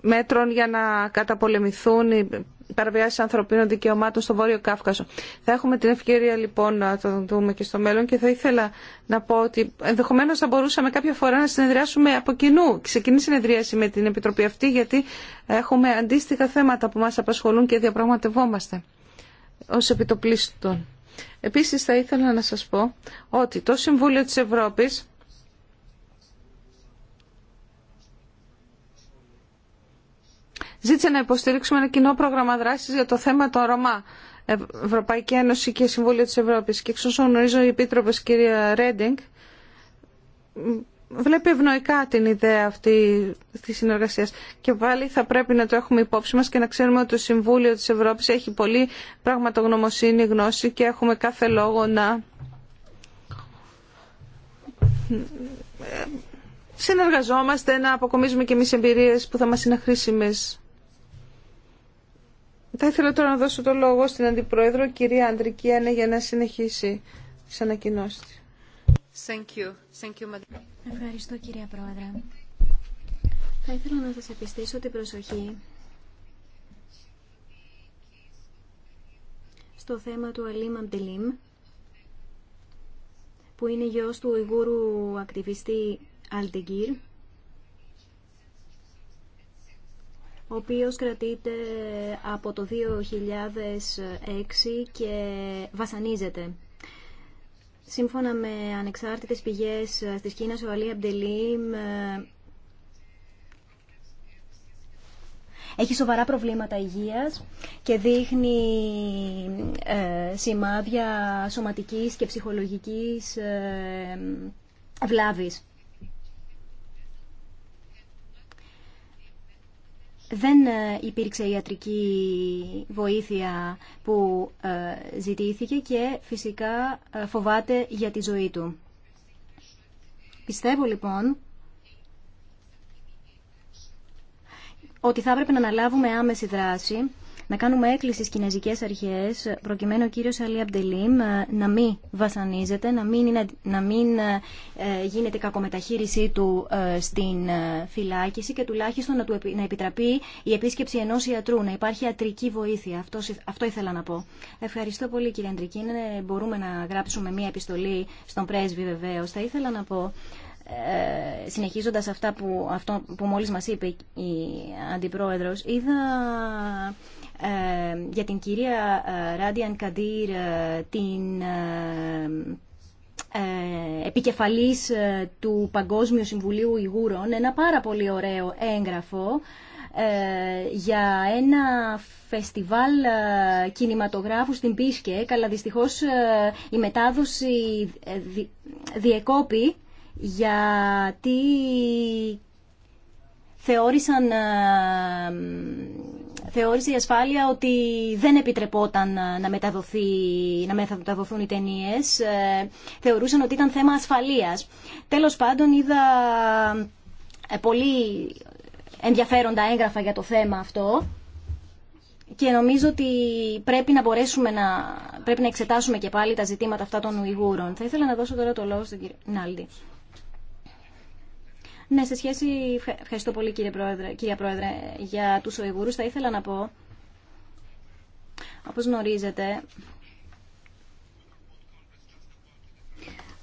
μέτρων για να καταπολεμηθούν οι παραβιάσει ανθρωπίνων δικαιωμάτων στο Βόρειο Κάφκασο. Θα έχουμε την ευκαιρία λοιπόν να το δούμε και στο μέλλον και θα ήθελα να πω ότι ενδεχομένω θα μπορούσαμε κάποια φορά να συνεδριάσουμε από κοινού. Ξεκινή συνεδρίαση με την Επιτροπή αυτή γιατί έχουμε αντίστοιχα θέματα που μας απασχολούν και διαπραγματευόμαστε ως επιτοπλίστων. Επίση, θα ήθελα να σα πω ότι το Συμβούλιο τη Ευρώπη. ζήτησε να υποστηρίξουμε ένα κοινό πρόγραμμα δράσης για το θέμα των Ρωμά. Ευρωπαϊκή Ένωση και Συμβούλιο της Ευρώπης. Και εξ όσων γνωρίζω η Επίτροπος κυρία Ρέντινγκ βλέπει ευνοϊκά την ιδέα αυτή τη συνεργασίας. Και πάλι θα πρέπει να το έχουμε υπόψη μας και να ξέρουμε ότι το Συμβούλιο της Ευρώπης έχει πολύ πραγματογνωμοσύνη, γνώση και έχουμε κάθε λόγο να ε, συνεργαζόμαστε, να αποκομίζουμε και εμεί εμπειρίες που θα μας είναι χρήσιμε. Θα ήθελα τώρα να δώσω το λόγο στην Αντιπρόεδρο, κυρία Αντρική για να συνεχίσει τι ανακοινώσει. Thank you. Thank you, Ευχαριστώ, κυρία Πρόεδρε. Θα ήθελα να σας επιστήσω την προσοχή στο θέμα του Αλήμ που είναι γιος του Ιγούρου ακτιβιστή Αλτεγκύρ, ο οποίος κρατείται από το 2006 και βασανίζεται. Σύμφωνα με ανεξάρτητες πηγές ε, της Κίνας, ο Αλή Αμπτελήμ ε, έχει σοβαρά προβλήματα υγείας και δείχνει ε, σημάδια σωματικής και ψυχολογικής βλάβης. δεν ε, υπήρξε ιατρική βοήθεια που ε, ζητήθηκε και φυσικά ε, φοβάται για τη ζωή του. Πιστεύω λοιπόν ότι θα έπρεπε να αναλάβουμε άμεση δράση να κάνουμε έκκληση στις κινεζικέ αρχές προκειμένου ο κύριος Αλή Αμπτελήμ ε, να μην βασανίζεται, να μην, να μην ε, γίνεται κακομεταχείρισή του ε, στην φυλάκιση και τουλάχιστον να, του, επιτραπεί η επίσκεψη ενός ιατρού, να υπάρχει ατρική βοήθεια. Αυτό, αυτό ήθελα να πω. Ευχαριστώ πολύ κύριε Αντρικίνε. Μπορούμε να γράψουμε μία επιστολή στον πρέσβη βεβαίω. Θα ήθελα να πω ε, συνεχίζοντας αυτά που, αυτό που μόλις μας είπε η Αντιπρόεδρος, είδα ε, για την κυρία ε, Ράντιαν Καντήρ, ε, την επικεφαλής του Παγκόσμιου Συμβουλίου Ιγούρων, ένα πάρα πολύ ωραίο έγγραφο για ένα φεστιβάλ κινηματογράφου στην Πίσκε αλλά δυστυχώς η μετάδοση διεκόπη γιατί θεώρησαν θεώρησε η ασφάλεια ότι δεν επιτρεπόταν ε, να, μεταδοθεί, να μεταδοθούν οι ταινίε. Ε, θεωρούσαν ότι ήταν θέμα ασφαλείας. Τέλος πάντων είδα ε, πολύ ενδιαφέροντα έγγραφα για το θέμα αυτό και νομίζω ότι πρέπει να μπορέσουμε να, πρέπει να εξετάσουμε και πάλι τα ζητήματα αυτά των Ουιγούρων. Θα ήθελα να δώσω τώρα το λόγο στον κύριο Νάλντι. Ναι, σε σχέση... Ευχαριστώ πολύ κύριε Πρόεδρε, κυρία Πρόεδρε για τους Ουγγούρους. Θα ήθελα να πω, όπως γνωρίζετε,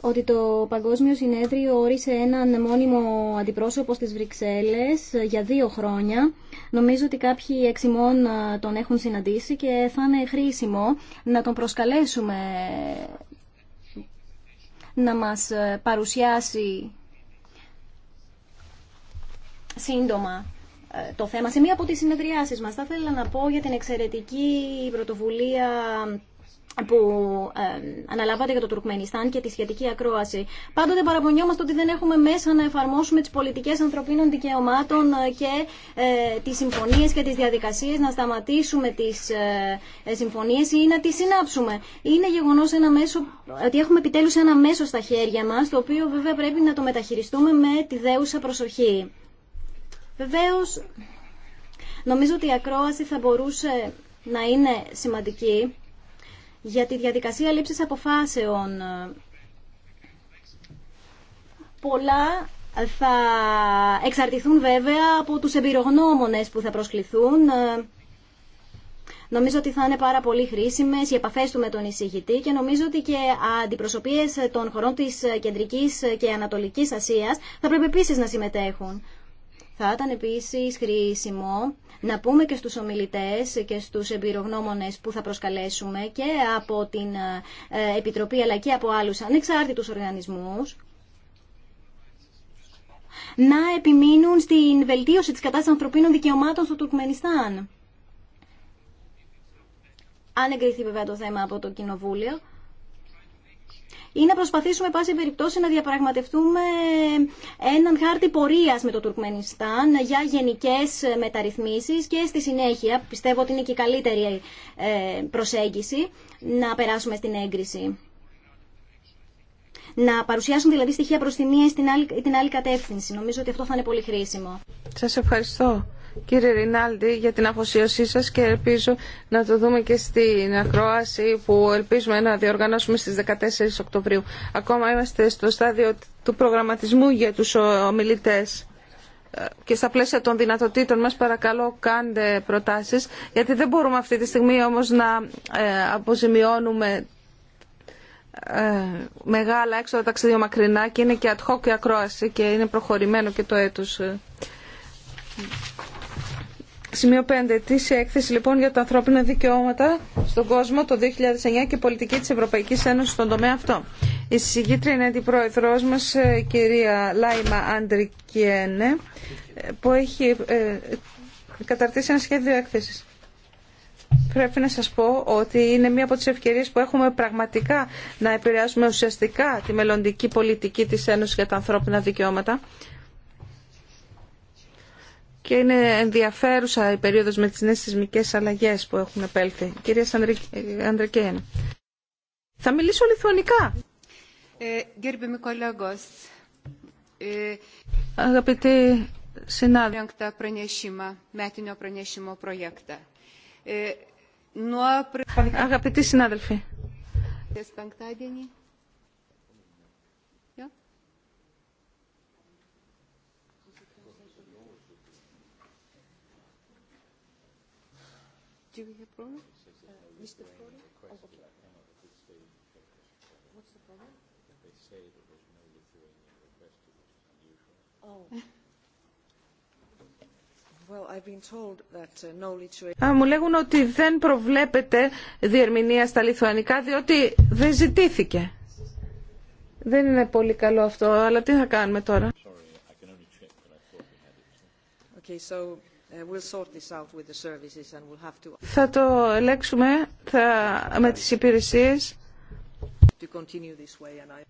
ότι το Παγκόσμιο Συνέδριο όρισε έναν μόνιμο αντιπρόσωπο στις Βρυξέλλες για δύο χρόνια. Νομίζω ότι κάποιοι εξημών τον έχουν συναντήσει και θα είναι χρήσιμο να τον προσκαλέσουμε να μας ε, παρουσιάσει σύντομα ε, το θέμα. Σε μία από τις συνεδριάσεις μας θα ήθελα να πω για την εξαιρετική πρωτοβουλία που ε, αναλάβατε για το Τουρκμενιστάν και τη σχετική ακρόαση. Πάντοτε παραπονιόμαστε ότι δεν έχουμε μέσα να εφαρμόσουμε τις πολιτικές ανθρωπίνων δικαιωμάτων ε, και τις συμφωνίες και τις διαδικασίες, να σταματήσουμε τις συμφωνίες ή να τις συνάψουμε. Είναι γεγονός ένα μέσο, ότι έχουμε επιτέλους ένα μέσο στα χέρια μας, το οποίο βέβαια πρέπει να το μεταχειριστούμε με τη δέουσα προσοχή. Βεβαίως, νομίζω ότι η ακρόαση θα μπορούσε να είναι σημαντική για τη διαδικασία λήψης αποφάσεων. Ε, πολλά θα εξαρτηθούν βέβαια από τους εμπειρογνώμονες που θα προσκληθούν. Ε, νομίζω ότι θα είναι πάρα πολύ χρήσιμες οι επαφές του με τον εισηγητή και νομίζω ότι και αντιπροσωπείες των χωρών της Κεντρικής και Ανατολικής Ασία θα πρέπει επίσης να συμμετέχουν. Θα ήταν επίσης χρήσιμο να πούμε και στους ομιλητές και στους εμπειρογνώμονες που θα προσκαλέσουμε και από την ε, Επιτροπή αλλά και από άλλους ανεξάρτητους οργανισμούς να επιμείνουν στην βελτίωση της κατάστασης ανθρωπίνων δικαιωμάτων στο Τουρκμενιστάν. Αν εγκριθεί βέβαια το θέμα από το Κοινοβούλιο, ή να προσπαθήσουμε πάση περιπτώσει να διαπραγματευτούμε έναν χάρτη πορείας με το Τουρκμενιστάν για γενικές μεταρρυθμίσει και στη συνέχεια, πιστεύω ότι είναι και η καλύτερη ε, προσέγγιση, να περάσουμε στην έγκριση. Να παρουσιάσουν δηλαδή στοιχεία προ τη μία ή την άλλη κατεύθυνση. Νομίζω ότι αυτό θα είναι πολύ χρήσιμο. Σα ευχαριστώ κύριε Ρινάλντι για την αφοσίωσή σας και ελπίζω να το δούμε και στην ακρόαση που ελπίζουμε να διοργανώσουμε στις 14 Οκτωβρίου. Ακόμα είμαστε στο στάδιο του προγραμματισμού για τους ομιλητές και στα πλαίσια των δυνατοτήτων μας παρακαλώ κάντε προτάσεις γιατί δεν μπορούμε αυτή τη στιγμή όμως να ε, αποζημιώνουμε ε, μεγάλα έξοδα ταξιδιωμακρινά και είναι και ad hoc και ακρόαση και είναι προχωρημένο και το έτος. Σημείο 5. Ετήσια έκθεση λοιπόν για τα ανθρώπινα δικαιώματα στον κόσμο το 2009 και πολιτική τη Ευρωπαϊκή Ένωση στον τομέα αυτό. Η συγκήτρια είναι αντιπρόεδρό μα, μας, ε, κυρία Λάιμα Αντρικιένε, ε, που έχει ε, καταρτήσει ένα σχέδιο έκθεση. Πρέπει να σας πω ότι είναι μία από τις ευκαιρίες που έχουμε πραγματικά να επηρεάσουμε ουσιαστικά τη μελλοντική πολιτική της Ένωσης για τα ανθρώπινα δικαιώματα και είναι ενδιαφέρουσα η περίοδος με τις νέες σεισμικές αλλαγές που έχουν επέλθει. Κυρία Ανδρικέν. Θα μιλήσω λιθουανικά. Ε, αγαπητή συνάδελφοι, Αγαπητοί συνάδελφοι, Do we have problem? Mr. What's the problem? They say there was no Lithuanian request, which is unusual. Oh. Well, I've been told that no Lithuanian... μου λέγουν ότι δεν προβλέπεται διερμηνία στα Λιθουανικά διότι δεν ζητήθηκε. Δεν είναι πολύ καλό αυτό, αλλά τι θα κάνουμε τώρα. Okay, so θα το ελέξουμε θα, με τις υπηρεσίες.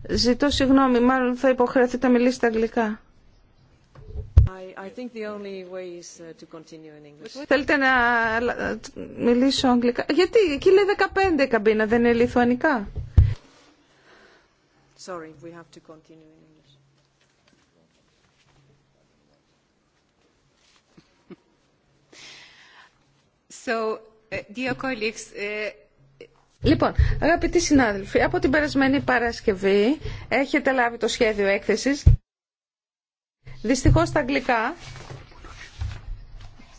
Ζητώ συγγνώμη, μάλλον θα υποχρεωθείτε να μιλήσετε αγγλικά. Θέλετε να ε, μιλήσω αγγλικά. Γιατί εκεί λέει 15 καμπίνα, δεν είναι λιθουανικά. Sorry, we have to continue in English. Uh, uh, λοιπόν, αγαπητοί συνάδελφοι, από την περασμένη Παρασκευή έχετε λάβει το σχέδιο έκθεσης. Δυστυχώς τα αγγλικά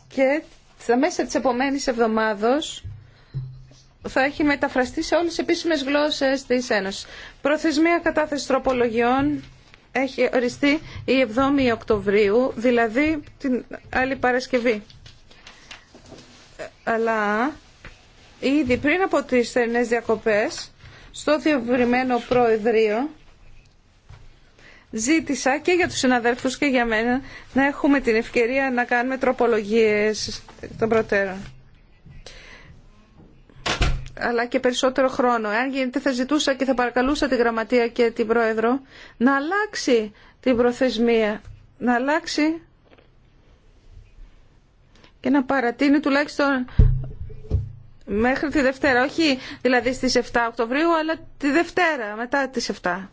και στα μέσα της επομένης εβδομάδος θα έχει μεταφραστεί σε όλες τις επίσημες γλώσσες της Ένωσης. Προθεσμία κατάθεση τροπολογιών έχει οριστεί η 7η Οκτωβρίου, δηλαδή την άλλη Παρασκευή αλλά ήδη πριν από τις θερινές διακοπές στο διευρυμένο Προεδρείο ζήτησα και για τους συναδέλφους και για μένα να έχουμε την ευκαιρία να κάνουμε τροπολογίες των προτέρων. Αλλά και περισσότερο χρόνο. Εάν γίνεται θα ζητούσα και θα παρακαλούσα τη Γραμματεία και την Πρόεδρο να αλλάξει την προθεσμία. Να αλλάξει και να παρατείνει τουλάχιστον μέχρι τη Δευτέρα. Όχι δηλαδή στις 7 Οκτωβρίου, αλλά τη Δευτέρα, μετά τις 7.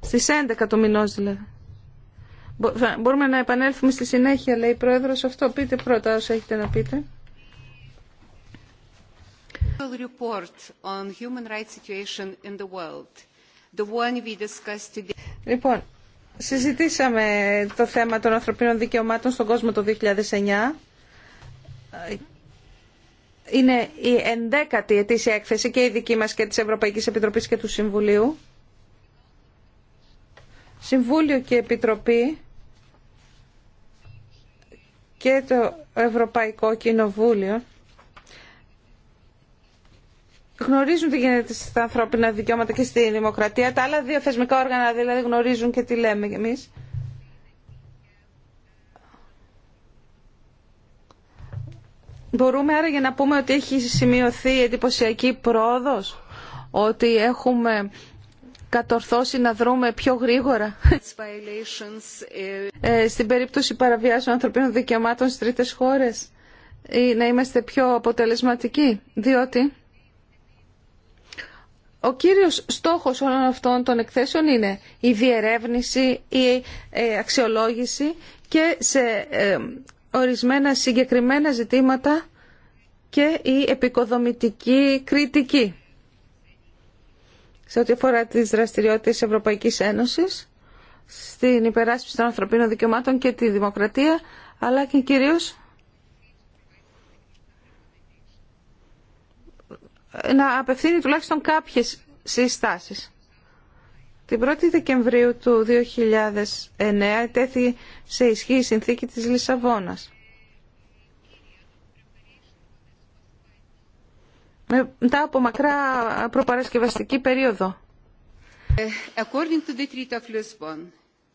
Στις 11 το μηνός δηλαδή. Μπορούμε να επανέλθουμε στη συνέχεια, λέει η Πρόεδρος. Αυτό πείτε πρώτα όσο έχετε να πείτε. Λοιπόν, Συζητήσαμε το θέμα των ανθρωπίνων δικαιωμάτων στον κόσμο το 2009. Είναι η ενδέκατη ετήσια έκθεση και η δική μας και της Ευρωπαϊκής Επιτροπής και του Συμβουλίου. Συμβούλιο και Επιτροπή και το Ευρωπαϊκό Κοινοβούλιο γνωρίζουν τι γίνεται στα ανθρώπινα δικαιώματα και στη δημοκρατία. Τα άλλα δύο θεσμικά όργανα δηλαδή γνωρίζουν και τι λέμε εμείς. Μπορούμε άρα για να πούμε ότι έχει σημειωθεί εντυπωσιακή πρόοδος, ότι έχουμε κατορθώσει να δρούμε πιο γρήγορα ε, στην περίπτωση παραβιάσεων ανθρωπίνων δικαιωμάτων στις τρίτες χώρες ή να είμαστε πιο αποτελεσματικοί, διότι ο κύριος στόχος όλων αυτών των εκθέσεων είναι η διερεύνηση, η ε, αξιολόγηση και σε ε, ορισμένα συγκεκριμένα ζητήματα και η επικοδομητική κριτική σε ό,τι αφορά τις δραστηριότητες Ευρωπαϊκής Ένωσης στην υπεράσπιση των ανθρωπίνων δικαιωμάτων και τη δημοκρατία αλλά και κυρίως να απευθύνει τουλάχιστον κάποιες συστάσεις. Την 1η Δεκεμβρίου του 2009 ετέθη σε ισχύ η συνθήκη της Λισαβόνας. Μετά από μακρά προπαρασκευαστική περίοδο. Ε,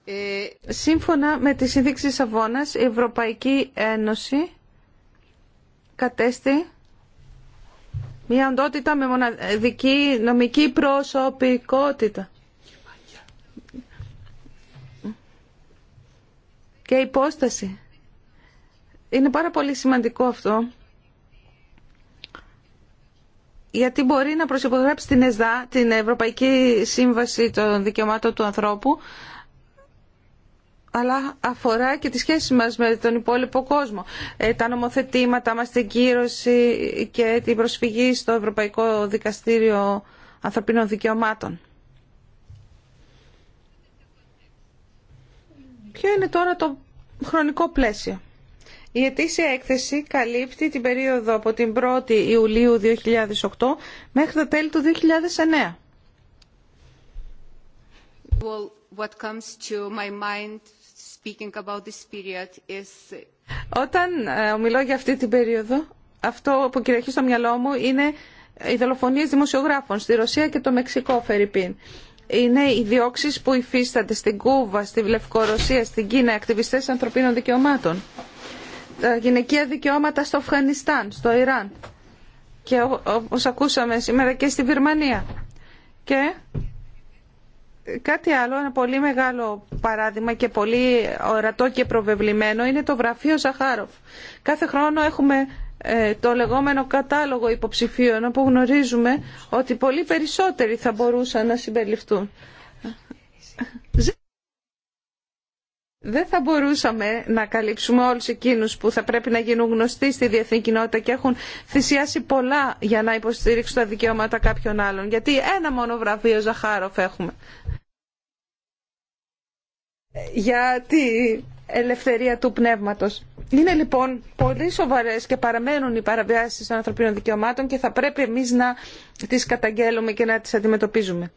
ε, Σύμφωνα με τη συνθήκη της Λισαβόνας, η Ευρωπαϊκή Ένωση κατέστη μια οντότητα με μοναδική νομική προσωπικότητα. Και υπόσταση. Είναι πάρα πολύ σημαντικό αυτό. Γιατί μπορεί να προσυπογράψει την ΕΣΔΑ, την Ευρωπαϊκή Σύμβαση των Δικαιωμάτων του Ανθρώπου, αλλά αφορά και τη σχέση μας με τον υπόλοιπο κόσμο. Ε, τα νομοθετήματα μας, την κύρωση και την προσφυγή στο Ευρωπαϊκό Δικαστήριο Ανθρωπίνων Δικαιωμάτων. Ποιο είναι τώρα το χρονικό πλαίσιο. Η ετήσια έκθεση καλύπτει την περίοδο από την 1η Ιουλίου 2008 μέχρι το τέλη του 2009. what comes to my mind όταν ε, μιλώ για αυτή την περίοδο, αυτό που κυριαρχεί στο μυαλό μου είναι οι δολοφονίε δημοσιογράφων στη Ρωσία και το Μεξικό, Φερρυπίν. Είναι οι διώξει που υφίστανται στην Κούβα, στη Λευκορωσία, στην Κίνα, ακτιβιστέ ανθρωπίνων δικαιωμάτων. Τα γυναικεία δικαιώματα στο Αφγανιστάν, στο Ιράν και όπω ακούσαμε σήμερα και στη Βερμανία. Και Κάτι άλλο, ένα πολύ μεγάλο παράδειγμα και πολύ ορατό και προβεβλημένο είναι το βραφείο Ζαχάροφ. Κάθε χρόνο έχουμε ε, το λεγόμενο κατάλογο υποψηφίων όπου γνωρίζουμε ότι πολύ περισσότεροι θα μπορούσαν να συμπεριληφθούν δεν θα μπορούσαμε να καλύψουμε όλους εκείνους που θα πρέπει να γίνουν γνωστοί στη διεθνή κοινότητα και έχουν θυσιάσει πολλά για να υποστηρίξουν τα δικαιώματα κάποιων άλλων. Γιατί ένα μόνο βραβείο Ζαχάροφ έχουμε. Για τη ελευθερία του πνεύματος. Είναι λοιπόν πολύ σοβαρές και παραμένουν οι παραβιάσεις των ανθρωπίνων δικαιωμάτων και θα πρέπει εμείς να τις καταγγέλουμε και να τις αντιμετωπίζουμε.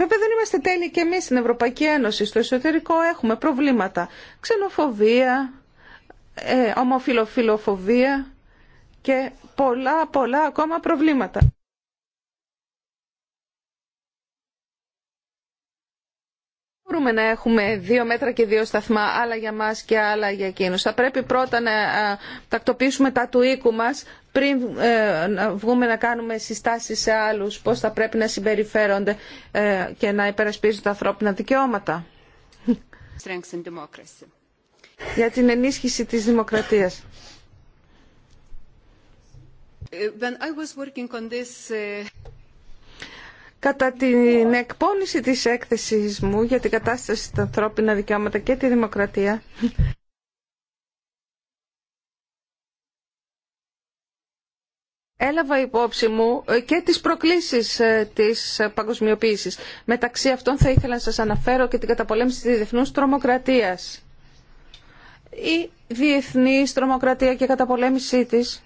Βέβαια δεν είμαστε τέλειοι και εμείς στην Ευρωπαϊκή Ένωση. Στο εσωτερικό έχουμε προβλήματα. Ξενοφοβία, ε, ομοφιλοφιλοφοβία και πολλά πολλά ακόμα προβλήματα. μπορούμε να έχουμε δύο μέτρα και δύο σταθμά, άλλα για μας και άλλα για εκείνους. Θα πρέπει πρώτα να ε, τακτοποιήσουμε τα του οίκου μας πριν ε, βγούμε να κάνουμε συστάσεις σε άλλους πώς θα πρέπει να συμπεριφέρονται ε, και να υπερασπίζουν τα ανθρώπινα δικαιώματα. Για την ενίσχυση της δημοκρατίας. Ε, when I was on this... Κατά την εκπόνηση της έκθεσης μου για την κατάσταση των ανθρώπινα δικαιώματα και τη δημοκρατία, έλαβα υπόψη μου ε, και τις προκλήσεις ε, της ε, παγκοσμιοποίησης. Μεταξύ αυτών θα ήθελα να σας αναφέρω και την καταπολέμηση της διεθνούς τρομοκρατίας. Η διεθνή τρομοκρατία και η καταπολέμησή της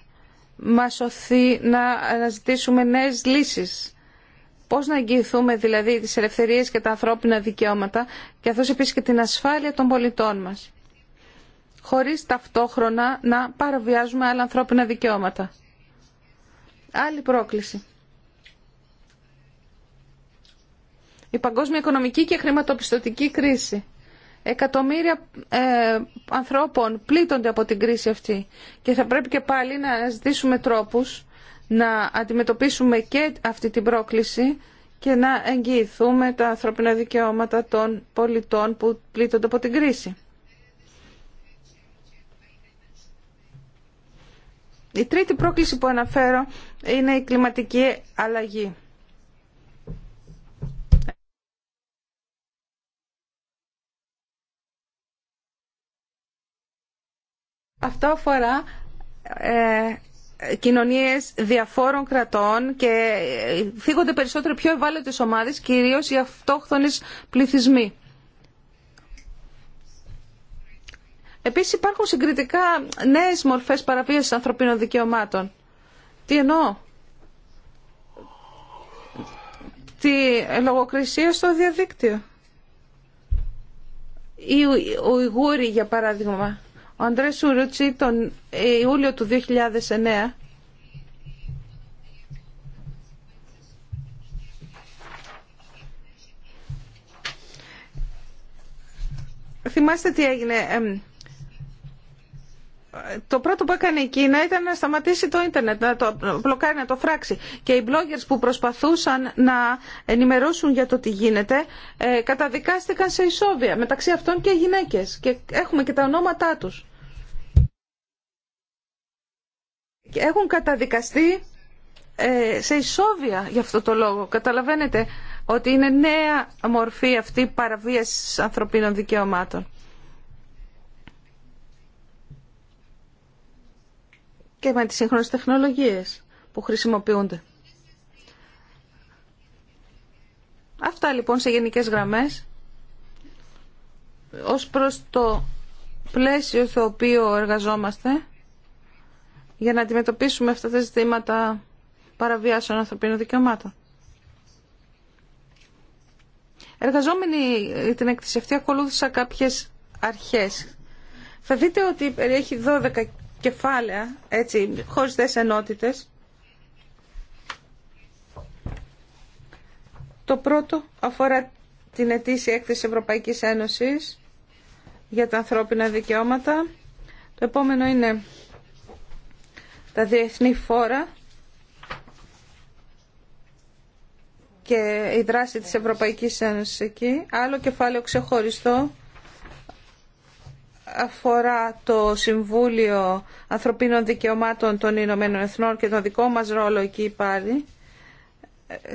μας σωθεί να αναζητήσουμε νέες λύσεις. Πώς να εγγυηθούμε δηλαδή τις ελευθερίες και τα ανθρώπινα δικαιώματα και αυτός επίσης και την ασφάλεια των πολιτών μας χωρίς ταυτόχρονα να παραβιάζουμε άλλα ανθρώπινα δικαιώματα. Άλλη πρόκληση. Η παγκόσμια οικονομική και χρηματοπιστωτική κρίση. Εκατομμύρια ε, ανθρώπων πλήττονται από την κρίση αυτή και θα πρέπει και πάλι να ζητήσουμε τρόπους να αντιμετωπίσουμε και αυτή την πρόκληση και να εγγυηθούμε τα ανθρώπινα δικαιώματα των πολιτών που πλήττονται από την κρίση. Η τρίτη πρόκληση που αναφέρω είναι η κλιματική αλλαγή. Αυτό αφορά ε, κοινωνίες διαφόρων κρατών και θίγονται ε, περισσότερο πιο ευάλωτες ομάδες, κυρίως οι αυτόχθονες πληθυσμοί. Επίσης υπάρχουν συγκριτικά νέες μορφές παραβίασης ανθρωπίνων δικαιωμάτων. Τι εννοώ. Τη λογοκρισία στο διαδίκτυο. Ο Ιγούρη, για παράδειγμα. Ο Αντρέας Σουρούτσι, τον Ιούλιο του 2009 Θυμάστε τι έγινε το πρώτο που έκανε η Κίνα ήταν να σταματήσει το ίντερνετ, να το μπλοκάρει, να το φράξει. Και οι bloggers που προσπαθούσαν να ενημερώσουν για το τι γίνεται, ε, καταδικάστηκαν σε ισόβια, μεταξύ αυτών και γυναίκες. Και έχουμε και τα ονόματά τους. έχουν καταδικαστεί ε, σε ισόβια για αυτό το λόγο. Καταλαβαίνετε ότι είναι νέα μορφή αυτή παραβίασης ανθρωπίνων δικαιωμάτων. και με τις σύγχρονες τεχνολογίες που χρησιμοποιούνται. Αυτά λοιπόν σε γενικές γραμμές ως προς το πλαίσιο στο οποίο εργαζόμαστε για να αντιμετωπίσουμε αυτά τα ζητήματα παραβιάσεων ανθρωπίνων δικαιωμάτων. Εργαζόμενοι την εκτισευτή αυτή ακολούθησα κάποιες αρχές. Θα δείτε ότι περιέχει 12 κεφάλαια, έτσι, χωριστές ενότητες. Το πρώτο αφορά την ετήσια έκθεση Ευρωπαϊκής Ένωσης για τα ανθρώπινα δικαιώματα. Το επόμενο είναι τα διεθνή φόρα και η δράση της Ευρωπαϊκής Ένωσης εκεί. Άλλο κεφάλαιο ξεχωριστό αφορά το Συμβούλιο Ανθρωπίνων Δικαιωμάτων των Ηνωμένων Εθνών και τον δικό μας ρόλο εκεί πάλι,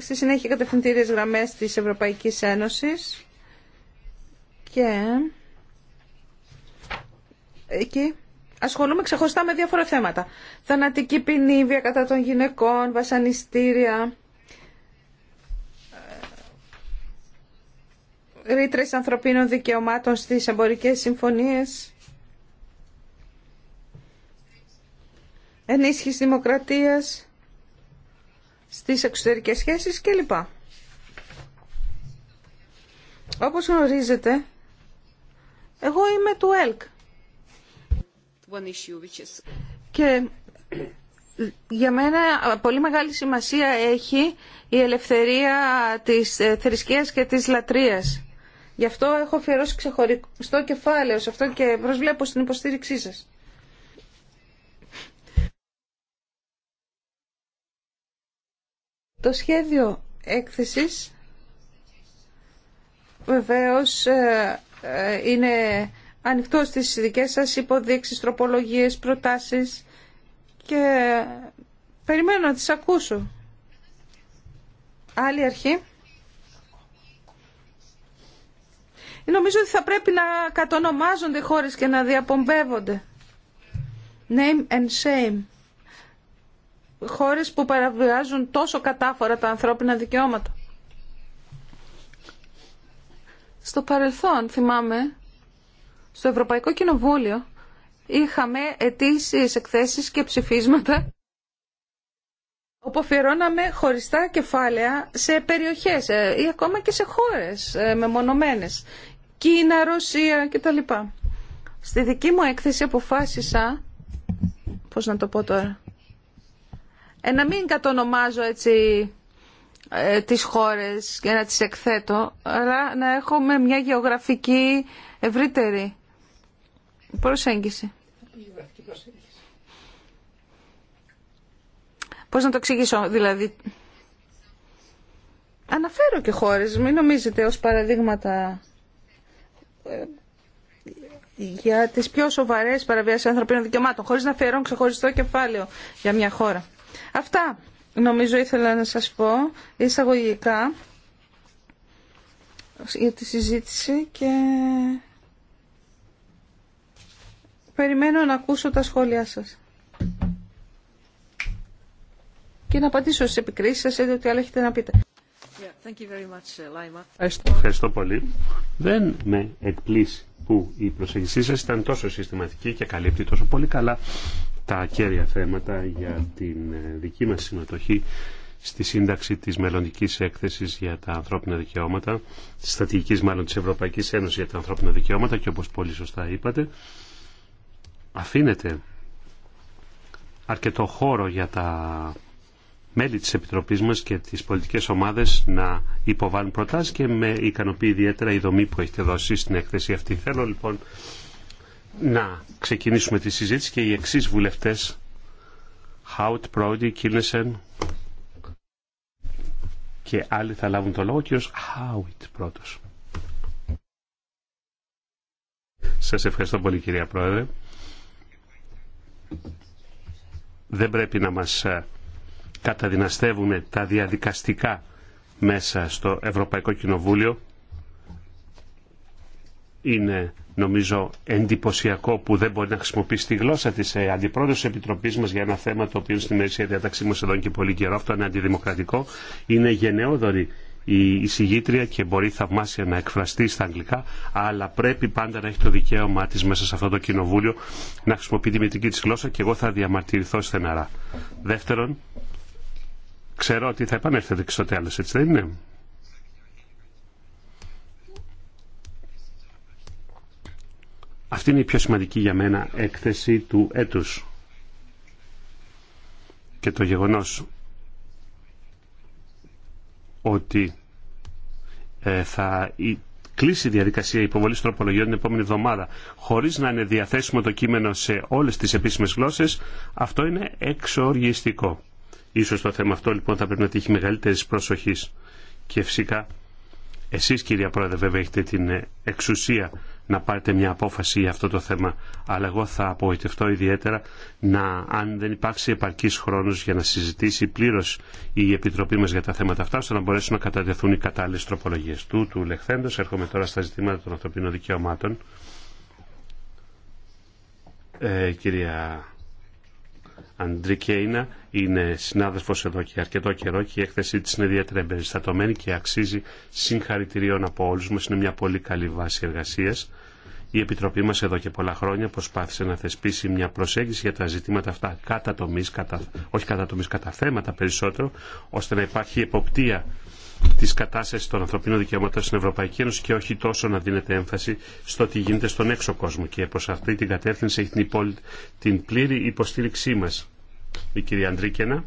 στη συνέχεια κατευθυντήριες γραμμές της Ευρωπαϊκής Ένωσης και εκεί ασχολούμαι ξεχωριστά με διάφορα θέματα. Θανατική ποινή, βία κατά των γυναικών, βασανιστήρια, ρήτρες ανθρωπίνων δικαιωμάτων στις εμπορικές συμφωνίες, ενίσχυση δημοκρατίας στις εξωτερικές σχέσεις κλπ. Όπως γνωρίζετε, εγώ είμαι του ΕΛΚ. Και για μένα πολύ μεγάλη σημασία έχει η ελευθερία της θρησκείας και της λατρείας. Γι' αυτό έχω αφιερώσει ξεχωριστό κεφάλαιο σε αυτό και προσβλέπω στην υποστήριξή σας. Το σχέδιο έκθεσης βεβαίως ε, ε, είναι ανοιχτό στις δικές σας υποδείξεις, τροπολογίες, προτάσεις και ε, περιμένω να τις ακούσω. Άλλη αρχή. Νομίζω ότι θα πρέπει να κατονομάζονται χώρες και να διαπομπεύονται. Name and shame. Χώρες που παραβιάζουν τόσο κατάφορα τα ανθρώπινα δικαιώματα. Στο παρελθόν, θυμάμαι, στο Ευρωπαϊκό Κοινοβούλιο είχαμε ετήσιες εκθέσεις και ψηφίσματα όπου αφιερώναμε χωριστά κεφάλαια σε περιοχές ε, ή ακόμα και σε χώρες ε, μεμονωμένες Κίνα, Ρωσία κτλ. Στη δική μου έκθεση αποφάσισα, πώς να το πω τώρα, ε, να μην κατονομάζω έτσι ε, τις χώρες και να τις εκθέτω, αλλά να έχουμε μια γεωγραφική ευρύτερη προσέγγιση. Πώς να το εξηγήσω, δηλαδή. Αναφέρω και χώρες, μην νομίζετε ως παραδείγματα για τις πιο σοβαρές παραβιάσεις ανθρωπίνων δικαιωμάτων, χωρίς να αφιερώνουν ξεχωριστό κεφάλαιο για μια χώρα. Αυτά νομίζω ήθελα να σας πω εισαγωγικά για τη συζήτηση και περιμένω να ακούσω τα σχόλιά σας και να απαντήσω σε επικρίσεις σας, έτσι ό,τι άλλο έχετε να πείτε. Uh, Ευχαριστώ. πολύ. Δεν με εκπλήσει που η προσέγγισή σας ήταν τόσο συστηματική και καλύπτει τόσο πολύ καλά τα κέρια θέματα για την ε, δική μας συμμετοχή στη σύνταξη της μελλοντική έκθεσης για τα ανθρώπινα δικαιώματα, της στατικής μάλλον της Ευρωπαϊκής Ένωσης για τα ανθρώπινα δικαιώματα και όπως πολύ σωστά είπατε, αφήνεται αρκετό χώρο για τα μέλη της Επιτροπής μας και τις πολιτικές ομάδες να υποβάλουν προτάσεις και με ικανοποιεί ιδιαίτερα η δομή που έχετε δώσει στην έκθεση αυτή. Θέλω λοιπόν να ξεκινήσουμε τη συζήτηση και οι εξής βουλευτές Χάουτ, Πρόντι, Κίλνεσεν και άλλοι θα λάβουν το λόγο. Ο κύριος Χάουτ πρώτος. Σας ευχαριστώ πολύ κυρία Πρόεδρε. Δεν πρέπει να μας ε, καταδυναστεύουμε τα διαδικαστικά μέσα στο Ευρωπαϊκό Κοινοβούλιο. Είναι νομίζω εντυπωσιακό που δεν μπορεί να χρησιμοποιήσει τη γλώσσα της ε, αντιπρόεδρος της Επιτροπής μας για ένα θέμα το οποίο στην μέση διάταξή μας εδώ και πολύ καιρό. Αυτό είναι αντιδημοκρατικό. Είναι γενναιόδορη η εισηγήτρια και μπορεί θαυμάσια να εκφραστεί στα αγγλικά, αλλά πρέπει πάντα να έχει το δικαίωμά τη μέσα σε αυτό το κοινοβούλιο να χρησιμοποιεί τη μητρική τη γλώσσα και εγώ θα διαμαρτυρηθώ στεναρά. Δεύτερον, ξέρω ότι θα επανέλθετε και στο τέλο. έτσι δεν είναι. Αυτή είναι η πιο σημαντική για μένα έκθεση του έτους. Και το γεγονός ότι ε, θα κλείσει η διαδικασία υποβολής τροπολογιών την επόμενη εβδομάδα χωρίς να είναι διαθέσιμο το κείμενο σε όλες τις επίσημες γλώσσες, αυτό είναι εξοργιστικό. Ίσως το θέμα αυτό λοιπόν θα πρέπει να τύχει μεγαλύτερης προσοχής. Και φυσικά εσείς κυρία Πρόεδρε βέβαια έχετε την ε, εξουσία να πάρετε μια απόφαση για αυτό το θέμα. Αλλά εγώ θα απογοητευτώ ιδιαίτερα να, αν δεν υπάρξει επαρκής χρόνος για να συζητήσει πλήρως η Επιτροπή μας για τα θέματα αυτά, ώστε να μπορέσουν να κατατεθούν οι κατάλληλες τροπολογίες του, του λεχθέντος. Έρχομαι τώρα στα ζητήματα των ανθρωπίνων δικαιωμάτων. Ε, κυρία Αντρικέινα είναι συνάδελφο εδώ και αρκετό καιρό και η έκθεσή τη είναι ιδιαίτερα εμπεριστατωμένη και αξίζει συγχαρητηρίων από όλου μα. Είναι μια πολύ καλή βάση εργασία. Η Επιτροπή μα εδώ και πολλά χρόνια προσπάθησε να θεσπίσει μια προσέγγιση για τα ζητήματα αυτά κατά τομής, όχι κατά τομει κατά θέματα περισσότερο, ώστε να υπάρχει εποπτεία τη κατάσταση των ανθρωπίνων δικαιωμάτων στην Ευρωπαϊκή Ένωση και όχι τόσο να δίνεται έμφαση στο τι γίνεται στον έξω κόσμο. Και προ αυτή την κατεύθυνση έχει την, πλήρη υποστήριξή μα η κυρία Αντρίκενα.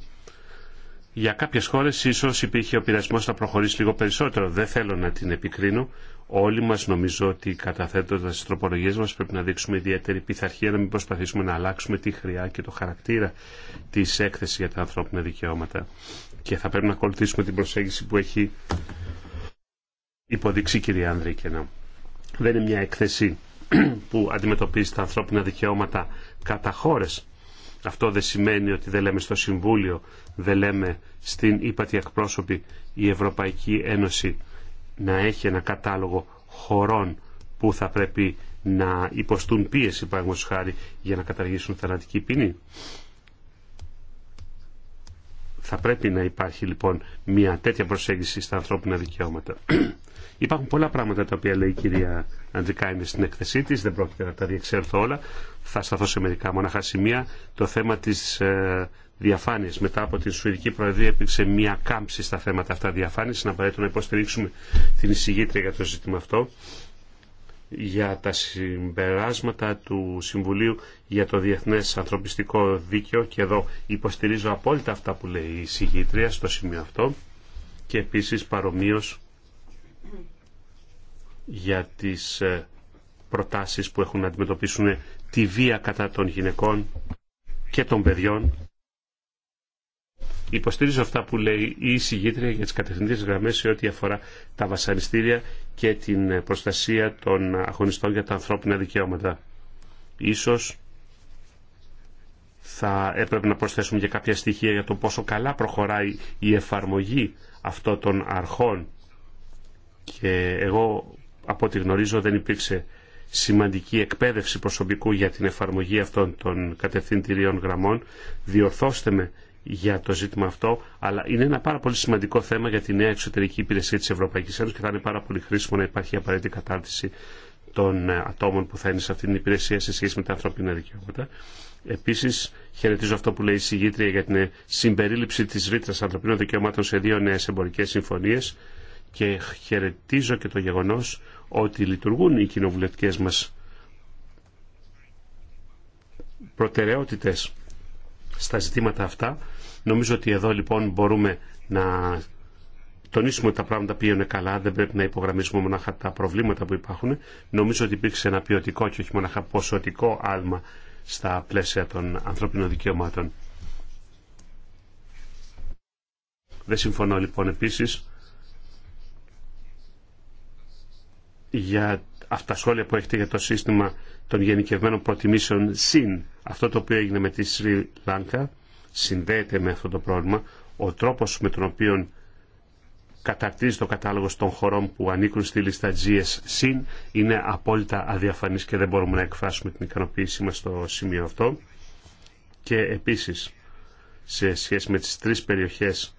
Για κάποιε χώρε ίσω υπήρχε ο πειρασμό να προχωρήσει λίγο περισσότερο. Δεν θέλω να την επικρίνω. Όλοι μα νομίζω ότι καταθέτοντα τι τροπολογίε μα πρέπει να δείξουμε ιδιαίτερη πειθαρχία, να μην προσπαθήσουμε να αλλάξουμε τη χρειά και το χαρακτήρα τη έκθεση για τα ανθρώπινα δικαιώματα και θα πρέπει να ακολουθήσουμε την προσέγγιση που έχει υποδείξει η κυρία Ανδρίκενα. Δεν είναι μια έκθεση που αντιμετωπίζει τα ανθρώπινα δικαιώματα κατά χώρε. Αυτό δεν σημαίνει ότι δεν λέμε στο Συμβούλιο, δεν λέμε στην ύπατη εκπρόσωπη η Ευρωπαϊκή Ένωση να έχει ένα κατάλογο χωρών που θα πρέπει να υποστούν πίεση, χάρη, για να καταργήσουν θανατική ποινή. Θα πρέπει να υπάρχει λοιπόν μια τέτοια προσέγγιση στα ανθρώπινα δικαιώματα. Υπάρχουν πολλά πράγματα τα οποία λέει η κυρία Αντρικάινε στην έκθεσή τη, δεν πρόκειται να τα διεξέλθω όλα. Θα σταθώ σε μερικά μοναχά σημεία. Το θέμα τη ε, διαφάνεια. Μετά από την Σουηδική Προεδρία υπήρξε μια κάμψη στα θέματα αυτά διαφάνεια. Είναι απαραίτητο να υποστηρίξουμε την εισηγήτρια για το ζήτημα αυτό για τα συμπεράσματα του Συμβουλίου για το Διεθνές Ανθρωπιστικό Δίκαιο και εδώ υποστηρίζω απόλυτα αυτά που λέει η συγγήτρια στο σημείο αυτό και επίσης παρομοίως για τις ε, προτάσεις που έχουν να αντιμετωπίσουν τη βία κατά των γυναικών και των παιδιών Υποστηρίζω αυτά που λέει η εισηγήτρια για τις κατευθυντήριες γραμμές σε ό,τι αφορά τα βασανιστήρια και την ε, προστασία των αγωνιστών για τα ανθρώπινα δικαιώματα. Ίσως θα έπρεπε να προσθέσουμε και κάποια στοιχεία για το πόσο καλά προχωράει η εφαρμογή αυτών των αρχών. Και εγώ από ό,τι γνωρίζω δεν υπήρξε σημαντική εκπαίδευση προσωπικού για την εφαρμογή αυτών των κατευθυντηρίων γραμμών. Διορθώστε με για το ζήτημα αυτό, αλλά είναι ένα πάρα πολύ σημαντικό θέμα για τη νέα εξωτερική υπηρεσία τη Ευρωπαϊκή Ένωση και θα είναι πάρα πολύ χρήσιμο να υπάρχει απαραίτητη κατάρτιση των ε, ατόμων που θα είναι σε αυτήν την υπηρεσία σε σχέση με τα ανθρώπινα δικαιώματα. Επίση, χαιρετίζω αυτό που λέει η συγγήτρια για την ε, συμπερίληψη τη ρήτρα ανθρωπίνων δικαιωμάτων σε δύο νέε εμπορικέ συμφωνίε και χαιρετίζω και το γεγονό ότι λειτουργούν οι κοινοβουλευτικέ μα προτεραιότητε στα ζητήματα αυτά Νομίζω ότι εδώ λοιπόν μπορούμε να τονίσουμε ότι τα πράγματα πήγαινε καλά, δεν πρέπει να υπογραμμίσουμε μονάχα τα προβλήματα που υπάρχουν. Νομίζω ότι υπήρξε ένα ποιοτικό και όχι μονάχα ποσοτικό άλμα στα πλαίσια των ανθρώπινων δικαιωμάτων. Δεν συμφωνώ λοιπόν επίσης για αυτά τα σχόλια που έχετε για το σύστημα των γενικευμένων προτιμήσεων συν αυτό το οποίο έγινε με τη Σρι Λάνκα συνδέεται με αυτό το πρόβλημα, ο τρόπος με τον οποίο καταρτίζει το κατάλογο των χωρών που ανήκουν στη λίστα GS είναι απόλυτα αδιαφανής και δεν μπορούμε να εκφράσουμε την ικανοποίησή μας στο σημείο αυτό. Και επίσης, σε σχέση με τις τρεις περιοχές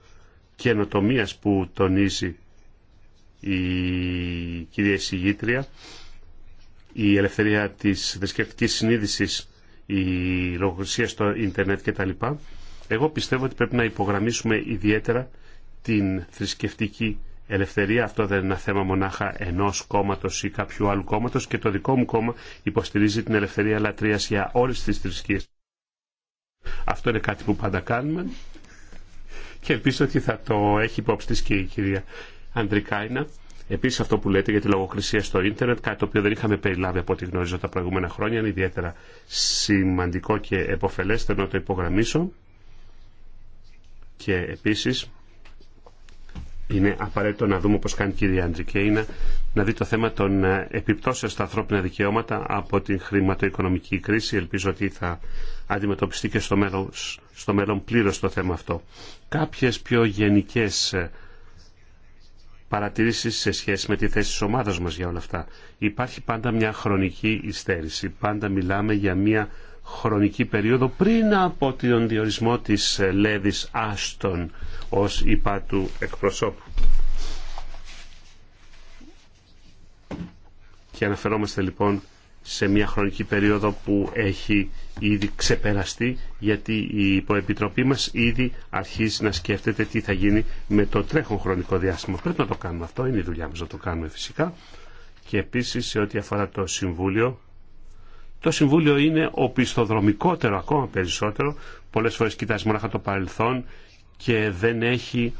καινοτομία που τονίζει η κυρία εισηγήτρια, η ελευθερία της δεσκευτικής συνείδησης, η λογοκρισία στο ίντερνετ κτλ. Εγώ πιστεύω ότι πρέπει να υπογραμμίσουμε ιδιαίτερα την θρησκευτική ελευθερία. Αυτό δεν είναι ένα θέμα μονάχα ενό κόμματο ή κάποιου άλλου κόμματο και το δικό μου κόμμα υποστηρίζει την ελευθερία λατρεία για όλε τι θρησκείε. Αυτό είναι κάτι που πάντα κάνουμε και ελπίζω ότι θα το έχει υπόψη και η κυρία Ανδρικάινα. Επίση, αυτό που λέτε για τη λογοκρισία στο ίντερνετ, κάτι το οποίο δεν είχαμε περιλάβει από ό,τι γνωρίζω τα προηγούμενα χρόνια, είναι ιδιαίτερα σημαντικό και εποφελέστε να το υπογραμμίσω. Και επίσης είναι απαραίτητο να δούμε πως κάνει η κυρία Αντρικέινα να δει το θέμα των ε, επιπτώσεων στα ανθρώπινα δικαιώματα από την χρηματοοικονομική κρίση. Ελπίζω ότι θα αντιμετωπιστεί και στο μέλλον, στο μέλλον πλήρως το θέμα αυτό. Κάποιες πιο γενικές ε, παρατηρήσεις σε σχέση με τη θέση της ομάδας μας για όλα αυτά. Υπάρχει πάντα μια χρονική υστέρηση. Πάντα μιλάμε για μια χρονική περίοδο πριν από τον διορισμό της Λέδης Άστον ως υπάτου εκπροσώπου. Και αναφερόμαστε λοιπόν σε μια χρονική περίοδο που έχει ήδη ξεπεραστεί γιατί η υποεπιτροπή μας ήδη αρχίζει να σκέφτεται τι θα γίνει με το τρέχον χρονικό διάστημα. Πρέπει να το κάνουμε αυτό, είναι η δουλειά μας να το κάνουμε φυσικά. Και επίσης σε ό,τι αφορά το Συμβούλιο το Συμβούλιο είναι ο πιστοδρομικότερο ακόμα περισσότερο. Πολλές φορές κοιτάζει μονάχα το παρελθόν και δεν έχει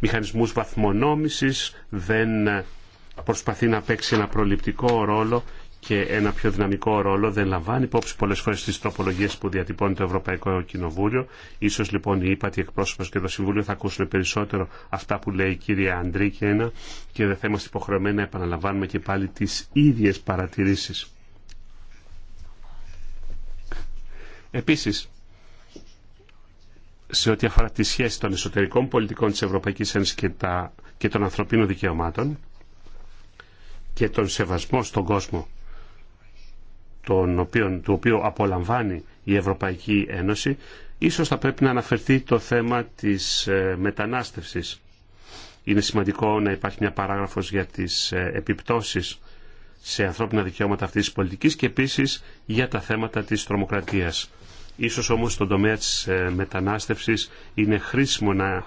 μηχανισμούς βαθμονόμησης, δεν προσπαθεί να παίξει ένα προληπτικό ρόλο και ένα πιο δυναμικό ρόλο. Δεν λαμβάνει υπόψη πολλές φορές τις τροπολογίες που διατυπώνει το Ευρωπαϊκό Κοινοβούλιο. Ίσως λοιπόν οι ύπατοι εκπρόσωπες και το Συμβούλιο θα ακούσουν περισσότερο αυτά που λέει η κυρία ενα και δεν θα είμαστε υποχρεωμένοι να επαναλαμβάνουμε και πάλι τις ίδιες παρατηρήσεις. Επίσης, σε ό,τι αφορά τη σχέση των εσωτερικών πολιτικών της Ευρωπαϊκής Ένωσης και, των ανθρωπίνων δικαιωμάτων και τον σεβασμό στον κόσμο τον οποίο, του οποίου απολαμβάνει η Ευρωπαϊκή Ένωση, ίσως θα πρέπει να αναφερθεί το θέμα της ε, μετανάστευσης. Είναι σημαντικό να υπάρχει μια παράγραφος για τις ε, επιπτώσεις σε ανθρώπινα δικαιώματα αυτής της πολιτικής και επίσης για τα θέματα της τρομοκρατίας. Ίσως όμως στον τομέα της ε, μετανάστευσης είναι χρήσιμο να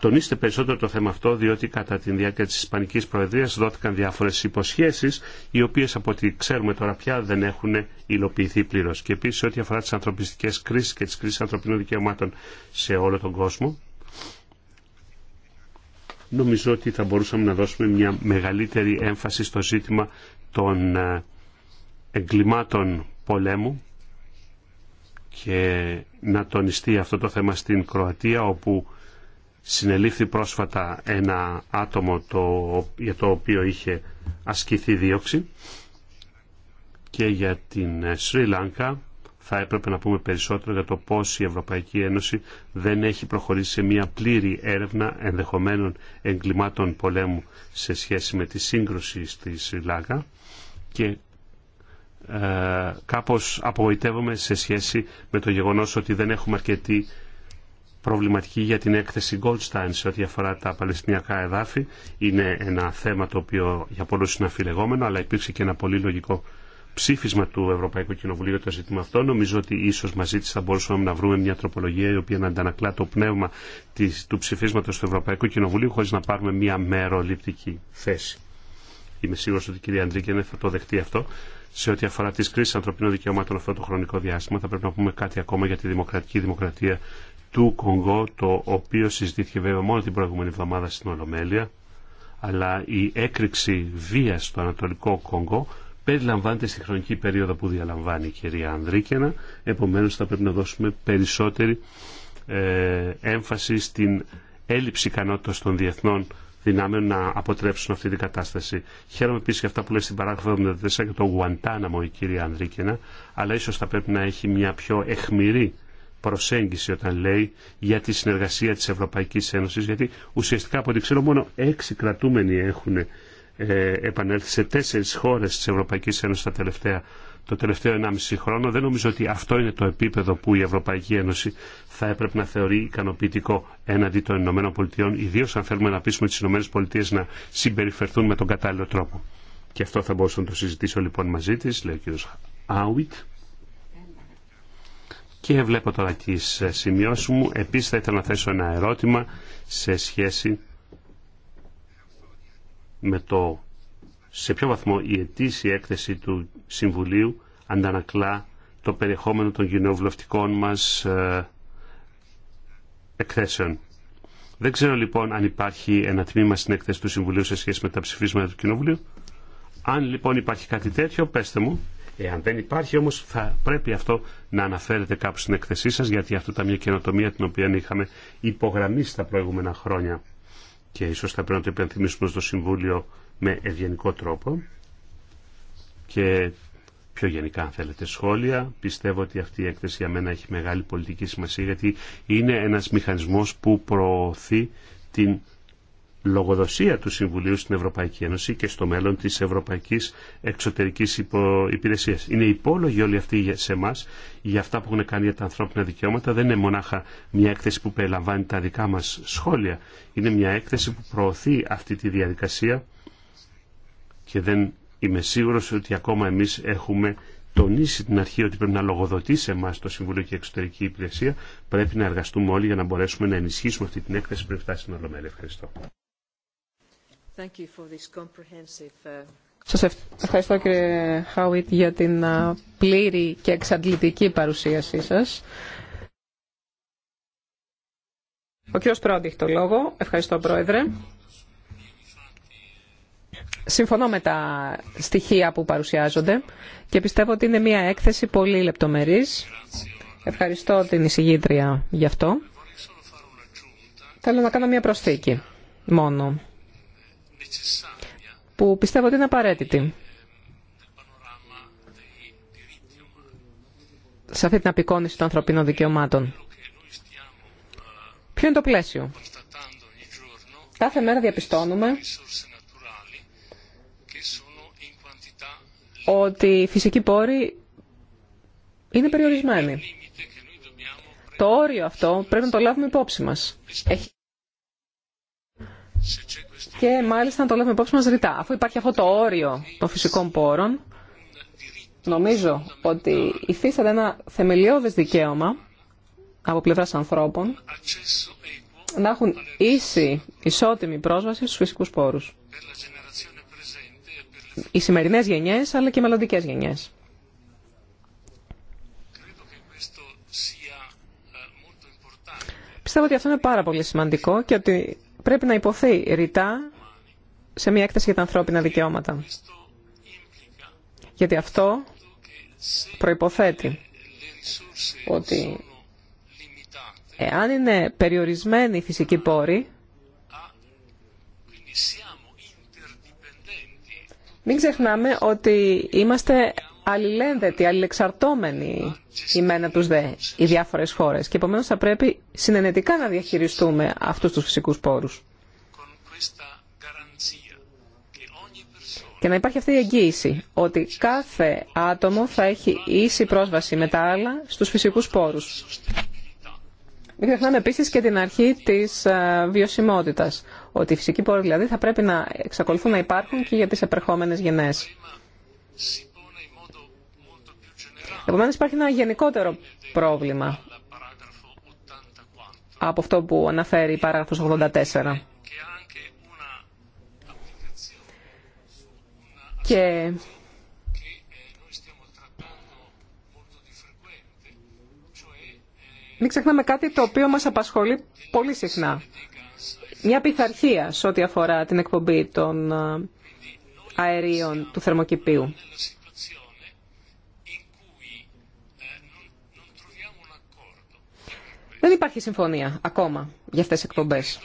τονίσετε περισσότερο το θέμα αυτό, διότι κατά τη διάρκεια της Ισπανικής Προεδρίας δόθηκαν διάφορες υποσχέσεις, οι οποίες από ό,τι ξέρουμε τώρα πια δεν έχουν υλοποιηθεί πλήρως. Και επίσης ό,τι αφορά τις ανθρωπιστικές κρίσεις και τις κρίσεις ανθρωπινών δικαιωμάτων σε όλο τον κόσμο, νομίζω ότι θα μπορούσαμε να δώσουμε μια μεγαλύτερη έμφαση στο ζήτημα των ε, εγκλημάτων πολέμου και να τονιστεί αυτό το θέμα στην Κροατία όπου συνελήφθη πρόσφατα ένα άτομο το, για το οποίο είχε ασκηθεί δίωξη και για την ε, Σρι Λάνκα θα έπρεπε να πούμε περισσότερο για το πώς η Ευρωπαϊκή Ένωση δεν έχει προχωρήσει σε μια πλήρη έρευνα ενδεχομένων εγκλημάτων πολέμου σε σχέση με τη σύγκρουση στη Σρι Λάγκα ε, κάπως απογοητεύομαι σε σχέση με το γεγονός ότι δεν έχουμε αρκετή προβληματική για την έκθεση Goldstein σε ό,τι αφορά τα Παλαιστινιακά εδάφη. Είναι ένα θέμα το οποίο για πολλούς είναι αφιλεγόμενο, αλλά υπήρξε και ένα πολύ λογικό ψήφισμα του Ευρωπαϊκού Κοινοβουλίου για το ζήτημα αυτό. Νομίζω ότι ίσως μαζί της θα μπορούσαμε να βρούμε μια τροπολογία η οποία να αντανακλά το πνεύμα της, του ψηφίσματο του Ευρωπαϊκού Κοινοβουλίου χωρί να πάρουμε μια μεροληπτική θέση. Είμαι σίγουρος ότι η κυρία Αντρίκενε θα το δεχτεί αυτό σε ό,τι αφορά τις κρίσει ανθρωπίνων δικαιωμάτων αυτό το χρονικό διάστημα. Θα πρέπει να πούμε κάτι ακόμα για τη δημοκρατική δημοκρατία του Κονγκό, το οποίο συζητήθηκε βέβαια μόνο την προηγούμενη εβδομάδα στην Ολομέλεια, αλλά η έκρηξη βία στο Ανατολικό Κονγκό περιλαμβάνεται στη χρονική περίοδο που διαλαμβάνει η κυρία Ανδρίκαινα, επομένω θα πρέπει να δώσουμε περισσότερη ε, έμφαση στην έλλειψη ικανότητα των διεθνών δυνάμεων να αποτρέψουν αυτή την κατάσταση. Χαίρομαι επίση για αυτά που λέει στην παράγραφο 74 και το Γουαντάναμο η κυρία Ανδρίκηνα, αλλά ίσω θα πρέπει να έχει μια πιο εχμηρή προσέγγιση όταν λέει για τη συνεργασία της Ευρωπαϊκής Ένωσης, γιατί ουσιαστικά από ό,τι ξέρω μόνο έξι κρατούμενοι έχουν ε, επανέλθει σε τέσσερις χώρες της Ευρωπαϊκής Ένωσης τα τελευταία το τελευταίο 1,5 χρόνο. Δεν νομίζω ότι αυτό είναι το επίπεδο που η Ευρωπαϊκή Ένωση θα έπρεπε να θεωρεί ικανοποιητικό έναντι των Ηνωμένων Πολιτειών, ιδίω αν θέλουμε να πείσουμε τι Ηνωμένε Πολιτείε να συμπεριφερθούν με τον κατάλληλο τρόπο. Και αυτό θα μπορούσα να το συζητήσω λοιπόν μαζί τη, λέει ο κ. Άουιτ. Και βλέπω τώρα τι σημειώσει μου. Επίση θα ήθελα να θέσω ένα ερώτημα σε σχέση με το σε ποιο βαθμό η ετήσια έκθεση του Συμβουλίου αντανακλά το περιεχόμενο των κοινοβουλευτικών μας ε, εκθέσεων. Δεν ξέρω λοιπόν αν υπάρχει ένα τμήμα στην έκθεση του Συμβουλίου σε σχέση με τα ψηφίσματα του Κοινοβουλίου. Αν λοιπόν υπάρχει κάτι τέτοιο, πέστε μου. Εάν δεν υπάρχει όμως θα πρέπει αυτό να αναφέρετε κάπου στην έκθεσή σας γιατί αυτό ήταν μια καινοτομία την οποία είχαμε υπογραμμίσει τα προηγούμενα χρόνια και ίσως θα πρέπει να το υπενθυμίσουμε στο Συμβούλιο με ευγενικό τρόπο και πιο γενικά αν θέλετε σχόλια. Πιστεύω ότι αυτή η έκθεση για μένα έχει μεγάλη πολιτική σημασία γιατί είναι ένας μηχανισμός που προωθεί την λογοδοσία του Συμβουλίου στην Ευρωπαϊκή Ένωση και στο μέλλον της Ευρωπαϊκής Εξωτερικής Υπηρεσίας. Είναι υπόλογοι όλοι αυτοί σε εμά για αυτά που έχουν κάνει για τα ανθρώπινα δικαιώματα. Δεν είναι μονάχα μια έκθεση που περιλαμβάνει τα δικά μας σχόλια. Είναι μια έκθεση που προωθεί αυτή τη διαδικασία και δεν είμαι σίγουρος ότι ακόμα εμείς έχουμε τονίσει την αρχή ότι πρέπει να λογοδοτεί σε εμά το Συμβούλιο και η Εξωτερική Υπηρεσία. Πρέπει να εργαστούμε όλοι για να μπορέσουμε να ενισχύσουμε αυτή την έκθεση πριν φτάσει στην Ολομέλεια. Ευχαριστώ. Comprehensive... Uh, σας ευχαριστώ κύριε Χάουιτ για την uh, πλήρη και εξαντλητική παρουσίασή σας. Ο κύριος Πρόντιχ το λόγο. Ευχαριστώ πρόεδρε. Συμφωνώ με τα στοιχεία που παρουσιάζονται και πιστεύω ότι είναι μια έκθεση πολύ λεπτομερής. Ευχαριστώ την εισηγήτρια γι' αυτό. Θέλω να κάνω μια προσθήκη μόνο, που πιστεύω ότι είναι απαραίτητη. σε αυτή την απεικόνηση των ανθρωπίνων δικαιωμάτων. Ποιο είναι το πλαίσιο. Κάθε μέρα διαπιστώνουμε ότι οι φυσικοί πόροι είναι περιορισμένοι. Το όριο αυτό πρέπει να το λάβουμε υπόψη μας. Έχει... Και μάλιστα να το λάβουμε υπόψη μας ρητά. Αφού υπάρχει αυτό το όριο των φυσικών πόρων, νομίζω ότι υφίσταται ένα θεμελιώδες δικαίωμα από πλευράς ανθρώπων να έχουν ίση, ισότιμη πρόσβαση στους φυσικούς πόρους οι σημερινέ γενιές αλλά και οι μελλοντικέ γενιέ. Πιστεύω ότι αυτό είναι πάρα πολύ σημαντικό και ότι πρέπει να υποθεί ρητά σε μια έκταση για τα ανθρώπινα δικαιώματα. Γιατί αυτό προϋποθέτει ότι εάν είναι περιορισμένοι οι φυσικοί πόροι, μην ξεχνάμε ότι είμαστε αλληλένδετοι, αλληλεξαρτώμενοι η μένα τους δε, οι διάφορες χώρες. Και επομένως θα πρέπει συνενετικά να διαχειριστούμε αυτούς τους φυσικούς πόρους. Και να υπάρχει αυτή η εγγύηση ότι κάθε άτομο θα έχει ίση πρόσβαση με τα άλλα στους φυσικούς πόρους. Μην ξεχνάμε επίση και την αρχή τη ε, βιωσιμότητα. Ότι οι φυσικοί πόροι δηλαδή θα πρέπει να εξακολουθούν να υπάρχουν και για τι επερχόμενε γενναίε. Επομένω υπάρχει ένα γενικότερο πρόβλημα από αυτό που αναφέρει η παράγραφος 84. Και μην ξεχνάμε κάτι το οποίο μας απασχολεί πολύ συχνά. Μια πειθαρχία σε ό,τι αφορά την εκπομπή των ε, αερίων του θερμοκηπίου. Δεν υπάρχει συμφωνία ακόμα για αυτές τις εκπομπές.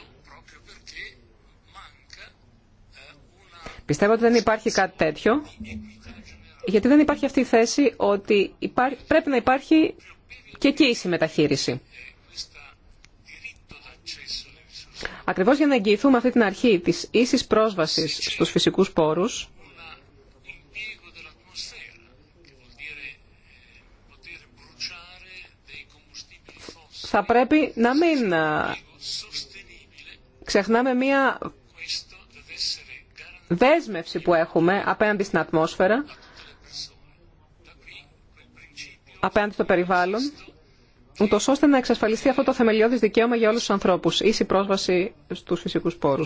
Πιστεύω ότι δεν υπάρχει κάτι τέτοιο, γιατί δεν υπάρχει αυτή η θέση ότι πρέπει να υπάρχει και εκεί η συμμεταχείριση. Ακριβώς για να εγγυηθούμε αυτή την αρχή της ίσης πρόσβασης στους φυσικούς πόρους, θα πρέπει να μην ξεχνάμε μία δέσμευση που έχουμε απέναντι στην ατμόσφαιρα, απέναντι στο περιβάλλον ούτω ώστε να εξασφαλιστεί αυτό το θεμελιώδη δικαίωμα για όλου του ανθρώπου, ίση πρόσβαση στου φυσικού πόρου.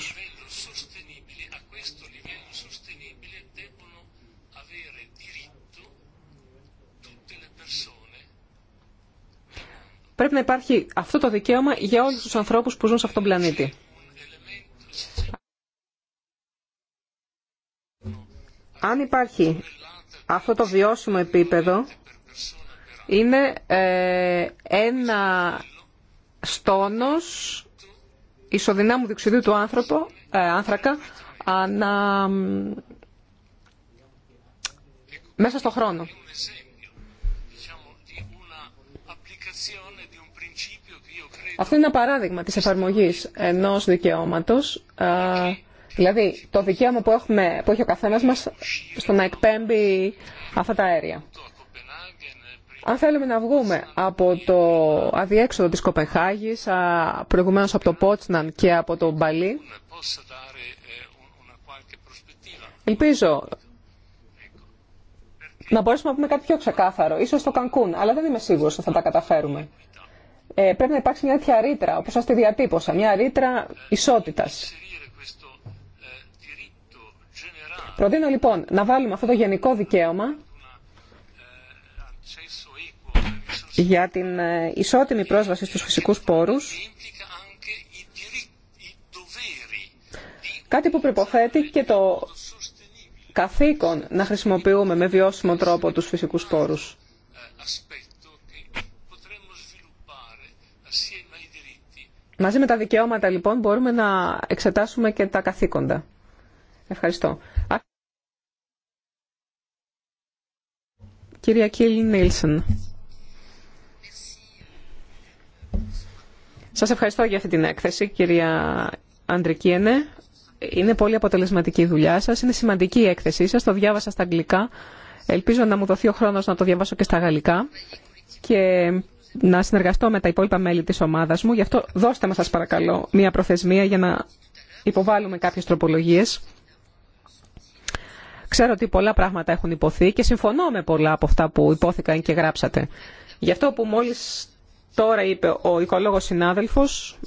Πρέπει να υπάρχει αυτό το δικαίωμα για όλου του ανθρώπου που ζουν σε αυτόν τον πλανήτη. Αν υπάρχει αυτό το βιώσιμο επίπεδο είναι ε, ένα στόνος ισοδυνάμου διοξιδίου του άνθρωπο, ε, άνθρακα μέσα στον χρόνο. Αυτό είναι ένα παράδειγμα της εφαρμογής ενός δικαιώματος, δηλαδή το δικαίωμα που, έχουμε, που έχει ο καθένας μας στο να εκπέμπει αυτά τα αέρια. Αν θέλουμε να βγούμε από το αδιέξοδο της Κοπεχάγης, προηγουμένως από το Πότσναν και από το Μπαλί, ελπίζω να μπορέσουμε να πούμε κάτι πιο ξεκάθαρο, ίσως στο Κανκούν, αλλά δεν είμαι σίγουρος ότι θα τα καταφέρουμε. Ε, πρέπει να υπάρξει μια τέτοια ρήτρα, όπως σας τη διατύπωσα, μια ρήτρα ισότητας. Προτείνω λοιπόν να βάλουμε αυτό το γενικό δικαίωμα για την ε, ισότιμη πρόσβαση στους φυσικούς πόρους, κάτι που προποθέτει και το καθήκον να χρησιμοποιούμε με βιώσιμο τρόπο τους φυσικούς πόρους. Μαζί με τα δικαιώματα λοιπόν μπορούμε να εξετάσουμε και τα καθήκοντα. Ευχαριστώ. Κυρία Κίλιν Νίλσον. Σας ευχαριστώ για αυτή την έκθεση, κυρία Αντρικίενε. Είναι πολύ αποτελεσματική η δουλειά σας. Είναι σημαντική η έκθεσή σας. Το διάβασα στα αγγλικά. Ελπίζω να μου δοθεί ο χρόνος να το διαβάσω και στα γαλλικά. Και να συνεργαστώ με τα υπόλοιπα μέλη της ομάδας μου. Γι' αυτό δώστε μας σας παρακαλώ μια προθεσμία για να υποβάλουμε κάποιες τροπολογίες. Ξέρω ότι πολλά πράγματα έχουν υποθεί και συμφωνώ με πολλά από αυτά που υπόθηκαν και γράψατε. Γι' αυτό που μόλις τώρα είπε ο οικολόγος συνάδελφος,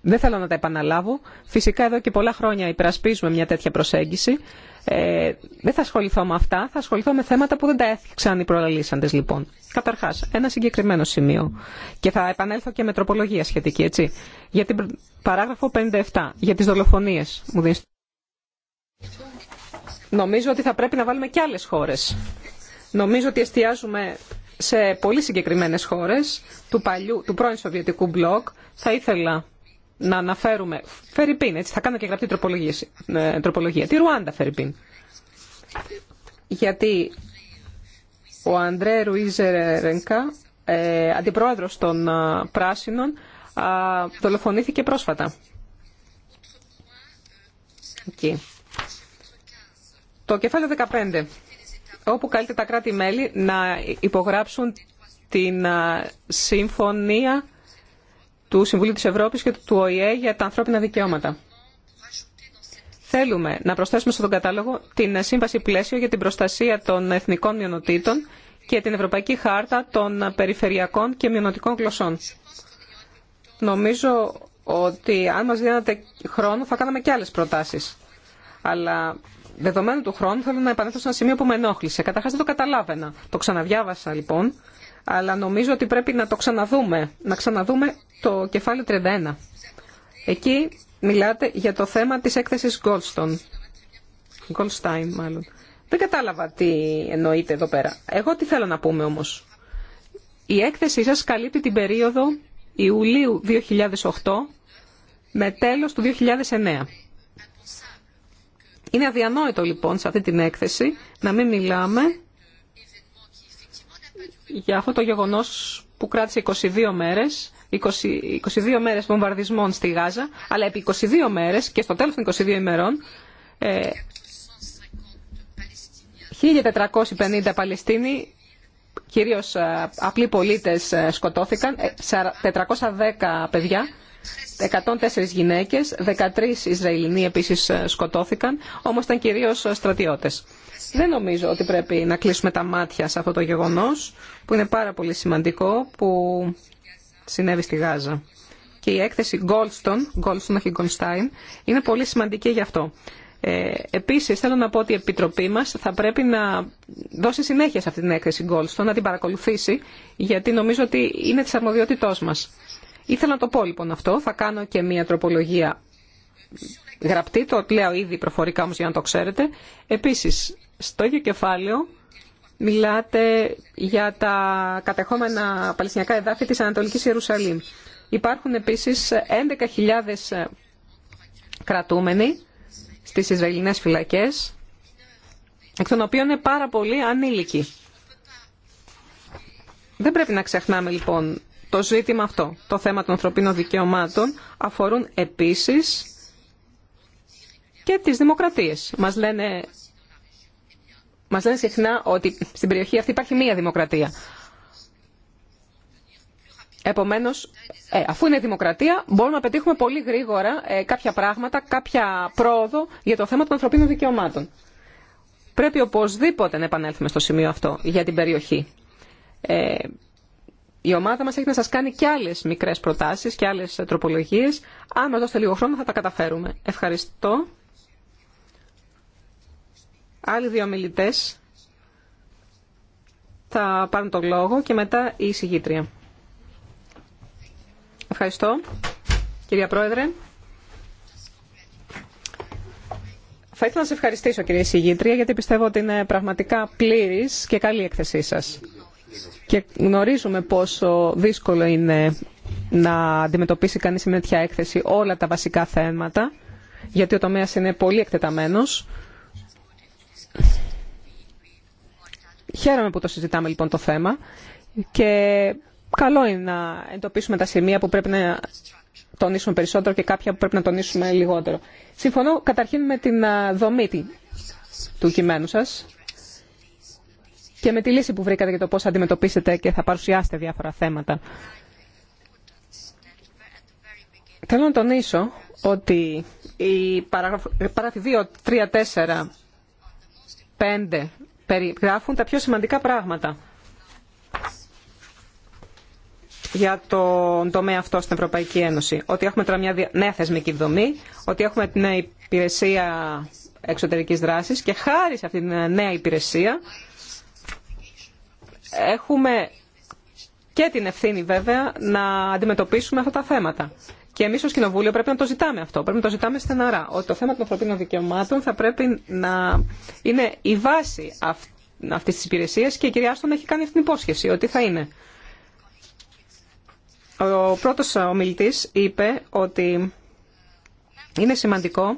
δεν θέλω να τα επαναλάβω. Φυσικά εδώ και πολλά χρόνια υπερασπίζουμε μια τέτοια προσέγγιση. Ε, δεν θα ασχοληθώ με αυτά, θα ασχοληθώ με θέματα που δεν τα έφτιαξαν οι προαλήσαντες λοιπόν. Καταρχάς, ένα συγκεκριμένο σημείο και θα επανέλθω και με τροπολογία σχετική, έτσι. Για την παράγραφο 57, για τις δολοφονίες. Μου δίνεις... Νομίζω ότι θα πρέπει να βάλουμε και άλλες χώρες. Νομίζω ότι εστιάζουμε σε πολύ συγκεκριμένες χώρες του, παλιού, του πρώην Σοβιετικού μπλοκ. Θα ήθελα να αναφέρουμε, Φερρυπίν, έτσι θα κάνω και γραπτή τροπολογία, ε, τροπολογία τη Ρουάντα Φερρυπίν. Γιατί ο Αντρέ Ρουίζε Ρενκά, ε, αντιπρόεδρος των ε, Πράσινων, δολοφονήθηκε πρόσφατα. Το κεφάλαιο 15 όπου καλείται τα κράτη-μέλη να υπογράψουν την Συμφωνία του Συμβουλίου της Ευρώπης και του ΟΗΕ για τα ανθρώπινα δικαιώματα. Θέλουμε να προσθέσουμε στον κατάλογο την Σύμβαση Πλαίσιο για την Προστασία των Εθνικών Μειονοτήτων και την Ευρωπαϊκή Χάρτα των Περιφερειακών και Μειονοτικών Γλωσσών. Νομίζω ότι αν μας δίνατε χρόνο θα κάναμε και άλλες προτάσεις. Αλλά δεδομένου του χρόνου θέλω να επανέλθω σε ένα σημείο που με ενόχλησε. Καταρχά δεν το καταλάβαινα. Το ξαναδιάβασα λοιπόν, αλλά νομίζω ότι πρέπει να το ξαναδούμε, να ξαναδούμε το κεφάλαιο 31. Εκεί μιλάτε για το θέμα της έκθεσης Goldstone. Goldstein μάλλον. Δεν κατάλαβα τι εννοείται εδώ πέρα. Εγώ τι θέλω να πούμε όμως. Η έκθεσή σας καλύπτει την περίοδο Ιουλίου 2008 με τέλος του 2009. Είναι αδιανόητο λοιπόν σε αυτή την έκθεση να μην μιλάμε για αυτό το γεγονός που κράτησε 22 μέρες 20, 22 μέρες βομβαρδισμών στη Γάζα, αλλά επί 22 μέρες και στο τέλος των 22 ημερών 1.450 ε, Παλαιστίνοι, κυρίως ε, απλοί πολίτες ε, σκοτώθηκαν, 410 παιδιά 104 γυναίκες, 13 Ισραηλινοί επίσης ε, σκοτώθηκαν, όμως ήταν κυρίως ε, στρατιώτες. Δεν νομίζω ότι πρέπει να κλείσουμε τα μάτια σε αυτό το γεγονός, που είναι πάρα πολύ σημαντικό, που συνέβη στη Γάζα. Και η έκθεση Goldstone, Goldstone όχι Goldstein, είναι πολύ σημαντική γι' αυτό. Ε, επίσης θέλω να πω ότι η Επιτροπή μας θα πρέπει να δώσει συνέχεια σε αυτή την έκθεση Goldstone, να την παρακολουθήσει, γιατί νομίζω ότι είναι της αρμοδιότητός μας. Ήθελα να το πω λοιπόν αυτό. Θα κάνω και μία τροπολογία γραπτή. Το λέω ήδη προφορικά όμως για να το ξέρετε. Επίσης, στο ίδιο κεφάλαιο μιλάτε για τα κατεχόμενα παλαισιακά εδάφη της Ανατολικής Ιερουσαλήμ. Υπάρχουν επίσης 11.000 κρατούμενοι στις Ισραηλινές φυλακές, εκ των οποίων είναι πάρα πολύ ανήλικοι. Δεν πρέπει να ξεχνάμε λοιπόν το ζήτημα αυτό, το θέμα των ανθρωπίνων δικαιωμάτων, αφορούν επίσης και τις δημοκρατίες. Μας λένε, μας λένε συχνά ότι στην περιοχή αυτή υπάρχει μία δημοκρατία. Επομένως, ε, αφού είναι δημοκρατία, μπορούμε να πετύχουμε πολύ γρήγορα ε, κάποια πράγματα, κάποια πρόοδο για το θέμα των ανθρωπίνων δικαιωμάτων. Πρέπει οπωσδήποτε να επανέλθουμε στο σημείο αυτό για την περιοχή. Ε, η ομάδα μας έχει να σας κάνει και άλλες μικρές προτάσεις και άλλες τροπολογίες. Αν μας δώσετε λίγο χρόνο θα τα καταφέρουμε. Ευχαριστώ. Άλλοι δύο μιλητές θα πάρουν τον λόγο και μετά η εισηγήτρια. Ευχαριστώ. Κυρία Πρόεδρε. Θα ήθελα να σε ευχαριστήσω κυρία εισηγήτρια γιατί πιστεύω ότι είναι πραγματικά πλήρης και καλή η έκθεσή σας και γνωρίζουμε πόσο δύσκολο είναι να αντιμετωπίσει κανείς με τέτοια έκθεση όλα τα βασικά θέματα, γιατί ο τομέας είναι πολύ εκτεταμένος. Χαίρομαι που το συζητάμε λοιπόν το θέμα και καλό είναι να εντοπίσουμε τα σημεία που πρέπει να τονίσουμε περισσότερο και κάποια που πρέπει να τονίσουμε λιγότερο. Συμφωνώ καταρχήν με την δομή του κειμένου σας και με τη λύση που βρήκατε για το πώς αντιμετωπίσετε και θα παρουσιάσετε διάφορα θέματα. Θέλω να τονίσω ότι η παράγραφη 2, 3, 4, 5 περιγράφουν τα πιο σημαντικά πράγματα για τον τομέα αυτό στην Ευρωπαϊκή Ένωση. Ότι έχουμε τώρα μια νέα θεσμική δομή, ότι έχουμε την υπηρεσία εξωτερικής δράσης και χάρη σε αυτή την νέα υπηρεσία έχουμε και την ευθύνη βέβαια να αντιμετωπίσουμε αυτά τα θέματα. Και εμεί ω Κοινοβούλιο πρέπει να το ζητάμε αυτό. Πρέπει να το ζητάμε στεναρά. Ότι το θέμα των ανθρωπίνων δικαιωμάτων θα πρέπει να είναι η βάση αυτή τη υπηρεσία και η κυρία Άστον έχει κάνει αυτή την υπόσχεση ότι θα είναι. Ο πρώτος ομιλητής είπε ότι είναι σημαντικό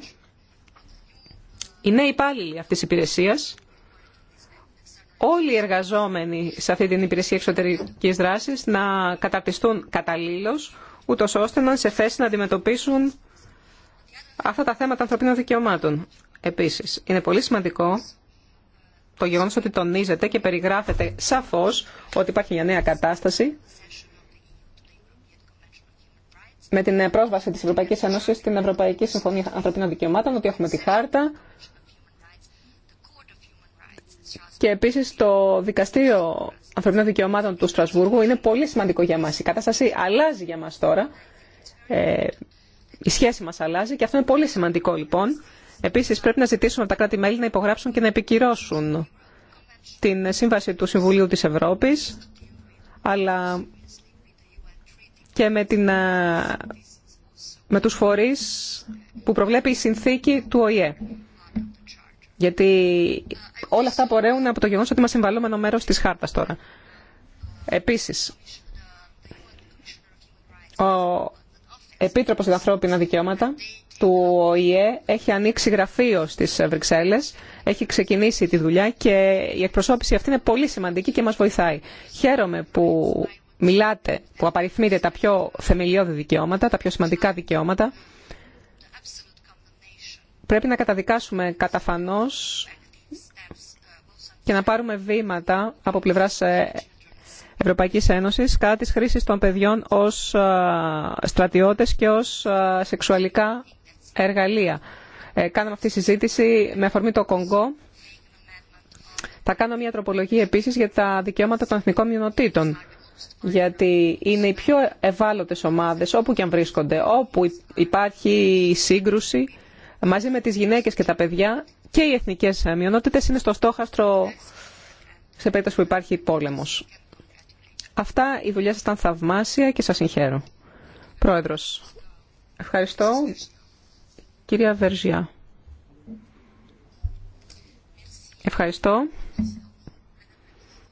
οι νέοι υπάλληλοι αυτής της υπηρεσίας όλοι οι εργαζόμενοι σε αυτή την υπηρεσία εξωτερική δράση να καταρτιστούν καταλήλως, ούτω ώστε να σε θέση να αντιμετωπίσουν αυτά τα θέματα ανθρωπίνων δικαιωμάτων. Επίσης, είναι πολύ σημαντικό το γεγονός ότι τονίζεται και περιγράφεται σαφώς ότι υπάρχει μια νέα κατάσταση με την πρόσβαση της Ευρωπαϊκής Ένωσης στην Ευρωπαϊκή Συμφωνία Ανθρωπίνων Δικαιωμάτων, ότι έχουμε τη χάρτα, και επίση το Δικαστήριο Ανθρωπίνων Δικαιωμάτων του Στρασβούργου είναι πολύ σημαντικό για μα. Η κατάσταση αλλάζει για μα τώρα. Ε, η σχέση μα αλλάζει και αυτό είναι πολύ σημαντικό λοιπόν. Επίση πρέπει να ζητήσουμε από τα κράτη-μέλη να υπογράψουν και να επικυρώσουν την σύμβαση του Συμβουλίου τη Ευρώπη αλλά και με, την, ε, με τους φορείς που προβλέπει η συνθήκη του ΟΗΕ. Γιατί όλα αυτά απορρέουν από το γεγονός ότι είμαστε συμβαλόμενο μέρος της χάρτας τώρα. Επίσης, ο Επίτροπος για τα ανθρώπινα δικαιώματα του ΟΗΕ έχει ανοίξει γραφείο στις Βρυξέλλες, έχει ξεκινήσει τη δουλειά και η εκπροσώπηση αυτή είναι πολύ σημαντική και μας βοηθάει. Χαίρομαι που μιλάτε, που απαριθμείτε τα πιο θεμελιώδη δικαιώματα, τα πιο σημαντικά δικαιώματα Πρέπει να καταδικάσουμε καταφανώς και να πάρουμε βήματα από πλευράς ε, Ευρωπαϊκής Ένωσης κατά της χρήσης των παιδιών ως ε, στρατιώτες και ως ε, σεξουαλικά εργαλεία. Κάναμε αυτή τη συζήτηση με αφορμή το Κονγκό. Θα κάνω μια τροπολογία επίσης για τα δικαιώματα των εθνικών μειονοτήτων. Γιατί είναι οι πιο ευάλωτες ομάδες όπου και αν βρίσκονται, όπου υπάρχει σύγκρουση μαζί με τις γυναίκες και τα παιδιά και οι εθνικές μειονότητες είναι στο στόχαστρο σε περίπτωση που υπάρχει πόλεμος. Αυτά η δουλειά σας ήταν θαυμάσια και σας συγχαίρω. Πρόεδρος, ευχαριστώ. Κυρία Βερζιά. Ευχαριστώ.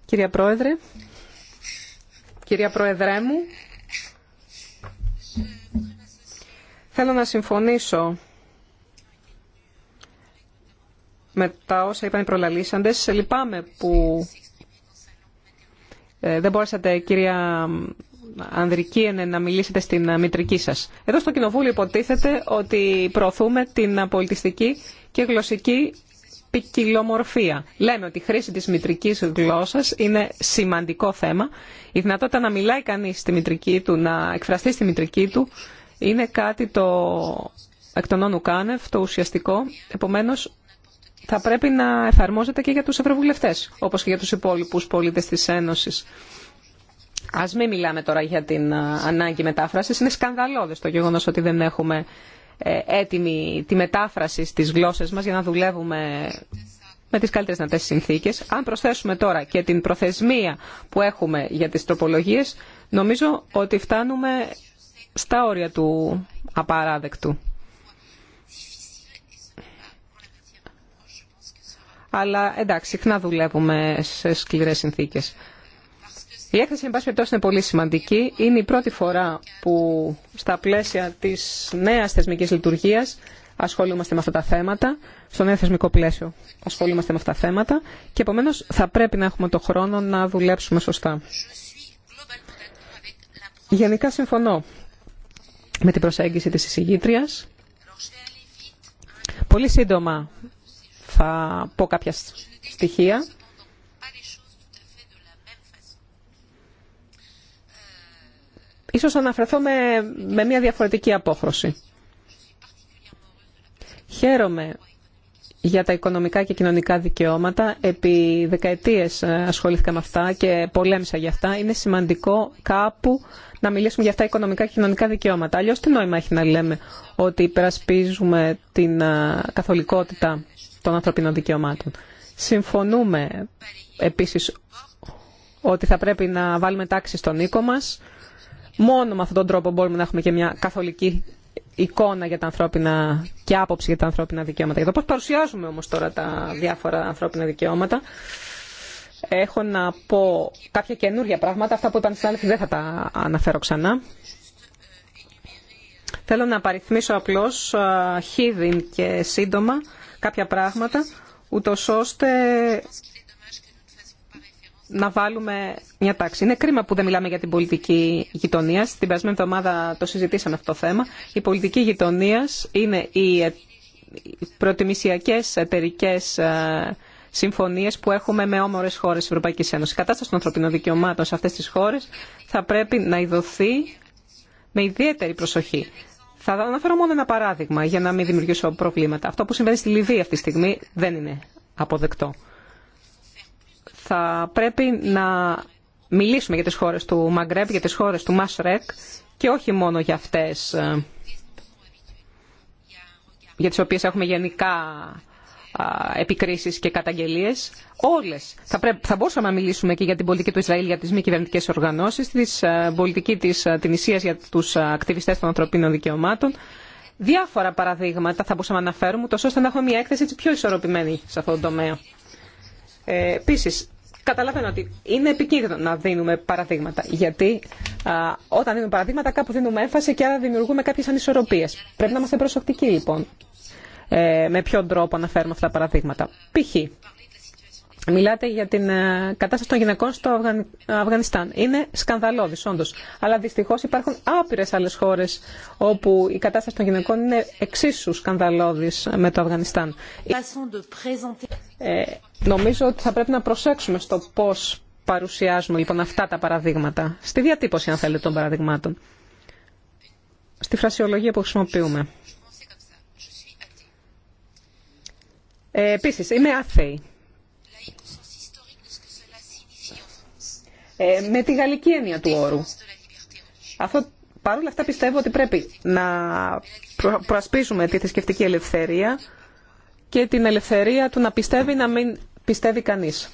Κυρία Πρόεδρε, κυρία Πρόεδρέ μου, θέλω να συμφωνήσω με τα όσα είπαν οι προλαλήσαντες. Λυπάμαι που ε, δεν μπόρεσατε, κυρία Ανδρική, να μιλήσετε στην ε, μητρική σας. Εδώ στο Κοινοβούλιο υποτίθεται ότι προωθούμε την πολιτιστική και γλωσσική ποικιλομορφία. Λέμε ότι η χρήση της μητρικής γλώσσας είναι σημαντικό θέμα. Η δυνατότητα να μιλάει κανείς στη μητρική του, να εκφραστεί στη μητρική του, είναι κάτι το εκ των όνου κάνευ, το ουσιαστικό. Επομένως, θα πρέπει να εφαρμόζεται και για τους ευρωβουλευτές, όπως και για τους υπόλοιπους πολίτες της Ένωσης. Ας μην μιλάμε τώρα για την ανάγκη μετάφρασης. Είναι σκανδαλώδες το γεγονός ότι δεν έχουμε ε, έτοιμη τη μετάφραση στις γλώσσες μας για να δουλεύουμε με τις καλύτερες δυνατές συνθήκες. Αν προσθέσουμε τώρα και την προθεσμία που έχουμε για τις τροπολογίες, νομίζω ότι φτάνουμε στα όρια του απαράδεκτου. αλλά εντάξει, συχνά δουλεύουμε σε σκληρές συνθήκες. Η έκθεση, εν πάση περιπτώσει, είναι πολύ σημαντική. Είναι η πρώτη φορά που στα πλαίσια της νέα θεσμική λειτουργίας ασχολούμαστε με αυτά τα θέματα, στο νέο θεσμικό πλαίσιο ασχολούμαστε με αυτά τα θέματα και επομένω θα πρέπει να έχουμε το χρόνο να δουλέψουμε σωστά. Γενικά συμφωνώ με την προσέγγιση της εισηγήτριας. Πολύ σύντομα θα πω κάποια στοιχεία. Ίσως αναφερθώ με, μια διαφορετική απόχρωση. Χαίρομαι για τα οικονομικά και κοινωνικά δικαιώματα. Επί δεκαετίες ε, ασχολήθηκα με αυτά και πολέμησα για αυτά. Είναι σημαντικό κάπου να μιλήσουμε για αυτά οικονομικά και κοινωνικά δικαιώματα. Αλλιώς τι νόημα έχει να λέμε ότι υπερασπίζουμε την ε, καθολικότητα των ανθρωπίνων δικαιωμάτων. Συμφωνούμε επίσης ότι θα πρέπει να βάλουμε τάξη στον οίκο μας. Μόνο με αυτόν τον τρόπο μπορούμε να έχουμε και μια καθολική εικόνα για τα ανθρώπινα και άποψη για τα ανθρώπινα δικαιώματα. Για το πώς παρουσιάζουμε όμως τώρα τα διάφορα ανθρώπινα δικαιώματα. Έχω να πω κάποια καινούργια πράγματα. Αυτά που στην άλλη δεν θα τα αναφέρω ξανά. Θέλω να παριθμίσω απλώς χίδιν και σύντομα κάποια πράγματα, ούτω ώστε να βάλουμε μια τάξη. Είναι κρίμα που δεν μιλάμε για την πολιτική γειτονία. Την περασμένη εβδομάδα το συζητήσαμε αυτό το θέμα. Η πολιτική γειτονία είναι οι ε, προτιμησιακέ εταιρικέ ε, συμφωνίε που έχουμε με όμορε χώρε τη Ευρωπαϊκή Ένωση. Η κατάσταση των ανθρωπίνων δικαιωμάτων σε αυτέ τι χώρε θα πρέπει να ειδωθεί με ιδιαίτερη προσοχή. Θα αναφέρω μόνο ένα παράδειγμα για να μην δημιουργήσω προβλήματα. Αυτό που συμβαίνει στη Λιβύη αυτή τη στιγμή δεν είναι αποδεκτό. Θα πρέπει να μιλήσουμε για τις χώρες του Μαγκρέμπ, για τις χώρες του Μασρέκ και όχι μόνο για αυτές ε, για τις οποίες έχουμε γενικά επικρίσεις και καταγγελίες. Όλες. Θα, θα μπορούσαμε να μιλήσουμε και για την πολιτική του Ισραήλ, για τις μη κυβερνητικέ οργανώσεις, την πολιτική της Τινησίας για τους ακτιβιστές των ανθρωπίνων δικαιωμάτων. Διάφορα παραδείγματα θα μπορούσαμε να αναφέρουμε, τόσο ώστε να έχουμε μια έκθεση πιο ισορροπημένη σε αυτό το τομέα. Ε, Επίση, καταλαβαίνω ότι είναι επικίνδυνο να δίνουμε παραδείγματα. Γιατί όταν δίνουμε παραδείγματα, κάπου δίνουμε έμφαση και άρα δημιουργούμε κάποιε ανισορροπίε. Πρέπει να είμαστε προσεκτικοί, λοιπόν. Ε, με ποιον τρόπο αναφέρουμε αυτά τα παραδείγματα. Π.χ. Μιλάτε για την ε, κατάσταση των γυναικών στο Αφγανιστάν. Είναι σκανδαλώδης όντως. Αλλά δυστυχώς υπάρχουν άπειρες άλλες χώρες όπου η κατάσταση των γυναικών είναι εξίσου σκανδαλώδης με το Αφγανιστάν. Ε, νομίζω ότι θα πρέπει να προσέξουμε στο πώς παρουσιάζουμε λοιπόν αυτά τα παραδείγματα. Στη διατύπωση αν θέλετε των παραδειγμάτων. Στη φρασιολογία που χρησιμοποιούμε. Ε, Επίση, είμαι άθεη. Ε, με τη γαλλική έννοια του όρου. Αυτό, παρόλα αυτά πιστεύω ότι πρέπει να προασπίσουμε τη θρησκευτική ελευθερία και την ελευθερία του να πιστεύει να μην πιστεύει κανείς.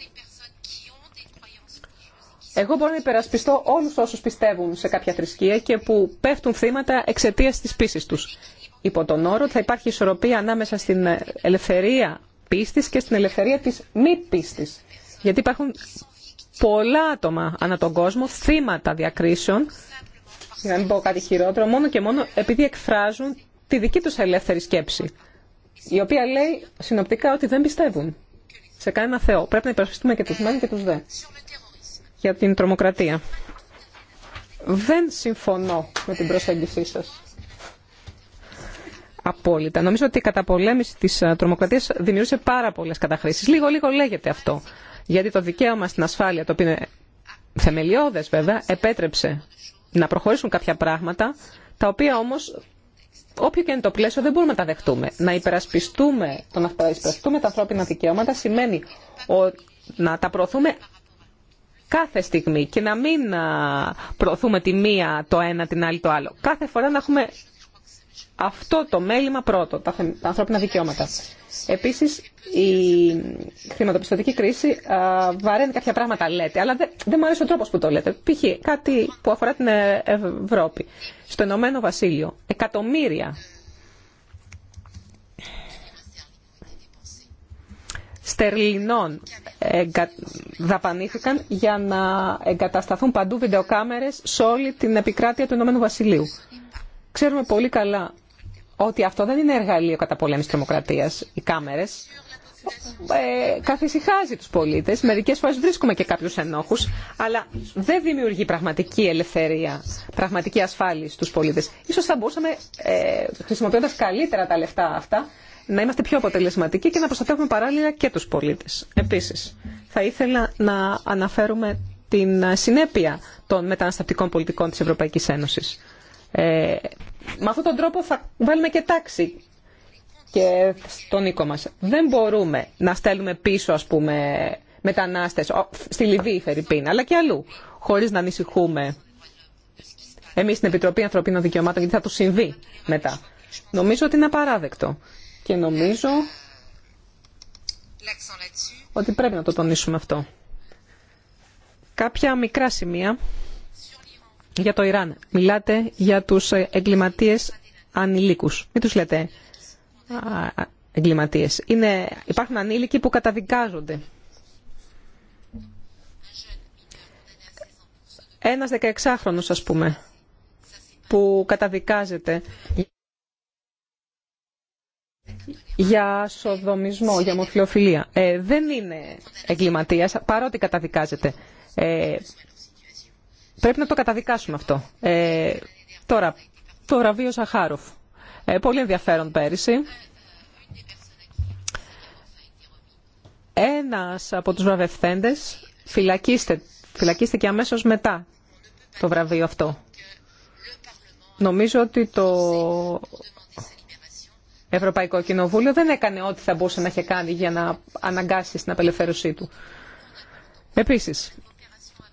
Εγώ μπορώ να υπερασπιστώ όλους όσους πιστεύουν σε κάποια θρησκεία και που πέφτουν θύματα εξαιτίας της πίσης τους. Υπό τον όρο θα υπάρχει ισορροπία ανάμεσα στην ελευθερία πίστης και στην ελευθερία της μη πίστης. Γιατί υπάρχουν πολλά άτομα ανά τον κόσμο, θύματα διακρίσεων, για να μην πω κάτι χειρότερο, μόνο και μόνο επειδή εκφράζουν τη δική τους ελεύθερη σκέψη, η οποία λέει συνοπτικά ότι δεν πιστεύουν σε κανένα Θεό. Πρέπει να υπερασπιστούμε και τους μεν και τους δε. Για την τρομοκρατία. Δεν συμφωνώ με την προσέγγισή σας απόλυτα. Νομίζω ότι η καταπολέμηση της ε, τρομοκρατίας δημιούργησε πολλέ καταχρήσει. καταχρήσεις. Λίγο-λίγο λέγεται αυτό. Γιατί το δικαίωμα στην ασφάλεια, το οποίο είναι θεμελιώδε βέβαια, επέτρεψε να προχωρήσουν κάποια πράγματα, τα οποία όμω, όποιο και είναι το πλαίσιο, δεν μπορούμε να τα δεχτούμε. Να υπερασπιστούμε, το να υπερασπιστούμε τα ανθρώπινα δικαιώματα σημαίνει να τα προωθούμε κάθε στιγμή και να μην ε, προωθούμε τη μία το ένα, την άλλη το άλλο. Κάθε φορά να έχουμε αυτό το μέλημα πρώτο, τα, ανθρώπινα δικαιώματα. Επίση, η χρηματοπιστωτική κρίση βαραίνει κάποια πράγματα, λέτε, αλλά δεν, δεν μου αρέσει ο τρόπος που το λέτε. Π.χ. κάτι που αφορά την ε, Ευρώπη. Στο Ενωμένο Βασίλειο, εκατομμύρια στερλινών εγκα... δαπανήθηκαν για να εγκατασταθούν παντού βιντεοκάμερες σε όλη την επικράτεια του Ηνωμένου Βασιλείου. Ξέρουμε πολύ καλά ότι αυτό δεν είναι εργαλείο κατά πολέμης τρομοκρατίας, οι κάμερες. Ε, καθησυχάζει τους πολίτες, μερικές φορές βρίσκουμε και κάποιους ενόχους, αλλά δεν δημιουργεί πραγματική ελευθερία, πραγματική ασφάλεια στους πολίτες. Ίσως θα μπορούσαμε, ε, χρησιμοποιώντας καλύτερα τα λεφτά αυτά, να είμαστε πιο αποτελεσματικοί και να προστατεύουμε παράλληλα και τους πολίτες. Επίσης, θα ήθελα να αναφέρουμε την συνέπεια των μεταναστευτικών πολιτικών της Ευρωπαϊκής Ένωσης. Ε, με αυτόν τον τρόπο θα βάλουμε και τάξη και στον οίκο μας. Δεν μπορούμε να στέλνουμε πίσω, ας πούμε, μετανάστες στη Λιβύη, Φερρυπίνα, αλλά και αλλού, χωρίς να ανησυχούμε εμείς στην Επιτροπή Ανθρωπίνων Δικαιωμάτων, γιατί θα του συμβεί μετά. Νομίζω ότι είναι απαράδεκτο. Και νομίζω ότι πρέπει να το τονίσουμε αυτό. Κάποια μικρά σημεία για το Ιράν. Μιλάτε για τους ε, εγκληματίες ανηλίκους. Μην τους λέτε εγκληματίες. Είναι, υπάρχουν ανήλικοι που καταδικάζονται. Ένας 16χρονος ας πούμε που καταδικάζεται για σοδομισμό, για μοφιλοφιλία. Ε, δεν είναι εγκληματίας παρότι καταδικάζεται. Ε, Πρέπει να το καταδικάσουμε αυτό. Ε, τώρα, το βραβείο Σαχάροφ. Ε, πολύ ενδιαφέρον πέρυσι. Ένας από τους βραβευθέντες φυλακίστε, φυλακίστηκε αμέσως μετά το βραβείο αυτό. Νομίζω ότι το Ευρωπαϊκό Κοινοβούλιο δεν έκανε ό,τι θα μπορούσε να είχε κάνει για να αναγκάσει στην απελευθέρωσή του. Επίσης,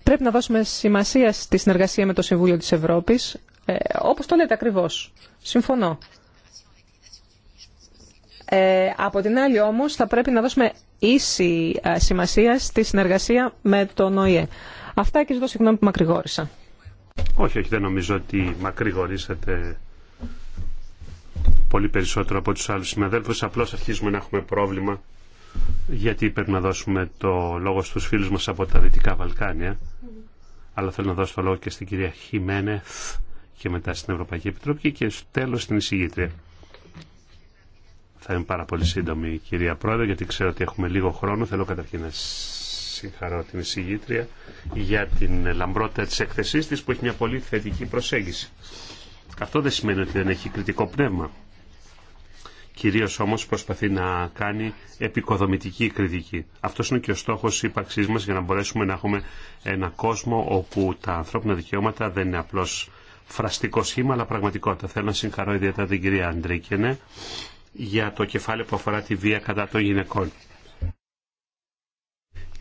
Πρέπει να δώσουμε σημασία στη συνεργασία με το Συμβούλιο της Ευρώπης, ε, όπως το λέτε ακριβώς. Συμφωνώ. Ε, από την άλλη όμως θα πρέπει να δώσουμε ίση ε, σημασία στη συνεργασία με τον ΟΗΕ. Αυτά και ζητώ συγγνώμη που μακρηγόρησα. Όχι, όχι, δεν νομίζω ότι μακρηγορήσατε πολύ περισσότερο από τους άλλους συναδέλφους. Απλώς αρχίζουμε να έχουμε πρόβλημα γιατί πρέπει να δώσουμε το λόγο στους φίλους μας από τα Δυτικά Βαλκάνια αλλά θέλω να δώσω το λόγο και στην κυρία Χιμένεθ και μετά στην Ευρωπαϊκή Επιτροπή και στο τέλος στην εισηγήτρια. Θα είμαι πάρα πολύ σύντομη κυρία Πρόεδρε γιατί ξέρω ότι έχουμε λίγο χρόνο. Θέλω καταρχήν να συγχαρώ την εισηγήτρια για την λαμπρότητα της έκθεσής της που έχει μια πολύ θετική προσέγγιση. Αυτό δεν σημαίνει ότι δεν έχει κριτικό πνεύμα κυρίως όμως προσπαθεί να κάνει επικοδομητική κριτική. Αυτός είναι και ο στόχος ύπαρξής μας για να μπορέσουμε να έχουμε ένα κόσμο όπου τα ανθρώπινα δικαιώματα δεν είναι απλώς φραστικό σχήμα αλλά πραγματικότητα. Θέλω να συγχαρώ ιδιαίτερα την κυρία Αντρίκενε για το κεφάλαιο που αφορά τη βία κατά των γυναικών.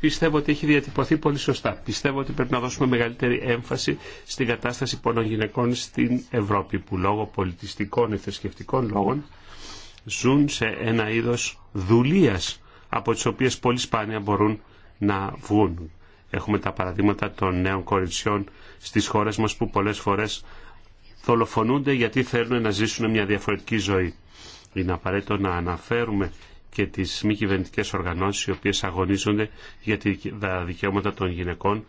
Πιστεύω ότι έχει διατυπωθεί πολύ σωστά. Πιστεύω ότι πρέπει να δώσουμε μεγαλύτερη έμφαση στην κατάσταση πολλών γυναικών στην Ευρώπη που λόγω πολιτιστικών ή θρησκευτικών λόγων ζουν σε ένα είδος δουλείας από τις οποίες πολύ σπάνια μπορούν να βγουν. Έχουμε τα παραδείγματα των νέων κοριτσιών στις χώρες μας που πολλές φορές δολοφονούνται γιατί θέλουν να ζήσουν μια διαφορετική ζωή. Είναι απαραίτητο να αναφέρουμε και τις μη κυβερνητικέ οργανώσεις οι οποίες αγωνίζονται για τα δικαιώματα των γυναικών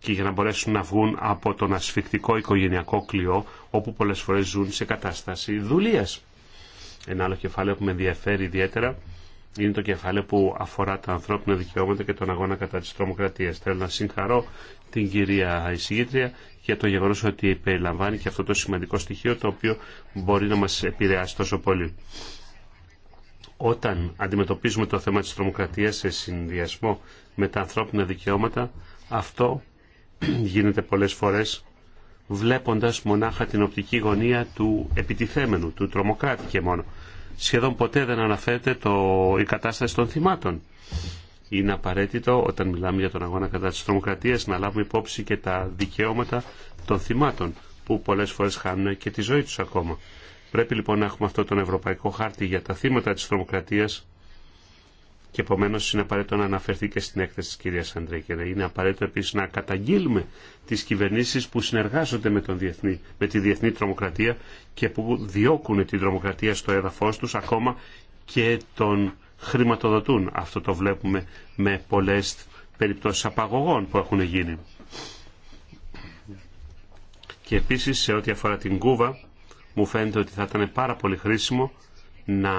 και για να μπορέσουν να βγουν από τον ασφυκτικό οικογενειακό κλειό όπου πολλές φορές ζουν σε κατάσταση δουλείας. Ένα άλλο κεφάλαιο που με ενδιαφέρει ιδιαίτερα είναι το κεφάλαιο που αφορά τα ανθρώπινα δικαιώματα και τον αγώνα κατά της τρομοκρατίας. Θέλω να συγχαρώ την κυρία εισηγήτρια για το γεγονός ότι περιλαμβάνει και αυτό το σημαντικό στοιχείο το οποίο μπορεί να μας επηρεάσει τόσο πολύ. Όταν αντιμετωπίζουμε το θέμα της τρομοκρατίας σε συνδυασμό με τα ανθρώπινα δικαιώματα, αυτό γίνεται πολλές φορές βλέποντας μονάχα την οπτική γωνία του επιτιθέμενου, του τρομοκράτη και μόνο. Σχεδόν ποτέ δεν αναφέρεται το, η κατάσταση των θυμάτων. Είναι απαραίτητο όταν μιλάμε για τον αγώνα κατά της τρομοκρατίας να λάβουμε υπόψη και τα δικαιώματα των θυμάτων που πολλές φορές χάνουν και τη ζωή τους ακόμα. Πρέπει λοιπόν να έχουμε αυτό τον Ευρωπαϊκό Χάρτη για τα θύματα της τρομοκρατίας και επομένω είναι απαραίτητο να αναφερθεί και στην έκθεση τη κυρία Αντρέκερα. Είναι απαραίτητο επίση να καταγγείλουμε τι κυβερνήσει που συνεργάζονται με, τον διεθνή, με τη διεθνή τρομοκρατία και που διώκουν την τρομοκρατία στο έδαφο του ακόμα και τον χρηματοδοτούν. Αυτό το βλέπουμε με πολλέ περιπτώσει απαγωγών που έχουν γίνει. Και επίση, σε ό,τι αφορά την Κούβα, μου φαίνεται ότι θα ήταν πάρα πολύ χρήσιμο να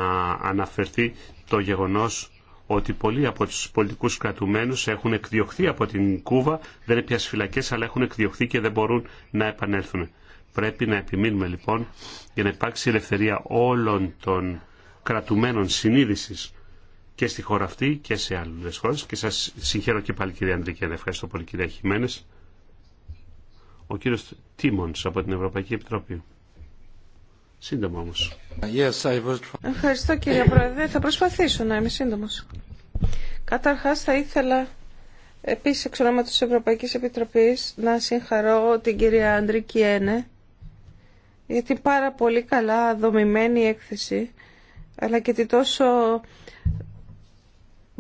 αναφερθεί το γεγονός ότι πολλοί από τους πολιτικούς κρατουμένους έχουν εκδιωχθεί από την Κούβα, δεν είναι πια στις αλλά έχουν εκδιωχθεί και δεν μπορούν να επανέλθουν. Πρέπει να επιμείνουμε λοιπόν για να υπάρξει ελευθερία όλων των κρατουμένων συνείδησης και στη χώρα αυτή και σε άλλες χώρες. Και σας συγχαίρω και πάλι κυρία να Ευχαριστώ πολύ κυρία Χιμένες. Ο κύριος Τίμονς από την Ευρωπαϊκή Επιτροπή. Σύντομα Ευχαριστώ κύριε Πρόεδρε. Θα προσπαθήσω να είμαι σύντομο. Καταρχά θα ήθελα επίσης εξ ονόματο της Ευρωπαϊκής Επιτροπής να συγχαρώ την κυρία Αντρική Ένε για την πάρα πολύ καλά δομημένη έκθεση αλλά και την τόσο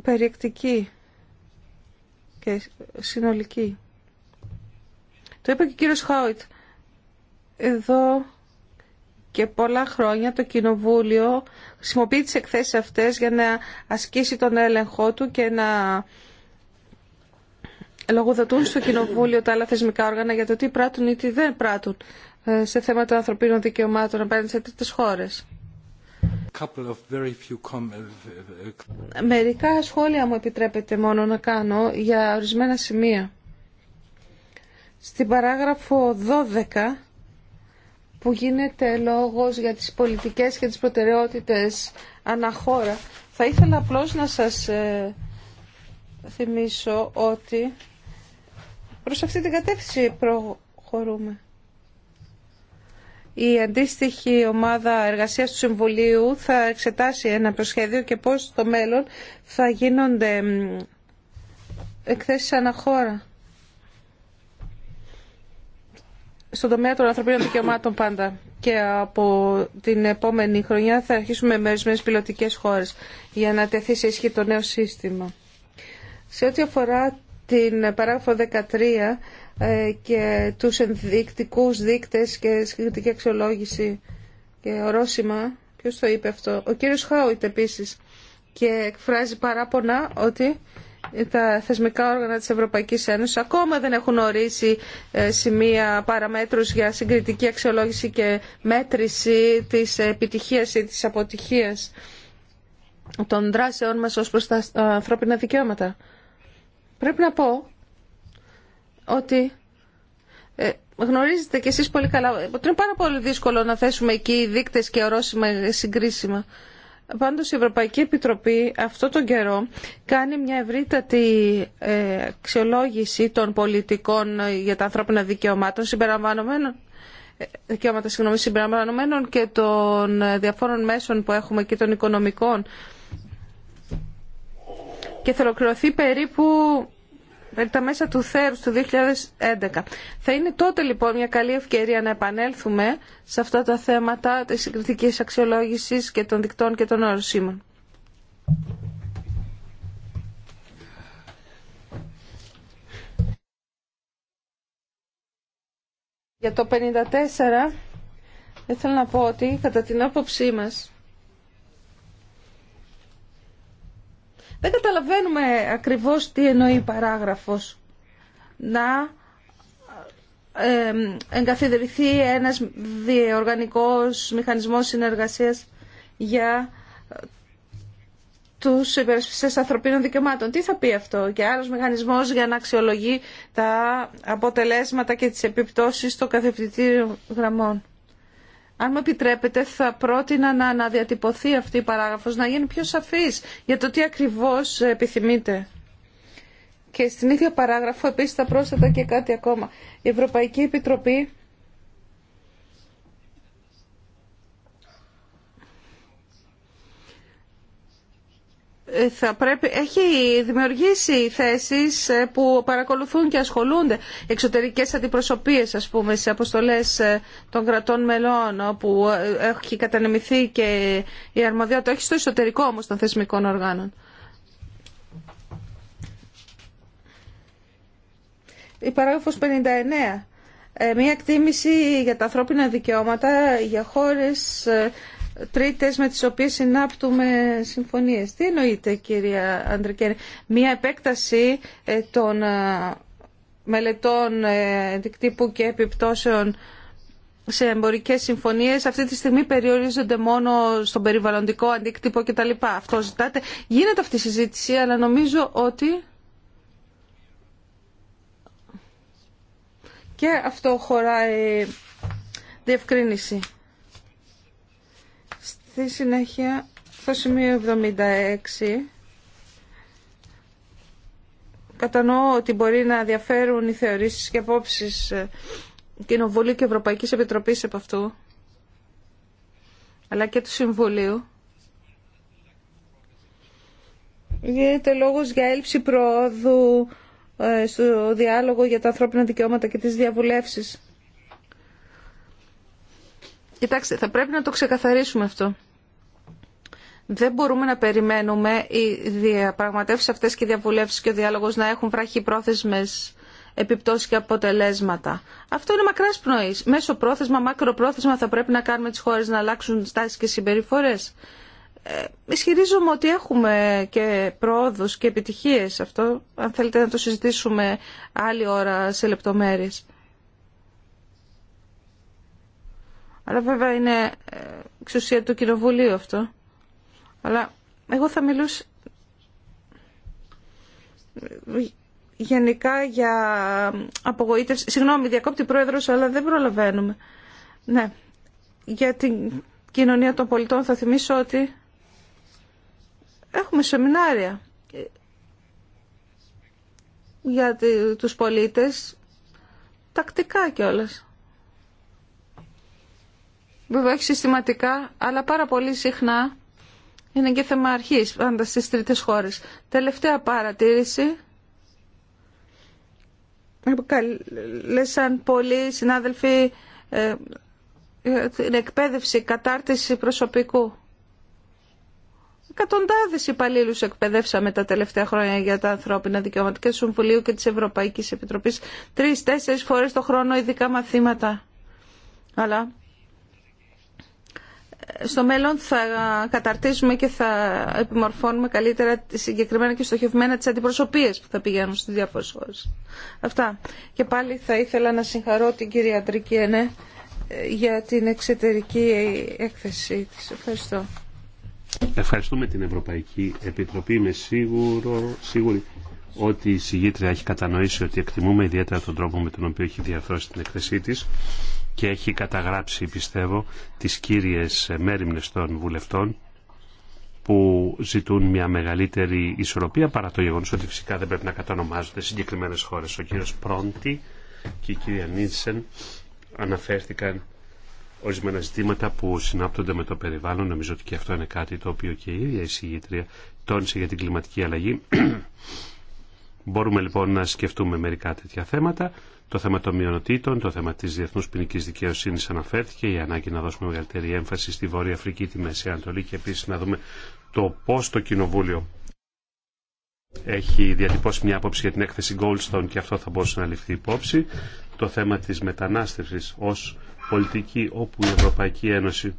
περιεκτική και συνολική. Το είπε και ο κύριος Χάουιτ. Εδώ και πολλά χρόνια το Κοινοβούλιο χρησιμοποιεί τις εκθέσεις αυτές για να ασκήσει τον έλεγχό του και να λογοδοτούν στο Κοινοβούλιο τα άλλα θεσμικά όργανα για το τι πράττουν ή τι δεν πράττουν ε, σε θέματα ανθρωπίνων δικαιωμάτων απέναντι σε τρίτες χώρες. Ε, ε, Μερικά σχόλια μου επιτρέπετε μόνο να κάνω για ορισμένα σημεία. Στην παράγραφο 12 που γίνεται λόγος για τις πολιτικές και τις προτεραιότητες αναχώρα. Θα ήθελα απλώς να σας ε, θυμίσω ότι προς αυτή την κατεύθυνση προχωρούμε. Η αντίστοιχη ομάδα εργασίας του Συμβουλίου θα εξετάσει ένα προσχέδιο και πώς στο μέλλον θα γίνονται εκθέσεις αναχώρα. στον τομέα των ανθρωπίνων δικαιωμάτων πάντα. Και από την επόμενη χρονιά θα αρχίσουμε με ορισμένε πιλωτικέ χώρε για να τεθεί σε ισχύ το νέο σύστημα. Σε ό,τι αφορά την παράγραφο 13 ε, και τους ενδεικτικούς δείκτες και σχετική αξιολόγηση και ορόσημα, ποιος το είπε αυτό, ο κύριος Χάουιτ επίσης και εκφράζει παράπονα ότι τα θεσμικά όργανα της Ευρωπαϊκής Ένωσης ακόμα δεν έχουν ορίσει ε, σημεία παραμέτρους για συγκριτική αξιολόγηση και μέτρηση της επιτυχίας ή της αποτυχίας των δράσεών μας ως προς τα ανθρώπινα δικαιώματα. Πρέπει να πω ότι ε, γνωρίζετε κι εσείς πολύ καλά ότι είναι πάρα πολύ δύσκολο να θέσουμε εκεί δείκτες και ορόσημα συγκρίσιμα. Πάντως η Ευρωπαϊκή Επιτροπή αυτό τον καιρό κάνει μια ευρύτατη ε, αξιολόγηση των πολιτικών για τα ανθρώπινα δικαιωμάτων συμπεριλαμβανομένων ε, δικαιώματα συγγνώμη, συμπεριλαμβανομένων και των ε, διαφόρων μέσων που έχουμε και των οικονομικών και θα ολοκληρωθεί περίπου ε, τα μέσα του θέρους του 2011. Θα είναι τότε λοιπόν μια καλή ευκαιρία να επανέλθουμε σε αυτά τα θέματα τη συγκριτική αξιολόγηση και των δικτών και των ορισμών. Για το 54 θέλω να πω ότι κατά την άποψή μας Δεν καταλαβαίνουμε ακριβώς τι εννοεί η παράγραφος. Να εγκαθιδρυθεί ένας διοργανικός μηχανισμός συνεργασίας για τους υπερασπιστές ανθρωπίνων δικαιωμάτων. Τι θα πει αυτό και άλλος μηχανισμός για να αξιολογεί τα αποτελέσματα και τις επιπτώσεις των καθευθυντήριων γραμμών. Αν μου επιτρέπετε, θα πρότεινα να αναδιατυπωθεί αυτή η παράγραφος, να γίνει πιο σαφής για το τι ακριβώς επιθυμείτε. Και στην ίδια παράγραφο επίσης θα πρόσθετα και κάτι ακόμα. Η Ευρωπαϊκή Επιτροπή Ε, θα πρέπει, έχει δημιουργήσει θέσεις ε, που παρακολουθούν και ασχολούνται εξωτερικές αντιπροσωπίες ας πούμε σε αποστολές ε, των κρατών μελών όπου έχει κατανεμηθεί και η αρμοδιότητα όχι στο εσωτερικό όμως των θεσμικών οργάνων. Η παράγραφος 59. Μία εκτίμηση για τα ανθρώπινα δικαιώματα για χώρες τρίτες με τις οποίες συνάπτουμε συμφωνίες. Τι εννοείται κυρία Αντρικέρη, μια επέκταση ε, των ε, μελετών ε, δικτύπου και επιπτώσεων σε εμπορικές συμφωνίες αυτή τη στιγμή περιορίζονται μόνο στον περιβαλλοντικό αντίκτυπο κτλ. Αυτό ζητάτε. Γίνεται αυτή η συζήτηση, αλλά νομίζω ότι και αυτό χωράει διευκρίνηση. Στη συνέχεια, στο σημείο 76, κατανοώ ότι μπορεί να διαφέρουν οι θεωρήσεις και απόψεις ε, Κοινοβουλίου και Ευρωπαϊκής Επιτροπής από αυτού, αλλά και του Συμβουλίου. Γίνεται λόγος για έλλειψη προόδου ε, στο διάλογο για τα ανθρώπινα δικαιώματα και τις διαβουλεύσεις. Κοιτάξτε, θα πρέπει να το ξεκαθαρίσουμε αυτό. Δεν μπορούμε να περιμένουμε οι διαπραγματεύσει αυτέ και οι διαβουλεύσει και ο διάλογο να έχουν πρόθεσμε επιπτώσει και αποτελέσματα. Αυτό είναι μακρά πνοή. Μέσω πρόθεσμα, μακροπρόθεσμα θα πρέπει να κάνουμε τι χώρε να αλλάξουν στάσει και συμπεριφορέ. Ε, ισχυρίζομαι ότι έχουμε και πρόοδου και επιτυχίε αυτό. Αν θέλετε να το συζητήσουμε άλλη ώρα σε λεπτομέρειες. Αλλά βέβαια είναι ε, εξουσία του Κοινοβουλίου αυτό. Αλλά εγώ θα μιλούσα γενικά για απογοήτευση. Συγγνώμη, διακόπτη πρόεδρος, αλλά δεν προλαβαίνουμε. Ναι, για την κοινωνία των πολιτών θα θυμίσω ότι έχουμε σεμινάρια για τους πολίτες, τακτικά κιόλας. Βέβαια όχι συστηματικά, αλλά πάρα πολύ συχνά είναι και θέμα αρχή πάντα στι τρίτε χώρες. Τελευταία παρατήρηση. λέσαν πολλοί συνάδελφοι ε, την εκπαίδευση, κατάρτιση προσωπικού. Εκατοντάδε υπαλλήλου εκπαιδεύσαμε τα τελευταία χρόνια για τα ανθρώπινα δικαιώματα και του Συμβουλίου και τη Ευρωπαϊκή Επιτροπή. Τρει-τέσσερι φορέ το χρόνο ειδικά μαθήματα. Αλλά στο μέλλον θα καταρτίζουμε και θα επιμορφώνουμε καλύτερα συγκεκριμένα και στοχευμένα τις αντιπροσωπείες που θα πηγαίνουν στις διάφορες χώρες. Αυτά. Και πάλι θα ήθελα να συγχαρώ την κυρία Αντρική Ενέ για την εξωτερική έκθεσή της. Ευχαριστώ. Ευχαριστούμε την Ευρωπαϊκή Επιτροπή. Είμαι σίγουρο, σίγουρη ότι η συγγήτρια έχει κατανοήσει ότι εκτιμούμε ιδιαίτερα τον τρόπο με τον οποίο έχει διαθώσει την έκθεσή της και έχει καταγράψει πιστεύω τις κύριες μέρημνες των βουλευτών που ζητούν μια μεγαλύτερη ισορροπία παρά το γεγονό ότι φυσικά δεν πρέπει να κατανομάζονται συγκεκριμένε χώρε. Ο κύριο Πρόντι και η κυρία Νίτσεν αναφέρθηκαν ορισμένα ζητήματα που συνάπτονται με το περιβάλλον. Νομίζω ότι και αυτό είναι κάτι το οποίο και η ίδια η συγγήτρια τόνισε για την κλιματική αλλαγή. Μπορούμε λοιπόν να σκεφτούμε μερικά τέτοια θέματα το θέμα των μειονοτήτων, το θέμα τη διεθνού ποινική δικαιοσύνη αναφέρθηκε, η ανάγκη να δώσουμε μεγαλύτερη έμφαση στη Βόρεια Αφρική, τη Μέση Ανατολή και επίση να δούμε το πώ το Κοινοβούλιο έχει διατυπώσει μια άποψη για την έκθεση Goldstone και αυτό θα μπορούσε να ληφθεί υπόψη. Το θέμα τη μετανάστευση ω πολιτική όπου η Ευρωπαϊκή Ένωση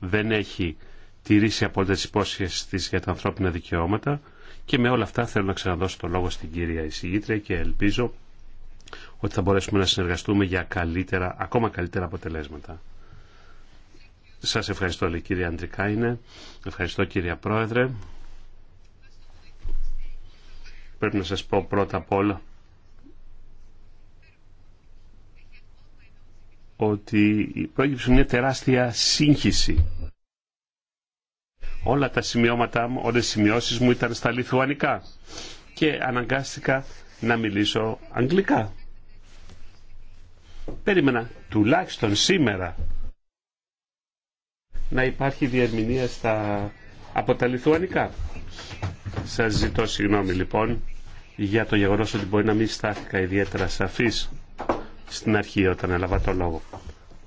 δεν έχει τηρήσει απόλυτα τις υπόσχεσεις της για τα ανθρώπινα δικαιώματα και με όλα αυτά θέλω να ξαναδώσω το λόγο στην κυρία εισηγήτρια και ελπίζω ότι θα μπορέσουμε να συνεργαστούμε για καλύτερα, ακόμα καλύτερα αποτελέσματα. Σας ευχαριστώ λέει, κύριε Αντρικάινε, ευχαριστώ κύριε Πρόεδρε. Πρέπει να σας πω πρώτα απ' όλα ότι πρόκειψε μια τεράστια σύγχυση. Όλα τα σημειώματά μου, όλες οι σημειώσεις μου ήταν στα λιθουανικά και αναγκάστηκα να μιλήσω αγγλικά. Περίμενα τουλάχιστον σήμερα να υπάρχει διερμηνία στα... από τα λιθουανικά. Σας ζητώ συγγνώμη λοιπόν για το γεγονός ότι μπορεί να μην στάθηκα ιδιαίτερα σαφής στην αρχή όταν έλαβα το λόγο.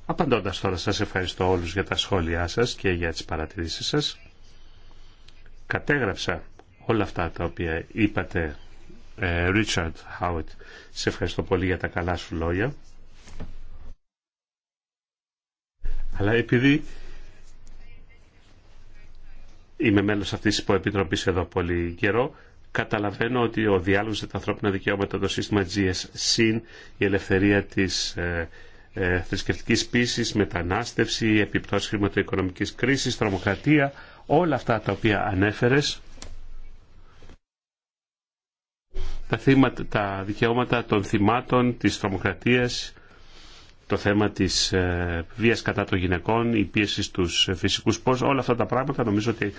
Απαντώντας τώρα σας ευχαριστώ όλους για τα σχόλιά σας και για τις παρατηρήσεις σας. Κατέγραψα όλα αυτά τα οποία είπατε Ρίτσαρντ ε, Χάουιτ. Σε ευχαριστώ πολύ για τα καλά σου λόγια. Αλλά επειδή είμαι μέλος αυτής της υποεπιτροπής εδώ πολύ καιρό, καταλαβαίνω ότι ο διάλογος για τα ανθρώπινα δικαιώματα, το σύστημα GSC, η ελευθερία της ε, ε, θρησκευτικής πίσης, μετανάστευση, επιπτώσεις χρηματοοικονομικής κρίσης, τρομοκρατία, όλα αυτά τα οποία ανέφερες, τα, θύματα, τα δικαιώματα των θυμάτων της τρομοκρατίας, το θέμα της ε, βίας κατά των γυναικών, η πίεση στους φυσικούς πόρους, όλα αυτά τα πράγματα νομίζω ότι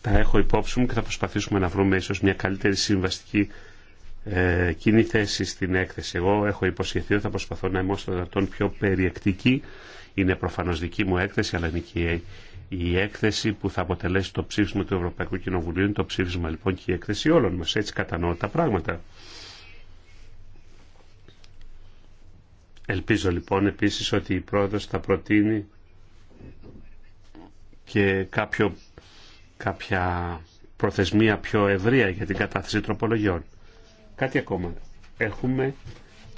τα έχω υπόψη μου και θα προσπαθήσουμε να βρούμε ίσως μια καλύτερη συμβαστική ε, κοινή θέση στην έκθεση. Εγώ έχω υποσχεθεί ότι θα προσπαθώ να είμαι όσο δυνατόν πιο περιεκτική. Είναι προφανώ δική μου έκθεση, αλλά είναι και η έκθεση που θα αποτελέσει το ψήφισμα του Ευρωπαϊκού Κοινοβουλίου. Είναι το ψήφισμα λοιπόν και η έκθεση όλων μα. Έτσι κατανοώ τα πράγματα. Ελπίζω λοιπόν επίσης ότι η πρόεδρος θα προτείνει και κάποιο, κάποια προθεσμία πιο ευρεία για την κατάθεση τροπολογιών. Κάτι ακόμα. Έχουμε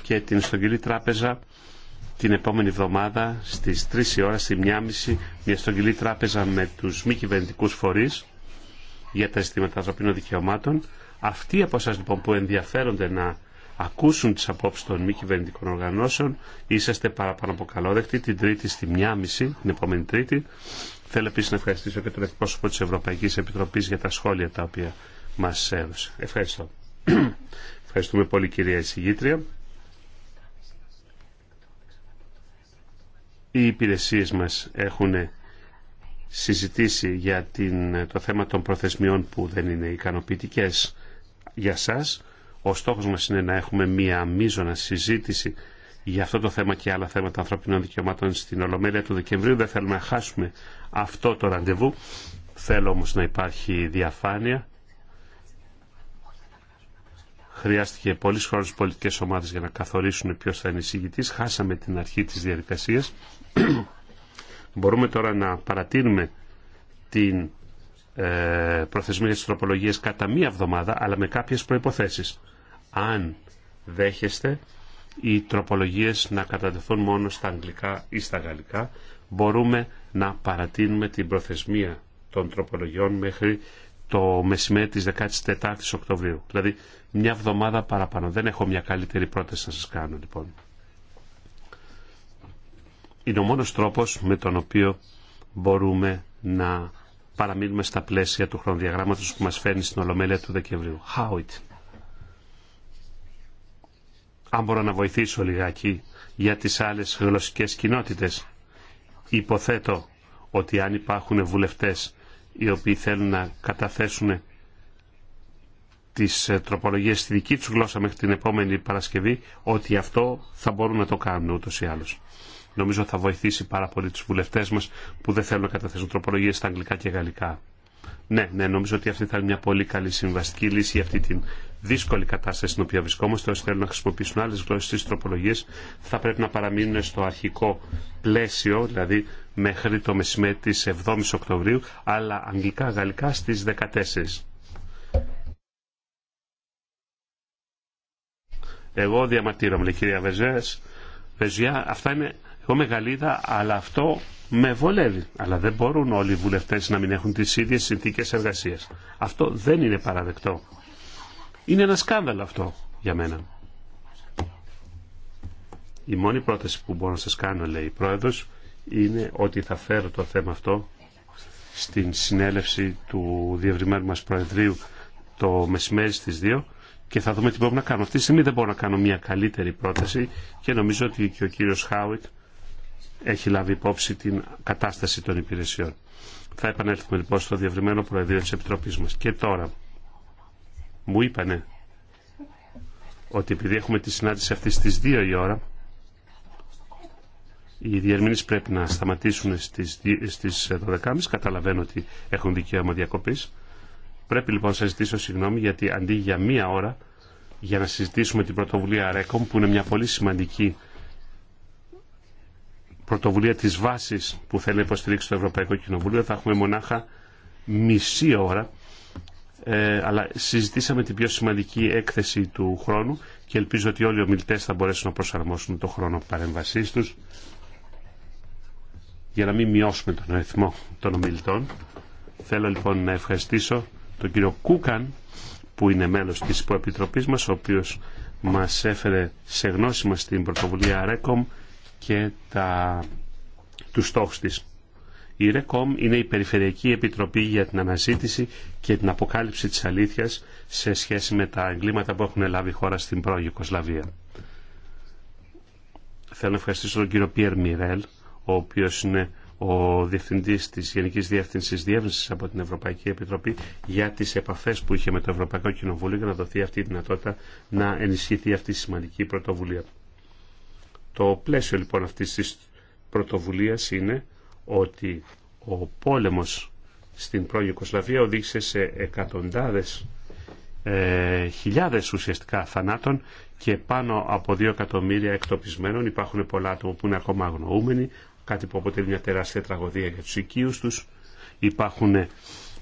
και την Στογγυλή Τράπεζα την επόμενη εβδομάδα στις 3 η ώρα, στη 1.30, μια Στογγυλή Τράπεζα με τους μη κυβερνητικού φορείς για τα αισθήματα ανθρωπίνων δικαιωμάτων. Αυτοί από εσάς λοιπόν που ενδιαφέρονται να ακούσουν τις απόψεις των μη κυβερνητικών οργανώσεων. Είσαστε παραπάνω από καλόδεκτοι την Τρίτη στη μία μισή, την επόμενη Τρίτη. Θέλω επίσης να ευχαριστήσω και τον εκπρόσωπο της Ευρωπαϊκής Επιτροπής για τα σχόλια τα οποία μας έδωσε. Ευχαριστώ. Ευχαριστούμε πολύ κυρία εισηγήτρια. Οι υπηρεσίε μας έχουν συζητήσει για την, το θέμα των προθεσμιών που δεν είναι ικανοποιητικές για σας. Ο στόχος μας είναι να έχουμε μία μείζωνα συζήτηση για αυτό το θέμα και άλλα θέματα ανθρωπινών δικαιωμάτων στην Ολομέλεια του Δεκεμβρίου. Δεν θέλουμε να χάσουμε αυτό το ραντεβού. Θέλω όμως να υπάρχει διαφάνεια. Χρειάστηκε πολλοί στις πολιτικές ομάδες για να καθορίσουν ποιος θα είναι εισηγητής. Χάσαμε την αρχή της διαδικασίας. Μπορούμε τώρα να παρατείνουμε την ε, προθεσμία της τροπολογίας κατά μία εβδομάδα, αλλά με κάποιες προϋποθέσεις. Αν δέχεστε οι τροπολογίες να κατατεθούν μόνο στα αγγλικά ή στα γαλλικά, μπορούμε να παρατείνουμε την προθεσμία των τροπολογιών μέχρι το μεσημέρι της 14ης Οκτωβρίου. Δηλαδή μια εβδομάδα παραπάνω. Δεν μεχρι το μεσημερι της 14 η οκτωβριου δηλαδη μια καλύτερη πρόταση να σας κάνω λοιπόν. Είναι ο μόνος τρόπος με τον οποίο μπορούμε να παραμείνουμε στα πλαίσια του χρονοδιαγράμματος που μας φέρνει στην Ολομέλεια του Δεκεμβρίου. How it. Αν μπορώ να βοηθήσω λιγάκι για τις άλλες γλωσσικές κοινότητες. Υποθέτω ότι αν υπάρχουν βουλευτές οι οποίοι θέλουν να καταθέσουν τις ε, τροπολογίες στη δική τους γλώσσα μέχρι την επόμενη Παρασκευή, ότι αυτό θα μπορούν να το κάνουν ούτως ή άλλως νομίζω θα βοηθήσει πάρα πολύ του βουλευτέ μας που δεν θέλουν να καταθέσουν τροπολογίες στα αγγλικά και γαλλικά. Ναι, ναι, νομίζω ότι αυτή θα είναι μια πολύ καλή συμβαστική λύση για αυτή την δύσκολη κατάσταση στην οποία βρισκόμαστε. Όσοι θέλουν να χρησιμοποιήσουν άλλε γλώσσε τη τροπολογία θα πρέπει να παραμείνουν στο αρχικό πλαίσιο, δηλαδή μέχρι το μεσημέρι τη 7η Οκτωβρίου, αλλά αγγλικά-γαλλικά στι 14. Εγώ διαμαρτύρομαι, λέει κυρία Βεζιά, αυτά είναι εγώ Μεγαλίδα, αλλά αυτό με βολεύει. Αλλά δεν μπορούν όλοι οι βουλευτές να μην έχουν τις ίδιες συνθήκες εργασίας. Αυτό δεν είναι παραδεκτό. Είναι ένα σκάνδαλο αυτό για μένα. Η μόνη πρόταση που μπορώ να σας κάνω, λέει η Πρόεδρος, είναι ότι θα φέρω το θέμα αυτό στην συνέλευση του διευρυμένου μας Προεδρείου το μεσημέρι στις 2 και θα δούμε τι μπορούμε να κάνουμε. Αυτή τη στιγμή δεν μπορώ να κάνω μια καλύτερη πρόταση και νομίζω ότι και ο κύριος Χάουιτ έχει λάβει υπόψη την κατάσταση των υπηρεσιών. Θα επανέλθουμε λοιπόν στο διευρυμένο προεδρείο της Επιτροπής μας. Και τώρα μου είπανε ότι επειδή έχουμε τη συνάντηση αυτή στις 2 η ώρα, οι διερμηνείς πρέπει να σταματήσουν στις, στις 12.30. Καταλαβαίνω ότι έχουν δικαίωμα διακοπής. Πρέπει λοιπόν να σας ζητήσω συγγνώμη γιατί αντί για μία ώρα για να συζητήσουμε την πρωτοβουλία ΡΕΚΟΜ που είναι μια πολύ σημαντική πρωτοβουλία της βάσης που θέλει να υποστηρίξει το Ευρωπαϊκό Κοινοβούλιο. Θα έχουμε μονάχα μισή ώρα. Ε, αλλά συζητήσαμε την πιο σημαντική έκθεση του χρόνου και ελπίζω ότι όλοι οι ομιλητέ θα μπορέσουν να προσαρμόσουν το χρόνο παρέμβασή του για να μην μειώσουμε τον αριθμό των ομιλητών. Θέλω λοιπόν να ευχαριστήσω τον κύριο Κούκαν που είναι μέλο τη υποεπιτροπής μα, ο οποίο μα έφερε σε γνώση μα την πρωτοβουλία Ρέκομ και τα, τους στόχους της. Η ΡΕΚΟΜ είναι η Περιφερειακή Επιτροπή για την Αναζήτηση και την Αποκάλυψη της Αλήθειας σε σχέση με τα εγκλήματα που έχουν λάβει η χώρα στην πρώην Ιουκοσλαβία. Θέλω να ευχαριστήσω τον κύριο Πιέρ Μιρέλ, ο οποίος είναι ο Διευθυντής της Γενικής Διεύθυνσης Διεύθυνσης από την Ευρωπαϊκή Επιτροπή για τις επαφές που είχε με το Ευρωπαϊκό Κοινοβούλιο για να δοθεί αυτή η δυνατότητα να ενισχυθεί αυτή η σημαντική πρωτοβουλία. Το πλαίσιο λοιπόν αυτής της πρωτοβουλίας είναι ότι ο πόλεμος στην πρώην Ιουκοσλαβία οδήγησε σε εκατοντάδες ε, χιλιάδες ουσιαστικά θανάτων και πάνω από δύο εκατομμύρια εκτοπισμένων. Υπάρχουν πολλά άτομα που είναι ακόμα αγνοούμενοι, κάτι που αποτελεί μια τεράστια τραγωδία για τους οικείους τους. Υπάρχουν ε,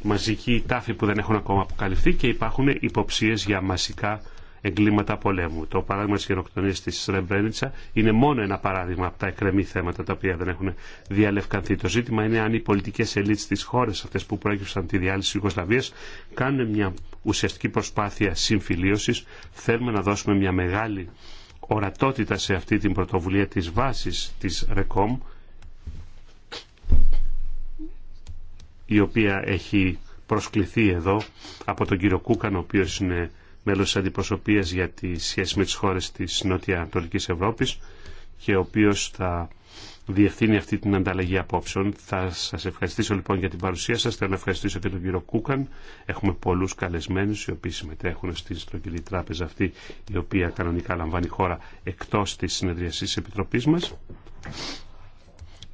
μαζικοί τάφοι που δεν έχουν ακόμα αποκαλυφθεί και υπάρχουν υποψίες για μαζικά εγκλήματα πολέμου. Το παράδειγμα τη γενοκτονίας τη Ρεμπρένιτσα είναι μόνο ένα παράδειγμα από τα εκκρεμή θέματα τα οποία δεν έχουν διαλευκανθεί. Το ζήτημα είναι αν οι πολιτικέ ελίτ τη χώρε αυτέ που προέκυψαν τη διάλυση τη Ιουγκοσλαβίας κάνουν μια ουσιαστική προσπάθεια συμφιλίωσης. Θέλουμε να δώσουμε μια μεγάλη ορατότητα σε αυτή την πρωτοβουλία τη βάση τη ΡΕΚΟΜ η οποία έχει προσκληθεί εδώ από τον κύριο Κούκαν ο οποίος είναι Μέλο τη αντιπροσωπεία για τη σχέση με τι χώρες της Νοτιοανατολική Ευρώπη και ο οποίο θα διευθύνει αυτή την ανταλλαγή απόψεων. Θα σα ευχαριστήσω λοιπόν για την παρουσία σα Θέλω να ευχαριστήσω και τον κύριο Κούκαν. Έχουμε πολλού καλεσμένου οι οποίοι συμμετέχουν στην στρογγυλή τράπεζα αυτή η οποία κανονικά λαμβάνει χώρα εκτό τη συνεδριασής τη Επιτροπής μας.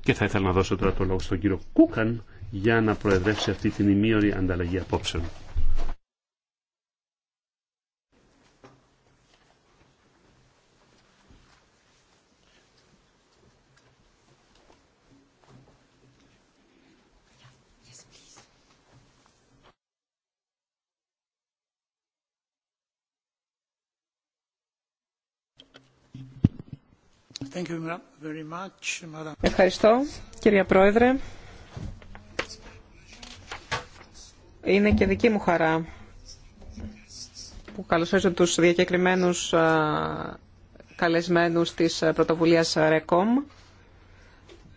Και θα ήθελα να δώσω τώρα το λόγο στον κύριο Κούκαν για να προεδρεύσει αυτή την ημίωρη ανταλλαγή απόψεων. Ευχαριστώ, κυρία Πρόεδρε. Είναι και δική μου χαρά που καλωσορίζω τους διακεκριμένους καλεσμένους της πρωτοβουλίας RECOM.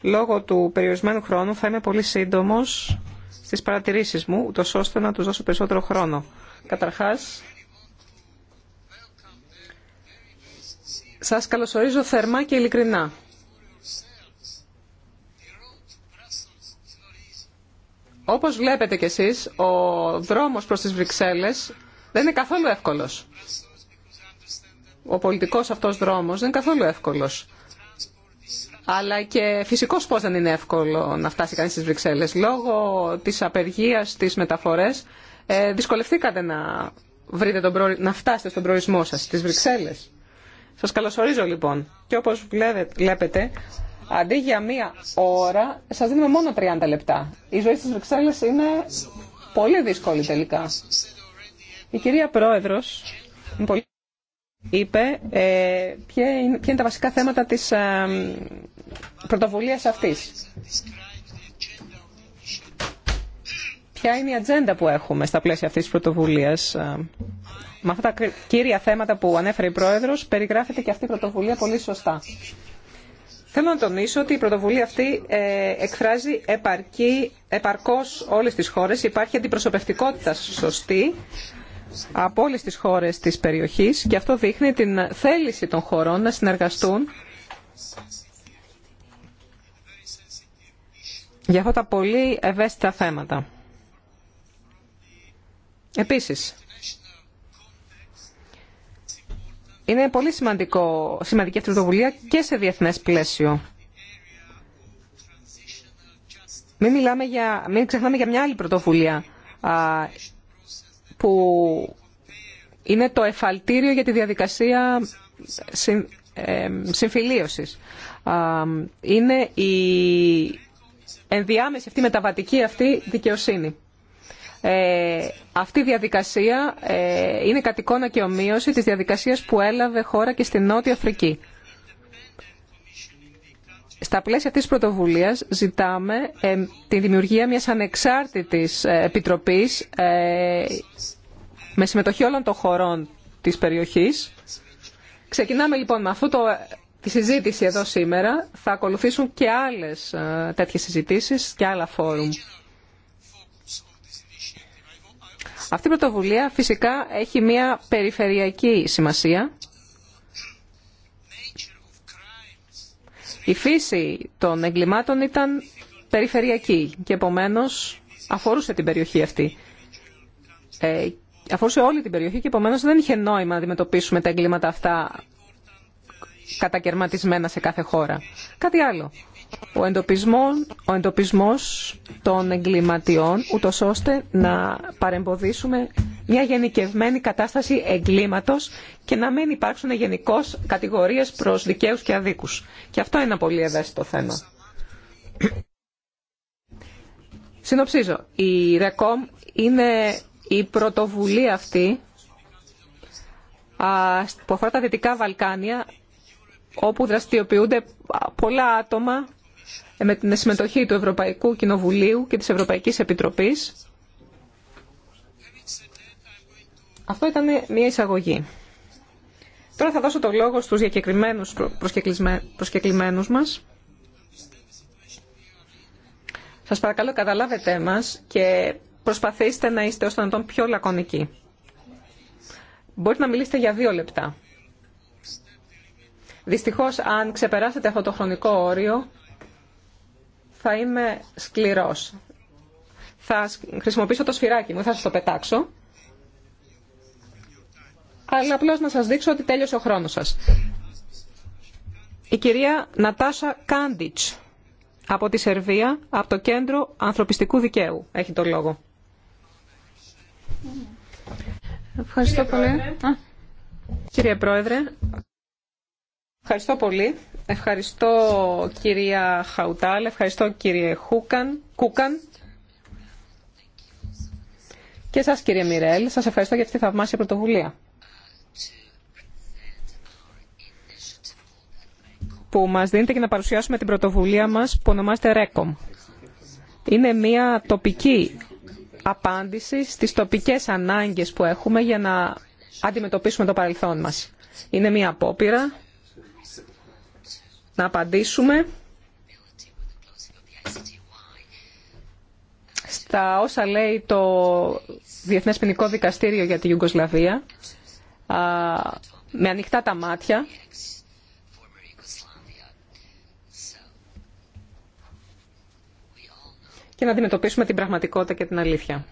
Λόγω του περιορισμένου χρόνου θα είμαι πολύ σύντομος στις παρατηρήσεις μου, ούτως ώστε να τους δώσω περισσότερο χρόνο. Καταρχάς, Σας καλωσορίζω θερμά και ειλικρινά. Όπως βλέπετε κι εσείς, ο δρόμος προς τις Βρυξέλλες δεν είναι καθόλου εύκολος. Ο πολιτικός αυτός δρόμος δεν είναι καθόλου εύκολος. Αλλά και φυσικός πώς δεν είναι εύκολο να φτάσει κανείς στις Βρυξέλλες. Λόγω της απεργίας, της μεταφορές, ε, δυσκολευτήκατε να, βρείτε τον να φτάσετε στον προορισμό σας, στις Βρυξέλλες. Σας καλωσορίζω λοιπόν και όπως βλέπετε αντί για μία ώρα σας δίνουμε μόνο 30 λεπτά. Η ζωή στις Βρυξέλλες είναι πολύ δύσκολη τελικά. Η κυρία Πρόεδρος είπε ε, ποια, είναι, τα βασικά θέματα της ε, πρωτοβουλίας αυτής. Ποια είναι η ατζέντα που έχουμε στα πλαίσια αυτής της πρωτοβουλίας. Ε, με αυτά τα κύρια θέματα που ανέφερε η Πρόεδρος περιγράφεται και αυτή η πρωτοβουλία πολύ σωστά. Θέλω να τονίσω ότι η πρωτοβουλία αυτή ε, εκφράζει επαρκή, επαρκώς όλες τις χώρες. Υπάρχει αντιπροσωπευτικότητα σωστή από όλες τις χώρες της περιοχής και αυτό δείχνει την θέληση των χωρών να συνεργαστούν για αυτά τα πολύ ευαίσθητα θέματα. Επίσης, Είναι πολύ σημαντικό, σημαντική αυτή η πρωτοβουλία και σε διεθνές πλαίσιο. Μην, μιλάμε για, μην ξεχνάμε για μια άλλη πρωτοβουλία που είναι το εφαλτήριο για τη διαδικασία ε, συμφιλίωσης. είναι η ενδιάμεση αυτή, μεταβατική αυτή δικαιοσύνη. Ε, αυτή η διαδικασία ε, είναι κατ' εικόνα και ομοίωση της διαδικασίας που έλαβε χώρα και στη Νότια Αφρική. Στα πλαίσια της πρωτοβουλίας ζητάμε ε, τη δημιουργία μιας ανεξάρτητης επιτροπής με συμμετοχή όλων των χωρών της περιοχής. Ξεκινάμε λοιπόν με αυτό το τη συζήτηση εδώ σήμερα. Θα ακολουθήσουν και άλλες τέτοιες συζητήσεις και άλλα φόρουμ. Αυτή η πρωτοβουλία φυσικά έχει μια περιφερειακή σημασία. Η φύση των εγκλημάτων ήταν περιφερειακή και επομένως αφορούσε την περιοχή αυτή. Ε, αφορούσε όλη την περιοχή και επομένως δεν είχε νόημα να αντιμετωπίσουμε τα εγκλήματα αυτά κατακαιρματισμένα σε κάθε χώρα. Κάτι άλλο ο, εντοπισμός, των εγκληματιών, ούτω ώστε να παρεμποδίσουμε μια γενικευμένη κατάσταση εγκλήματος και να μην υπάρξουν γενικώ κατηγορίες προς δικαίους και αδίκους. Και αυτό είναι ένα πολύ ευαίσθητο θέμα. Συνοψίζω, η ΡΕΚΟΜ είναι η πρωτοβουλία αυτή που αφορά τα Δυτικά Βαλκάνια όπου δραστηριοποιούνται πολλά άτομα ε, με την συμμετοχή του Ευρωπαϊκού Κοινοβουλίου και της Ευρωπαϊκής Επιτροπής. Αυτό ήταν μια εισαγωγή. Τώρα θα δώσω το λόγο στους διακεκριμένους προσκεκλημένους μας. Σας παρακαλώ καταλάβετε μας και προσπαθήστε να είστε ως τον πιο λακωνικοί. Μπορείτε να μιλήσετε για δύο λεπτά. Δυστυχώς, αν ξεπεράσετε αυτό το χρονικό όριο, θα είμαι σκληρός. Θα χρησιμοποιήσω το σφυράκι μου, θα σας το πετάξω. Αλλά απλώ να σας δείξω ότι τέλειωσε ο χρόνος σας. Η κυρία Νατάσα Κάντιτς από τη Σερβία, από το Κέντρο Ανθρωπιστικού Δικαίου. Έχει το λόγο. Ευχαριστώ πολύ. Πρόεδρε. Κύριε Πρόεδρε, ευχαριστώ πολύ. Ευχαριστώ κυρία Χαουτάλ, ευχαριστώ κύριε Χούκαν, Κούκαν και σας κύριε Μιρέλ. Σας ευχαριστώ για αυτή τη θαυμάσια πρωτοβουλία που μας δίνετε και να παρουσιάσουμε την πρωτοβουλία μας που ονομάζεται RECOM. Είναι μια τοπική απάντηση στις τοπικές ανάγκες που έχουμε για να αντιμετωπίσουμε το παρελθόν μας. Είναι μια απόπειρα να απαντήσουμε στα όσα λέει το Διεθνές Ποινικό Δικαστήριο για τη Ιουγκοσλαβία με ανοιχτά τα μάτια και να αντιμετωπίσουμε την πραγματικότητα και την αλήθεια.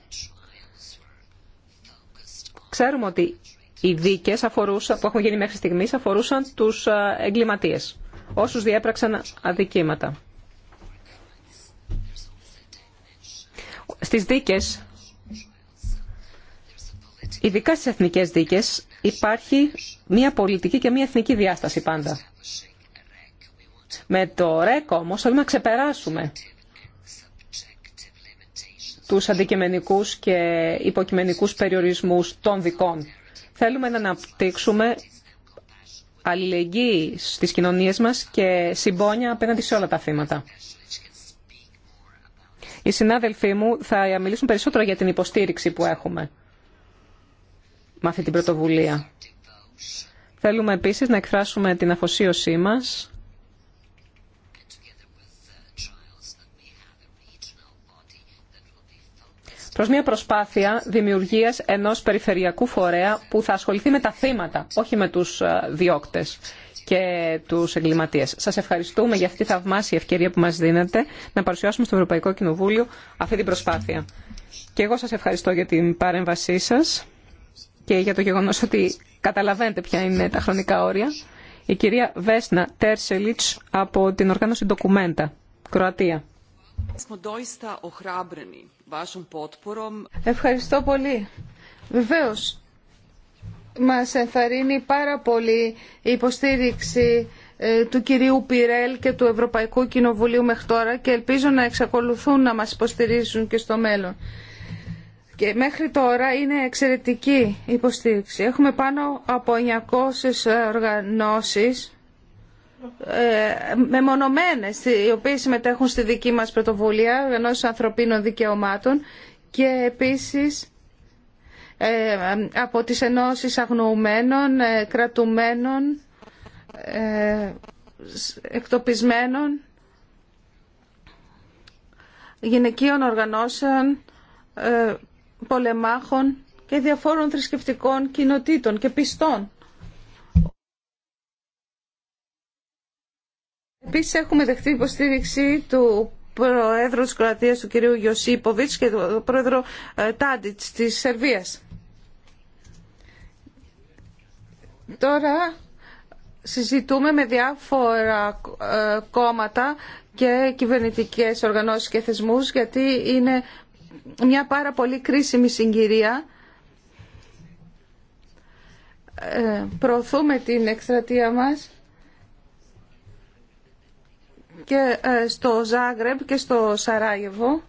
Ξέρουμε ότι οι δίκες αφορούσαν, που έχουν γίνει μέχρι στιγμής αφορούσαν τους εγκληματίες όσους διέπραξαν αδικήματα. Στις δίκες, ειδικά στις εθνικές δίκες, υπάρχει μία πολιτική και μία εθνική διάσταση πάντα. Με το ρέκο. όμως θέλουμε να ξεπεράσουμε τους αντικειμενικούς και υποκειμενικούς περιορισμούς των δικών. Θέλουμε να αναπτύξουμε αλληλεγγύη στις κοινωνίες μας και συμπόνια απέναντι σε όλα τα θύματα. Οι συνάδελφοί μου θα μιλήσουν περισσότερο για την υποστήριξη που έχουμε με αυτή την πρωτοβουλία. Θέλουμε επίσης να εκφράσουμε την αφοσίωσή μας Προ μια προσπάθεια δημιουργία ενός περιφερειακού φορέα που θα ασχοληθεί με τα θύματα, όχι με τους ε, διώκτες και τους εγκληματίες. Σας ευχαριστούμε για αυτή τη θαυμάσια ευκαιρία που μας δίνετε να παρουσιάσουμε στο Ευρωπαϊκό Κοινοβούλιο αυτή την προσπάθεια. Και εγώ σας ευχαριστώ για την παρέμβασή σας και για το γεγονό ότι καταλαβαίνετε ποια είναι τα χρονικά όρια. Η κυρία Βέσνα Τέρσελιτ από την οργάνωση Documenta, Κροατία. Ευχαριστώ πολύ. Βεβαίω, μας ενθαρρύνει πάρα πολύ η υποστήριξη ε, του κυρίου Πιρέλ και του Ευρωπαϊκού Κοινοβουλίου μέχρι τώρα και ελπίζω να εξακολουθούν να μας υποστηρίζουν και στο μέλλον. Και μέχρι τώρα είναι εξαιρετική υποστήριξη. Έχουμε πάνω από 900 οργανώσεις ε, μεμονωμένες οι οποίες συμμετέχουν στη δική μας πρωτοβουλία ενός ανθρωπίνων δικαιωμάτων και επίσης ε, από τις ενώσεις αγνοουμένων, ε, κρατουμένων, εκτοπισμένων, γυναικείων οργανώσεων, πολεμάχων και διαφόρων θρησκευτικών κοινοτήτων και πιστών. Επίση, έχουμε δεχτεί υποστήριξη του Προέδρου τη Κροατία, του κυρίου Γιωσίποβιτ και του Πρόεδρου ε, Τάντιτ της Σερβίας. Τώρα συζητούμε με διάφορα ε, κόμματα και κυβερνητικές οργανώσεις και θεσμούς γιατί είναι μια πάρα πολύ κρίσιμη συγκυρία. Ε, προωθούμε την εκστρατεία μας και ε, στο Ζάγκρεμπ και στο Σαράγεβο.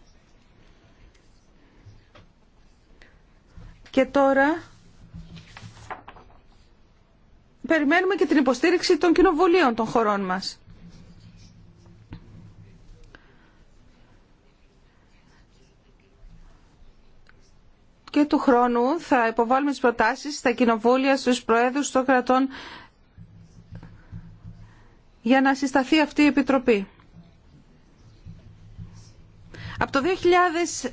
Και τώρα περιμένουμε και την υποστήριξη των κοινοβουλίων των χωρών μας. Και του χρόνου θα υποβάλουμε τις προτάσεις στα κοινοβούλια στους προέδρους των κρατών για να συσταθεί αυτή η Επιτροπή. Από το 2006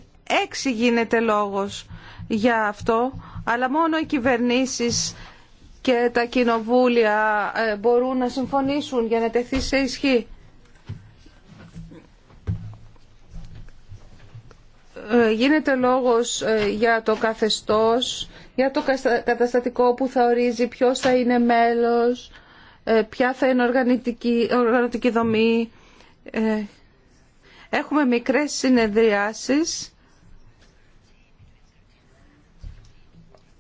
γίνεται λόγος για αυτό, αλλά μόνο οι κυβερνήσεις και τα κοινοβούλια ε, μπορούν να συμφωνήσουν για να τεθεί σε ισχύ. Ε, γίνεται λόγος ε, για το καθεστώς, για το καταστατικό που θα ορίζει ποιος θα είναι μέλος ε, ποια θα είναι οργανωτική, οργανωτική δομή. Ε, έχουμε μικρές συνεδριάσεις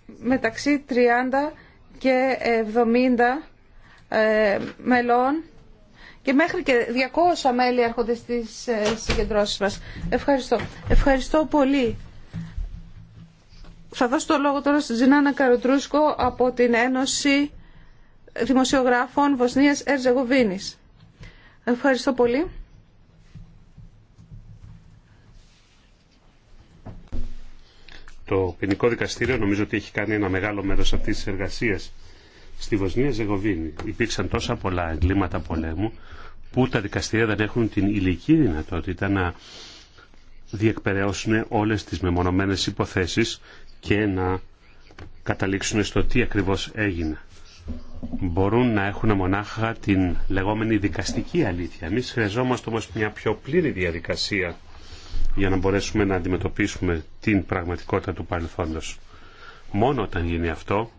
μεταξύ 30 και 70 ε, μελών και μέχρι και 200 μέλη έρχονται στις συγκεντρώσεις μας. Ευχαριστώ. Ευχαριστώ πολύ. Θα δώσω το λόγο τώρα στην Τζινάνα Καροτρούσκο από την Ένωση δημοσιογράφων Βοσνίας Ερζεγοβίνης. Ευχαριστώ πολύ. Το ποινικό δικαστήριο νομίζω ότι έχει κάνει ένα μεγάλο μέρος αυτής της εργασίας. Στη Βοσνία Ζεγοβίνη υπήρξαν τόσα πολλά εγκλήματα πολέμου που τα δικαστήρια δεν έχουν την ηλική δυνατότητα να διεκπαιρεώσουν όλες τις μεμονωμένες υποθέσεις και να καταλήξουν στο τι ακριβώς έγινε μπορούν να έχουν μονάχα την λεγόμενη δικαστική αλήθεια. Εμεί χρειαζόμαστε όμω μια πιο πλήρη διαδικασία για να μπορέσουμε να αντιμετωπίσουμε την πραγματικότητα του παρελθόντος. Μόνο όταν γίνει αυτό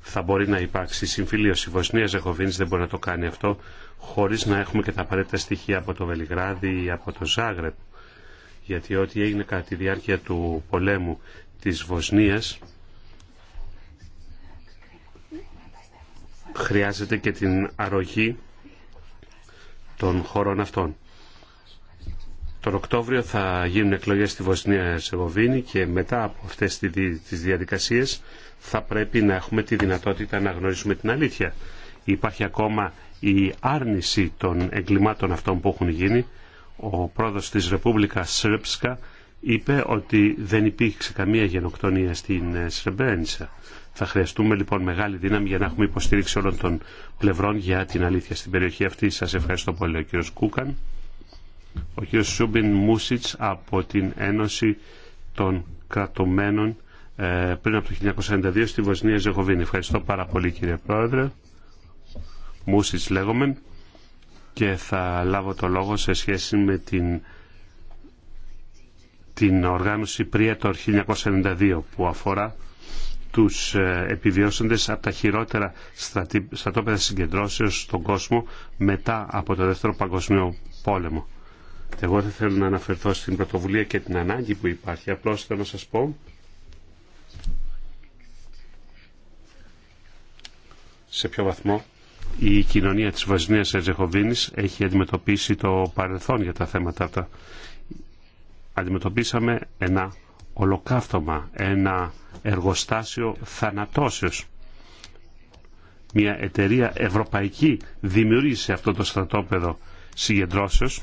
θα μπορεί να υπάρξει συμφιλίωση. Η Βοσνία Ζεχοβίνης δεν μπορεί να το κάνει αυτό χωρίς να έχουμε και τα απαραίτητα στοιχεία από το Βελιγράδι ή από το Ζάγρεπ. Γιατί ό,τι έγινε κατά τη διάρκεια του πολέμου της Βοσνίας χρειάζεται και την αρρωγή των χωρών αυτών. Τον Οκτώβριο θα γίνουν εκλογές στη Βοσνία Ερσεγοβίνη και μετά από αυτές τις διαδικασίες θα πρέπει να έχουμε τη δυνατότητα να γνωρίσουμε την αλήθεια. Υπάρχει ακόμα η άρνηση των εγκλημάτων αυτών που έχουν γίνει. Ο πρόεδρος της Ρεπούμπλικα Σρεψκα είπε ότι δεν υπήρξε καμία γενοκτονία στην ε, Σρεμπένισσα. Θα χρειαστούμε λοιπόν μεγάλη δύναμη για να έχουμε υποστήριξη όλων των πλευρών για την αλήθεια στην περιοχή αυτή. Σας ευχαριστώ πολύ ο κύριο Κούκαν. Ο κύριο Σούμπιν Μουσίτ από την Ένωση των Κρατωμένων ε, πριν από το 1992 στη Βοσνία Ζεγοβίνη. Ευχαριστώ πάρα πολύ κύριε Πρόεδρε. Μούσιτ λέγομαι και θα λάβω το λόγο σε σχέση με την, την οργάνωση Πρίατορ 1992 που αφορά τους ε, επιβιώσαντες από τα χειρότερα στρατόπεδα συγκεντρώσεως στον κόσμο μετά από το Δεύτερο Παγκοσμίο Πόλεμο. Εγώ δεν θέλω να αναφερθώ στην πρωτοβουλία και την ανάγκη που υπάρχει. Απλώς θέλω να σας πω σε ποιο βαθμό η κοινωνία της Βοσνίας Ερζεχοβίνης έχει αντιμετωπίσει το παρελθόν για τα θέματα αυτά. Αντιμετωπίσαμε ένα ολοκαύτωμα, ένα εργοστάσιο θανατώσεως. Μια εταιρεία ευρωπαϊκή δημιούργησε αυτό το στρατόπεδο συγκεντρώσεως.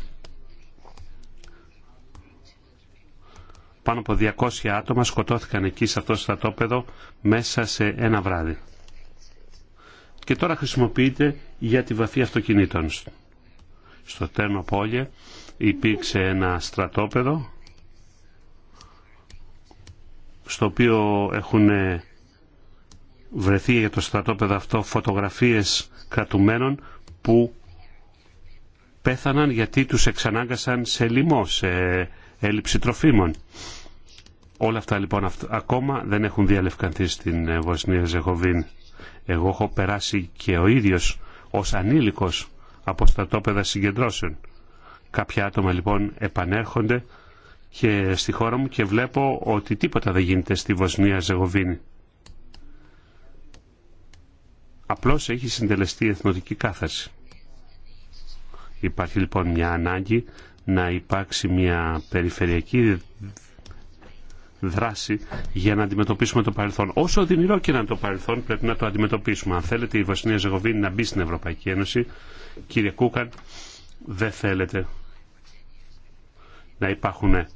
Πάνω από 200 άτομα σκοτώθηκαν εκεί σε αυτό το στρατόπεδο μέσα σε ένα βράδυ. Και τώρα χρησιμοποιείται για τη βαφή αυτοκινήτων. Στο τέρμα Πόλια υπήρξε ένα στρατόπεδο στο οποίο έχουν ε, βρεθεί για το στρατόπεδο αυτό φωτογραφίες κρατουμένων που πέθαναν γιατί τους εξανάγκασαν σε λοιμό, σε έλλειψη τροφίμων. Όλα αυτά λοιπόν αυτα, λοιπον ακομα δεν έχουν διαλευκανθεί στην ε, Βοσνία Ζεχοβίν. Εγώ έχω περάσει και ο ίδιος ως ανήλικος από στρατόπεδα συγκεντρώσεων. Κάποια άτομα λοιπόν επανέρχονται και στη χώρα μου και βλέπω ότι τίποτα δεν γίνεται στη Βοσνία Ζεγοβίνη. Απλώς έχει συντελεστεί εθνοτική κάθαρση. Υπάρχει λοιπόν μια ανάγκη να υπάρξει μια περιφερειακή δράση για να αντιμετωπίσουμε το παρελθόν. Όσο δυνηρό και να είναι το παρελθόν πρέπει να το αντιμετωπίσουμε. Αν θέλετε η Βοσνία Ζεγοβίνη να μπει στην Ευρωπαϊκή Ένωση, κύριε Κούκαν, δεν θέλετε να υπάρχουν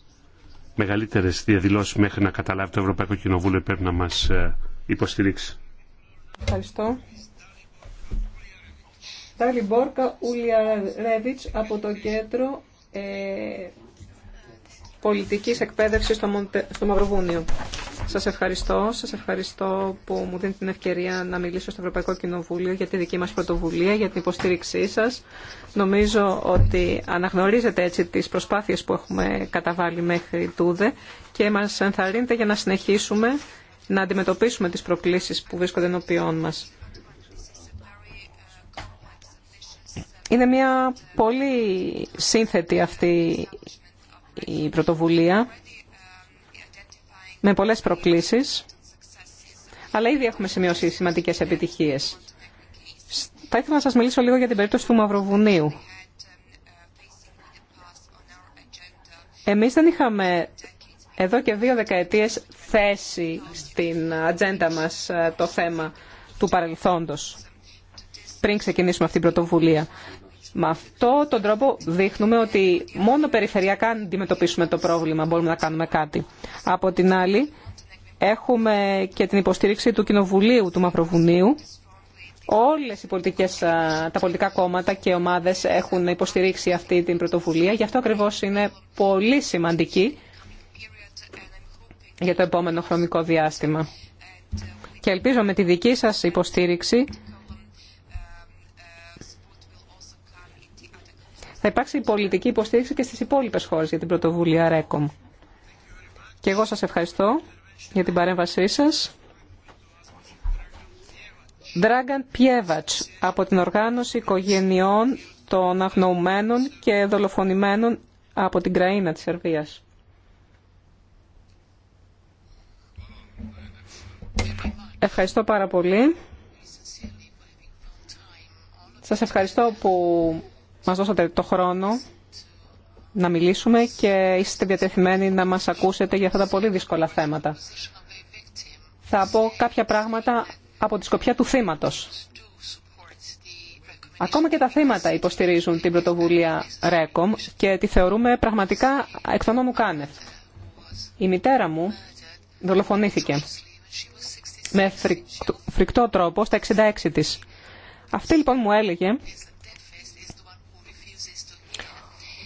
μεγαλύτερες διαδηλώσεις μέχρι να καταλάβει το Ευρωπαϊκό Κοινοβούλιο πρέπει να μας ε, υποστηρίξει. Ευχαριστώ. Τάλι Μπόρκα Ουλιαρέβιτς από το κέντρο ε, πολιτικής εκπαίδευσης στο, Μαυροβούνιο. Σας ευχαριστώ. Σας ευχαριστώ που μου δίνετε την ευκαιρία να μιλήσω στο Ευρωπαϊκό Κοινοβούλιο για τη δική μας πρωτοβουλία, για την υποστήριξή σας. Νομίζω ότι αναγνωρίζετε έτσι τις προσπάθειες που έχουμε καταβάλει μέχρι τούδε και μας ενθαρρύνετε για να συνεχίσουμε να αντιμετωπίσουμε τις προκλήσεις που βρίσκονται ενώπιόν μας. Είναι μια πολύ σύνθετη αυτή η πρωτοβουλία με πολλές προκλήσεις, αλλά ήδη έχουμε σημειώσει σημαντικές επιτυχίες. Θα ήθελα να σας μιλήσω λίγο για την περίπτωση του Μαυροβουνίου. Εμείς δεν είχαμε εδώ και δύο δεκαετίες θέση στην ατζέντα μας ε, το θέμα του παρελθόντος πριν ξεκινήσουμε αυτή την πρωτοβουλία. Με αυτό τον τρόπο δείχνουμε ότι μόνο περιφερειακά αν αντιμετωπίσουμε το πρόβλημα μπορούμε να κάνουμε κάτι. Από την άλλη, έχουμε και την υποστήριξη του Κοινοβουλίου του Μαυροβουνίου. Όλες οι πολιτικές, τα πολιτικά κόμματα και ομάδες έχουν υποστηρίξει αυτή την πρωτοβουλία. Γι' αυτό ακριβώς είναι πολύ σημαντική για το επόμενο χρονικό διάστημα. Και ελπίζω με τη δική σας υποστήριξη θα υπάρξει πολιτική υποστήριξη και στις υπόλοιπες χώρες για την πρωτοβουλία ΡΕΚΟΜ. Και εγώ σας ευχαριστώ για την παρέμβασή σας. Δράγκαν Πιέβατς από την Οργάνωση Οικογενειών των αγνοούμενων και Δολοφονημένων από την Κραίνα της Σερβίας. Ευχαριστώ πάρα πολύ. Σας ευχαριστώ που μας δώσατε το χρόνο να μιλήσουμε και είστε διατεθειμένοι να μας ακούσετε για αυτά τα πολύ δύσκολα θέματα. Θα πω κάποια πράγματα από τη σκοπιά του θύματος. Ακόμα και τα θύματα υποστηρίζουν την πρωτοβουλία ΡΕΚΟΜ και τη θεωρούμε πραγματικά εκ κάνευ. Η μητέρα μου δολοφονήθηκε με φρικτό τρόπο στα 66 της. Αυτή λοιπόν μου έλεγε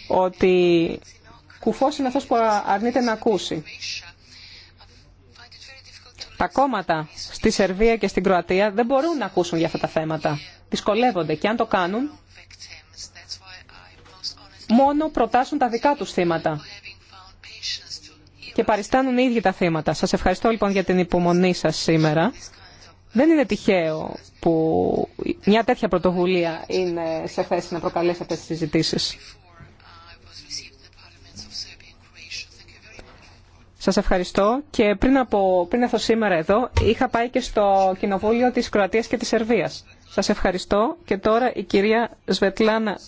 ότι κουφός είναι αυτός που αρνείται να ακούσει. Τα κόμματα στη Σερβία και στην Κροατία δεν μπορούν να ακούσουν για αυτά τα θέματα. Δυσκολεύονται και αν το κάνουν, μόνο προτάσουν τα δικά τους θύματα και παριστάνουν οι ίδιοι τα θύματα. Σας ευχαριστώ λοιπόν για την υπομονή σας σήμερα. Δεν είναι τυχαίο που μια τέτοια πρωτοβουλία είναι σε θέση να προκαλέσει αυτές τις συζητήσεις. Σας ευχαριστώ και πριν, από, πριν έρθω σήμερα εδώ είχα πάει και στο Κοινοβούλιο της Κροατίας και της Σερβίας. Σας ευχαριστώ και τώρα η κυρία Σβετλάνα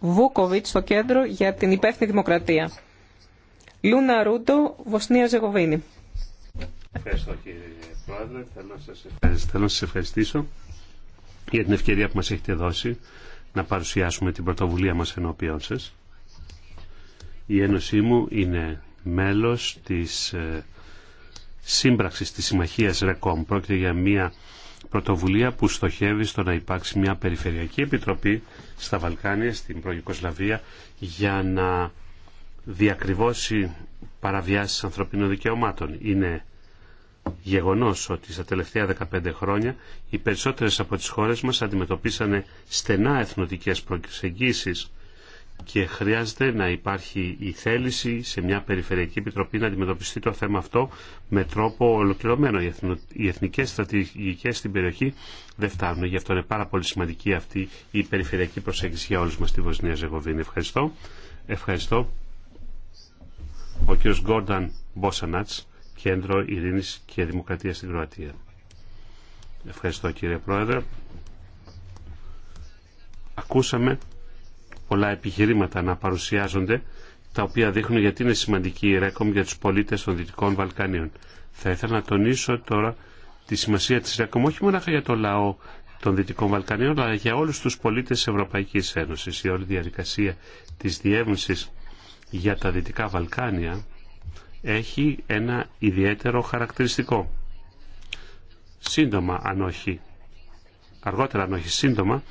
Βούκοβιτ στο Κέντρο για την Υπεύθυνη Δημοκρατία. Λούνα Ρούντο, Βοσνία Ζεγοβίνη. Ευχαριστώ κύριε Πρόεδρε. Θέλω να σα ευχαριστήσω. για την ευκαιρία που μας έχετε δώσει να παρουσιάσουμε την πρωτοβουλία μας ενώπιόν σα. Η Ένωσή μου είναι μέλος της ε, σύμπραξης της Συμμαχίας ΡΕΚΟΜ. Πρόκειται για μια πρωτοβουλία που στοχεύει στο να υπάρξει μια περιφερειακή επιτροπή στα Βαλκάνια, στην Προγικοσλαβία, για να διακριβώσει παραβιάσεις ανθρωπίνων δικαιωμάτων. Είναι γεγονός ότι στα τελευταία 15 χρόνια οι περισσότερες από τις χώρες μας αντιμετωπίσανε στενά εθνοτικές προσεγγίσεις και χρειάζεται να υπάρχει η θέληση σε μια Περιφερειακή Επιτροπή να αντιμετωπιστεί το θέμα αυτό με τρόπο ολοκληρωμένο. Οι εθνικέ στρατηγικέ στην περιοχή δεν φτάνουν. Γι' αυτό είναι πάρα πολύ σημαντική αυτή η περιφερειακή προσέγγιση για όλου μα στη Βοσνία Ζεγοβίνη. Ευχαριστώ. Ευχαριστώ. Ο κ. Γκόρνταν Μπόσανατ, Κέντρο Ειρήνη και Δημοκρατία στην Κροατία. Ευχαριστώ κύριε Πρόεδρε. Ακούσαμε πολλά επιχειρήματα να παρουσιάζονται τα οποία δείχνουν γιατί είναι σημαντική η ΡΕΚΟΜ για τους πολίτες των Δυτικών Βαλκανίων. Θα ήθελα να τονίσω τώρα τη σημασία της ΡΕΚΟΜ όχι μόνο για το λαό των Δυτικών Βαλκανίων αλλά για όλους τους πολίτες της Ευρωπαϊκής Ένωσης. Η όλη διαδικασία της διεύνησης για τα Δυτικά Βαλκάνια έχει ένα ιδιαίτερο χαρακτηριστικό. Σύντομα αν όχι, αργότερα αν όχι σύντομα,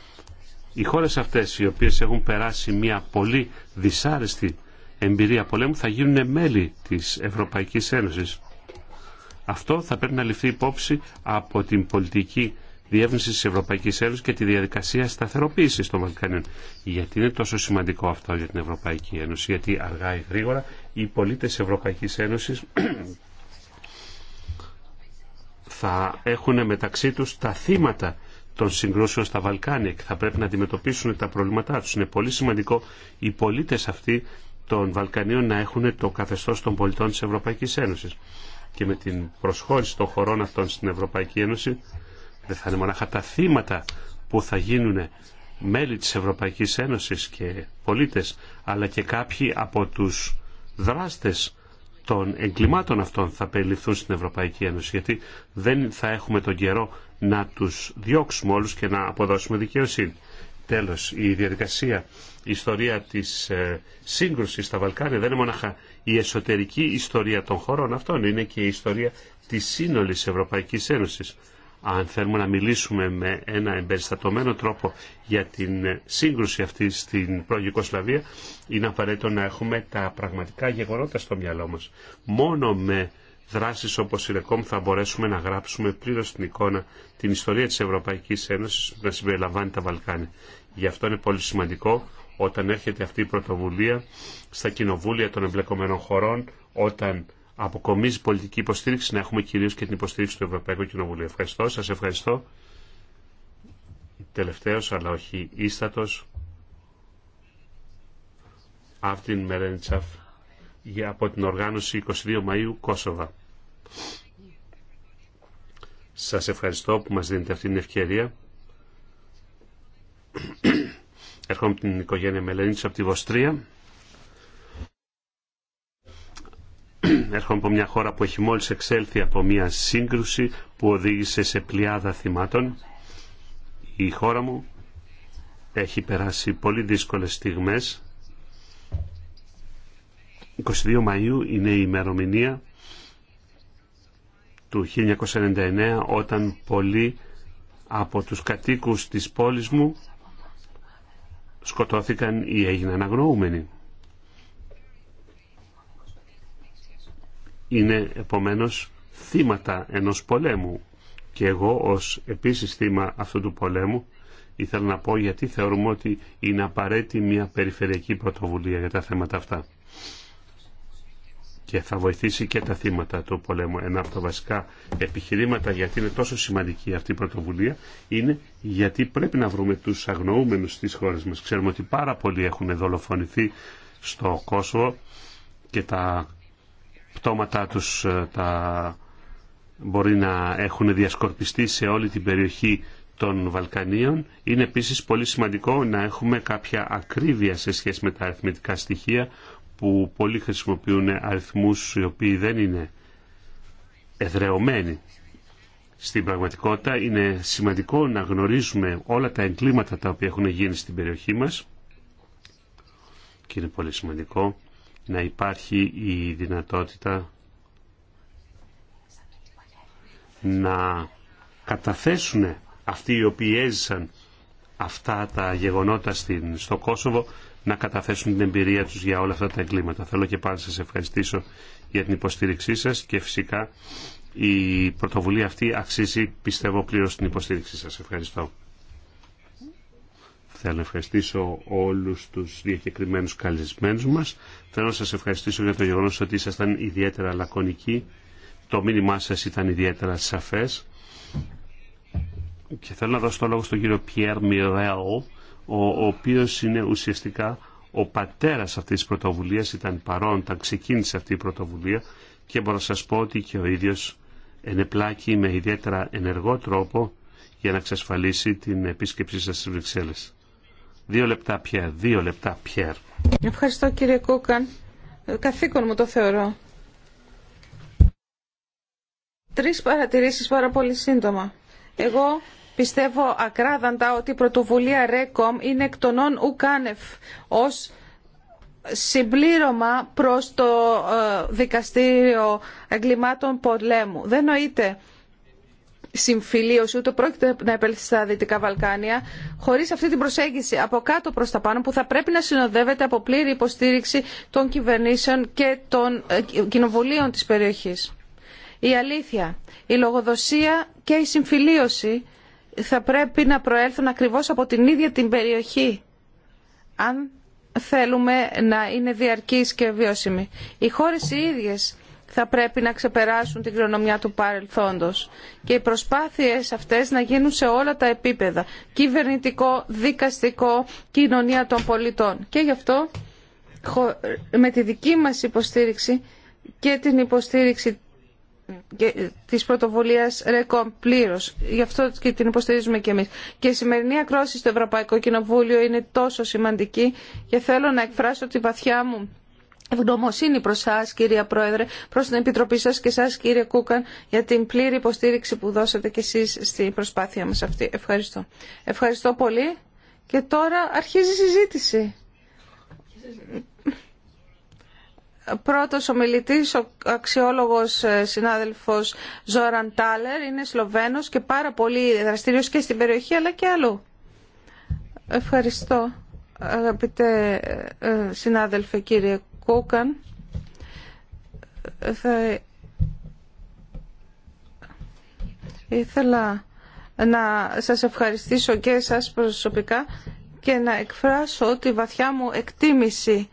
οι χώρες αυτές οι οποίες έχουν περάσει μια πολύ δυσάρεστη εμπειρία πολέμου θα γίνουν μέλη της Ευρωπαϊκής Ένωσης. Αυτό θα πρέπει να ληφθεί υπόψη από την πολιτική διεύνηση της Ευρωπαϊκής Ένωσης και τη διαδικασία σταθεροποίησης των Βαλκανίων. Γιατί είναι τόσο σημαντικό αυτό για την Ευρωπαϊκή Ένωση, γιατί αργά ή γρήγορα οι πολίτες Ευρωπαϊκής Ένωσης θα έχουν μεταξύ τους τα θύματα των συγκρούσεων στα Βαλκάνια και θα πρέπει να αντιμετωπίσουν τα προβλήματά τους. Είναι πολύ σημαντικό οι πολίτες αυτοί των Βαλκανίων να έχουν το καθεστώς των πολιτών της Ευρωπαϊκής Ένωσης. Και με την προσχώρηση των χωρών αυτών στην Ευρωπαϊκή Ένωση δεν θα είναι μονάχα τα θύματα που θα γίνουν μέλη της Ευρωπαϊκής Ένωσης και πολίτες, αλλά και κάποιοι από τους δράστες των εγκλημάτων αυτών θα περιληφθούν στην Ευρωπαϊκή Ένωση, γιατί δεν θα έχουμε τον καιρό να τους διώξουμε όλους και να αποδώσουμε δικαιοσύνη. Τέλος, η διαδικασία, η ιστορία της ε, σύγκρουσης στα Βαλκάνια δεν είναι μονάχα η εσωτερική ιστορία των χωρών αυτών, είναι και η ιστορία της σύνολης Ευρωπαϊκής Ένωσης. Αν θέλουμε να μιλήσουμε με ένα εμπεριστατωμένο τρόπο για την ε, σύγκρουση αυτή στην πρώην είναι απαραίτητο να έχουμε τα πραγματικά γεγονότα στο μυαλό μας. Μόνο με δράσεις όπως η ΡΕΚΟΜ θα μπορέσουμε να γράψουμε πλήρως την εικόνα, την ιστορία της Ευρωπαϊκής Ένωσης που να συμπεριλαμβάνει τα Βαλκάνια. Γι' αυτό είναι πολύ σημαντικό όταν έρχεται αυτή η πρωτοβουλία στα κοινοβούλια των εμπλεκομένων χωρών, όταν αποκομίζει πολιτική υποστήριξη, να έχουμε κυρίως και την υποστήριξη του Ευρωπαϊκού Κοινοβουλίου. Ευχαριστώ, σας ευχαριστώ. Τελευταίος, αλλά όχι ίστατος, Αυτήν Μερέντσαφ για, από την οργάνωση 22 Μαΐου Κόσοβα. Σας ευχαριστώ που μας δίνετε αυτή την ευκαιρία. Έρχομαι από την οικογένεια Μελενίτσου από τη Βοστρία. Έρχομαι από μια χώρα που έχει μόλις εξέλθει από μια σύγκρουση που οδήγησε σε πλειάδα θυμάτων. Η χώρα μου έχει περάσει πολύ δύσκολες στιγμές 22 Μαΐου είναι η ημερομηνία του 1999 όταν πολλοί από τους κατοίκους της πόλης μου σκοτώθηκαν ή έγιναν αγνοούμενοι. Είναι επομένως θύματα ενός πολέμου και εγώ ως επίσης θύμα αυτού του πολέμου ήθελα να πω γιατί θεωρούμε ότι είναι απαραίτητη μια περιφερειακή πρωτοβουλία για τα θέματα αυτά και θα βοηθήσει και τα θύματα του πολέμου. Ένα από τα βασικά επιχειρήματα γιατί είναι τόσο σημαντική αυτή η πρωτοβουλία είναι γιατί πρέπει να βρούμε τους αγνοούμενους στις χώρες μας. Ξέρουμε ότι πάρα πολλοί έχουν δολοφονηθεί στο Κόσοβο και τα πτώματά τους ε, τα μπορεί να έχουν διασκορπιστεί σε όλη την περιοχή των Βαλκανίων. Είναι επίσης πολύ σημαντικό να έχουμε κάποια ακρίβεια σε σχέση με τα αριθμητικά στοιχεία που πολλοί χρησιμοποιούν αριθμούς οι οποίοι δεν είναι εδρεωμένοι στην πραγματικότητα. Είναι σημαντικό να γνωρίζουμε όλα τα εγκλήματα τα οποία έχουν γίνει στην περιοχή μας και είναι πολύ σημαντικό να υπάρχει η δυνατότητα να καταθέσουν αυτοί οι οποίοι έζησαν αυτά τα γεγονότα στο Κόσοβο να καταθέσουν την εμπειρία τους για όλα αυτά τα εγκλήματα. Θέλω και πάλι σας ευχαριστήσω για την υποστήριξή σας και φυσικά η πρωτοβουλία αυτή αξίζει πιστεύω πλήρως την υποστήριξή σας. Ευχαριστώ. Θέλω να ευχαριστήσω όλους τους διακεκριμένους καλεσμένους μας. Θέλω να σας ευχαριστήσω για το γεγονός ότι ήσασταν ιδιαίτερα λακωνικοί. Το μήνυμά σας ήταν ιδιαίτερα σαφές. Και θέλω να δώσω το λόγο στον κύριο Πιέρ Μιρέο, ο οποίος είναι ουσιαστικά ο πατέρας αυτής της πρωτοβουλίας, ήταν παρόν τα ξεκίνησε αυτή η πρωτοβουλία και μπορώ να σας πω ότι και ο ίδιος ενεπλάκει με ιδιαίτερα ενεργό τρόπο για να εξασφαλίσει την επίσκεψή σας στις Βρυξέλλες. Δύο λεπτά πια, δύο λεπτά πια. Ευχαριστώ κύριε Κούκαν. Ε, καθήκον μου το θεωρώ. Τρεις παρατηρήσεις πάρα πολύ σύντομα. Εγώ Πιστεύω ακράδαντα ότι η πρωτοβουλία ΡΕΚΟΜ είναι εκ των όν ως συμπλήρωμα προς το ε, δικαστήριο εγκλημάτων πολέμου. Δεν νοείται συμφιλίωση, ούτε πρόκειται να επέλθει στα Δυτικά Βαλκάνια, χωρί αυτή την προσέγγιση από κάτω προ τα πάνω, που θα πρέπει να συνοδεύεται από πλήρη υποστήριξη των κυβερνήσεων και των ε, κοινοβουλίων τη περιοχή. Η αλήθεια, η λογοδοσία και η συμφιλίωση θα πρέπει να προέλθουν ακριβώς από την ίδια την περιοχή αν θέλουμε να είναι διαρκής και βιώσιμη. Οι χώρες οι ίδιες θα πρέπει να ξεπεράσουν την κληρονομιά του παρελθόντος και οι προσπάθειες αυτές να γίνουν σε όλα τα επίπεδα, κυβερνητικό, δικαστικό, κοινωνία των πολιτών. Και γι' αυτό με τη δική μας υποστήριξη και την υποστήριξη ε, της πρωτοβουλίας ΡΕΚΟΜ πλήρως. Γι' αυτό και την υποστηρίζουμε και εμείς. Και η σημερινή ακρόαση στο Ευρωπαϊκό Κοινοβούλιο είναι τόσο σημαντική και θέλω να εκφράσω τη βαθιά μου ευγνωμοσύνη προς σας κυρία Πρόεδρε, προς την Επιτροπή σας και σας κύριε Κούκαν για την πλήρη υποστήριξη που δώσατε και εσείς στην προσπάθεια μας αυτή. Ευχαριστώ. Ευχαριστώ πολύ και τώρα αρχίζει η συζήτηση. Πρώτος ομιλητής, ο αξιόλογος ε, συνάδελφος Ζόραν Τάλερ, είναι Σλοβαίνος και πάρα πολύ δραστηριός και στην περιοχή αλλά και αλλού. Ευχαριστώ αγαπητέ ε, συνάδελφε κύριε Κούκαν. Ε, θα... Ήθελα να σας ευχαριστήσω και εσάς προσωπικά και να εκφράσω τη βαθιά μου εκτίμηση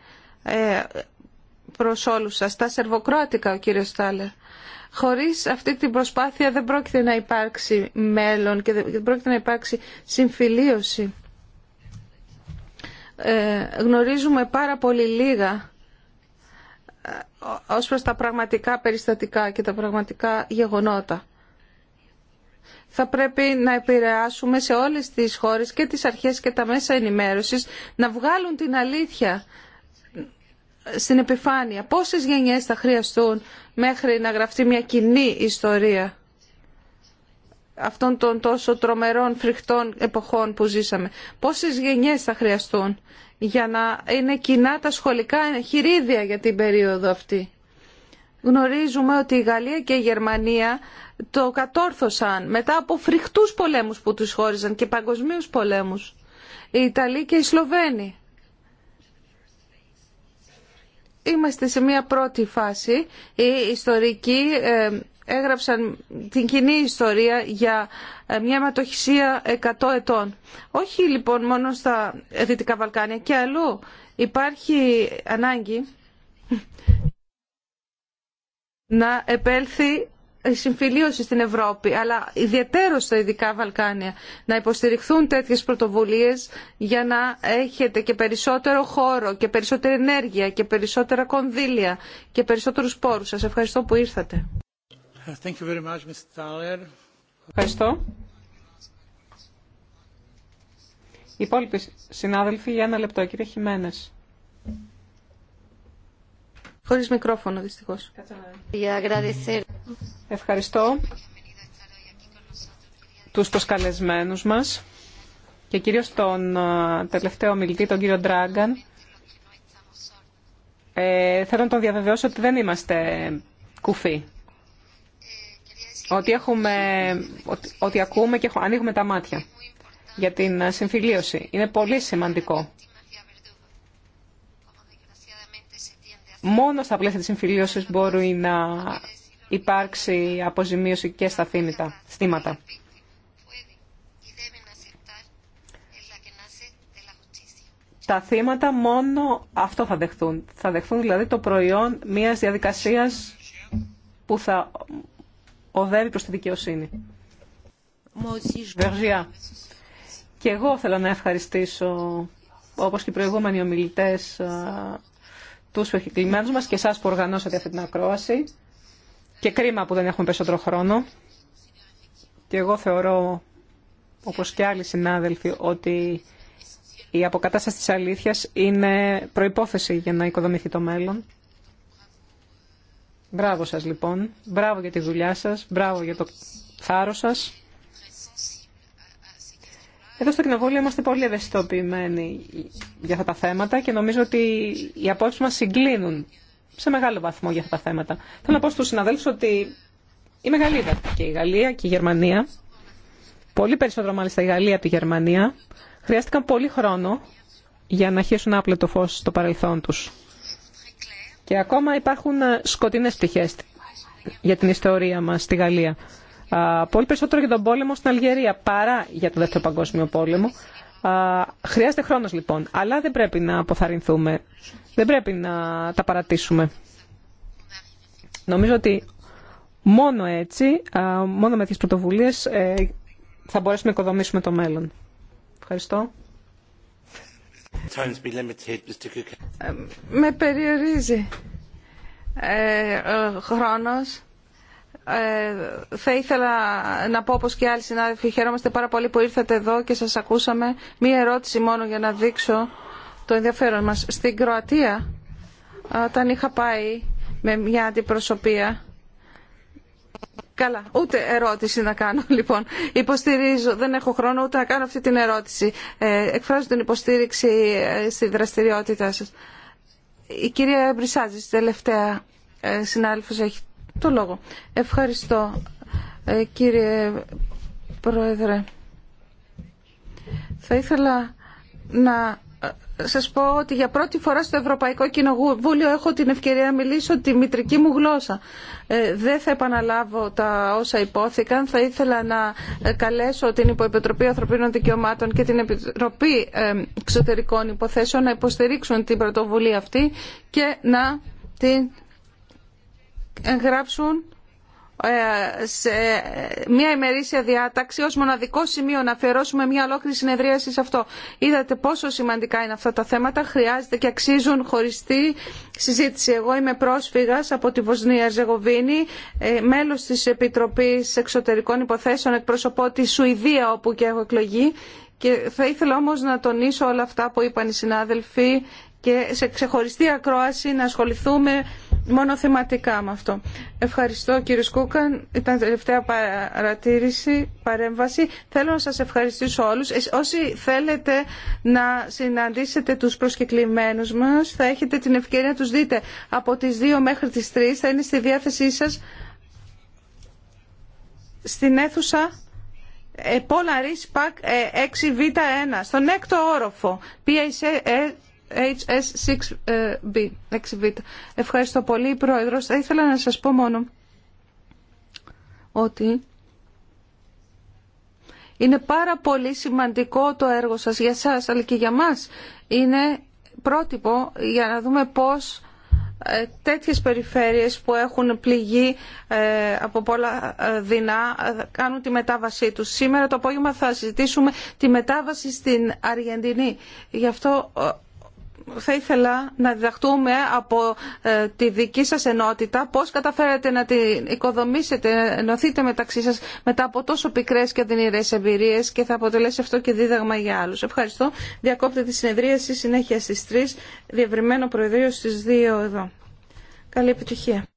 προς όλους σας, τα σερβοκρότικα, ο κύριος Στάλερ. Χωρίς αυτή την προσπάθεια δεν πρόκειται να υπάρξει μέλλον και δεν πρόκειται να υπάρξει συμφιλίωση. Ε, γνωρίζουμε πάρα πολύ λίγα ε, ως προς τα πραγματικά περιστατικά και τα πραγματικά γεγονότα. Θα πρέπει να επηρεάσουμε σε όλες τις χώρες και τις αρχές και τα μέσα ενημέρωσης να βγάλουν την αλήθεια στην επιφάνεια. Πόσες γενιές θα χρειαστούν μέχρι να γραφτεί μια κοινή ιστορία αυτών των τόσο τρομερών φρικτών εποχών που ζήσαμε. Πόσες γενιές θα χρειαστούν για να είναι κοινά τα σχολικά χειρίδια για την περίοδο αυτή. Γνωρίζουμε ότι η Γαλλία και η Γερμανία το κατόρθωσαν μετά από φρικτούς πολέμους που τους χώριζαν και παγκοσμίους πολέμους. Οι Ιταλοί και οι Σλοβαίνοι είμαστε σε μια πρώτη φάση. Οι ιστορικοί ε, έγραψαν την κοινή ιστορία για ε, μια αιματοχυσία 100 ετών. Όχι λοιπόν μόνο στα Δυτικά Βαλκάνια και αλλού υπάρχει ανάγκη να επέλθει συμφιλίωση στην Ευρώπη, αλλά ιδιαίτερο στα Ειδικά Βαλκάνια, να υποστηριχθούν τέτοιες πρωτοβουλίες για να έχετε και περισσότερο χώρο και περισσότερη ενέργεια και περισσότερα κονδύλια και περισσότερους πόρους. Σας ευχαριστώ που ήρθατε. Thank you very much, Mr. Ευχαριστώ. υπόλοιποι συνάδελφοι για ένα λεπτό, κύριε Χιμένες. Χωρίς μικρόφωνο, δυστυχώς. Ευχαριστώ τους προσκαλεσμένους μας και κυρίως τον ε, τελευταίο μιλητή, τον κύριο Ντράγκαν. Ε, θέλω να τον διαβεβαιώσω ότι δεν είμαστε κουφοί. Ότι, έχουμε, ότι, ακούμε και ανοίγουμε τα μάτια για την συμφιλίωση. Είναι πολύ σημαντικό. Μόνο στα πλαίσια της συμφιλίωσης μπορεί να υπάρξει αποζημίωση και στα θύματα, στήματα. Τα θύματα μόνο αυτό θα δεχθούν. Θα δεχθούν δηλαδή το προϊόν μιας διαδικασίας που θα οδεύει προς τη δικαιοσύνη. Βεργία. Και εγώ θέλω να ευχαριστήσω, όπως και οι προηγούμενοι ομιλητές, τους φεχικλημένους μας και εσάς που οργανώσατε αυτή την ακρόαση. Και κρίμα που δεν έχουμε περισσότερο χρόνο. Και εγώ θεωρώ, όπως και άλλοι συνάδελφοι, ότι η αποκατάσταση της αλήθειας είναι προϋπόθεση για να οικοδομηθεί το μέλλον. Μπράβο σας λοιπόν. Μπράβο για τη δουλειά σας. Μπράβο για το θάρρος σας. Εδώ στο Κοινοβούλιο είμαστε πολύ ευαισθητοποιημένοι για αυτά τα θέματα και νομίζω ότι οι απόψεις μας συγκλίνουν σε μεγάλο βαθμό για αυτά τα θέματα. Θέλω να πω στους συναδέλφους ότι η Μεγαλίδα και η Γαλλία και η Γερμανία, πολύ περισσότερο μάλιστα η Γαλλία από τη Γερμανία, χρειάστηκαν πολύ χρόνο για να χύσουν το φως στο παρελθόν τους. Και ακόμα υπάρχουν ε, σκοτεινές πτυχές για την ιστορία μας στη Γαλλία. Πολύ περισσότερο για τον πόλεμο στην Αλγερία παρά για τον Δεύτερο Παγκόσμιο Πόλεμο. Χρειάζεται χρόνος λοιπόν, αλλά δεν πρέπει να αποθαρρυνθούμε. Δεν πρέπει να τα παρατήσουμε. Νομίζω ότι μόνο έτσι, μόνο με τις πρωτοβουλίες ε, θα μπορέσουμε να οικοδομήσουμε το μέλλον. Ευχαριστώ. Ε, με περιορίζει ε, ο χρόνος. Ε, θα ήθελα να πω όπως και άλλοι συνάδελφοι, χαιρόμαστε πάρα πολύ που ήρθατε εδώ και σας ακούσαμε. Μία ερώτηση μόνο για να δείξω το ενδιαφέρον μας. Στην Κροατία, όταν είχα πάει με μια αντιπροσωπεία, Καλά, ούτε ερώτηση να κάνω λοιπόν. Υποστηρίζω, δεν έχω χρόνο ούτε να κάνω αυτή την ερώτηση. Ε, εκφράζω την υποστήριξη ε, στη δραστηριότητά σας. Η κυρία Μπρισάζη, τελευταία ε, συνάδελφος, έχει το λόγο. Ευχαριστώ ε, κύριε Πρόεδρε. Θα ήθελα να σας πω ότι για πρώτη φορά στο Ευρωπαϊκό Κοινοβούλιο έχω την ευκαιρία να μιλήσω τη μητρική μου γλώσσα. Ε, δεν θα επαναλάβω τα όσα υπόθηκαν. Θα ήθελα να ε, καλέσω την Υποεπιτροπή Ανθρωπίνων Δικαιωμάτων και την Επιτροπή ε, Εξωτερικών Υποθέσεων να υποστηρίξουν την πρωτοβουλία αυτή και να την εγγράψουν ε, σε μια ημερήσια διάταξη ως μοναδικό σημείο να αφιερώσουμε μια ολόκληρη συνεδρίαση σε αυτό. Είδατε πόσο σημαντικά είναι αυτά τα θέματα, χρειάζεται και αξίζουν χωριστή συζήτηση. Εγώ είμαι πρόσφυγας από τη Βοσνία Ζεγοβίνη, ε, μέλος της Επιτροπής Εξωτερικών Υποθέσεων, εκπροσωπώ τη Σουηδία όπου και έχω εκλογεί και θα ήθελα όμως να τονίσω όλα αυτά που είπαν οι συνάδελφοι και σε ξεχωριστή ακρόαση να ασχοληθούμε μόνο θεματικά με αυτό. Ευχαριστώ κύριε Σκούκαν. Ήταν τελευταία παρατήρηση, παρέμβαση. Θέλω να σας ευχαριστήσω όλους. Ε, όσοι θέλετε να συναντήσετε τους προσκεκλημένους μας, θα έχετε την ευκαιρία να τους δείτε από τις 2 μέχρι τις 3. Θα είναι στη διάθεσή σας στην αίθουσα Πόλα Ρίσπακ 6Β1, στον έκτο όροφο, HS6B. Ε, b πολύ, Πρόεδρος. Θα ήθελα να σας πω μόνο ότι είναι πάρα πολύ σημαντικό το έργο σας για σας, αλλά και για μας. Είναι πρότυπο για να δούμε πώς ε, τέτοιες περιφέρειες που έχουν πληγεί ε, από πολλά δεινά κάνουν τη μετάβασή τους. Σήμερα το απόγευμα θα συζητήσουμε τη μετάβαση στην Αργεντινή. Γι' αυτό θα ήθελα να διδαχτούμε από ε, τη δική σας ενότητα πώς καταφέρατε να την οικοδομήσετε, ενωθείτε μεταξύ σας μετά από τόσο πικρές και δυνηρές εμπειρίες και θα αποτελέσει αυτό και δίδαγμα για άλλους. Ευχαριστώ. Διακόπτε τη συνεδρίαση συνέχεια στις 3, διευρυμένο προεδρείο στις 2 εδώ. Καλή επιτυχία.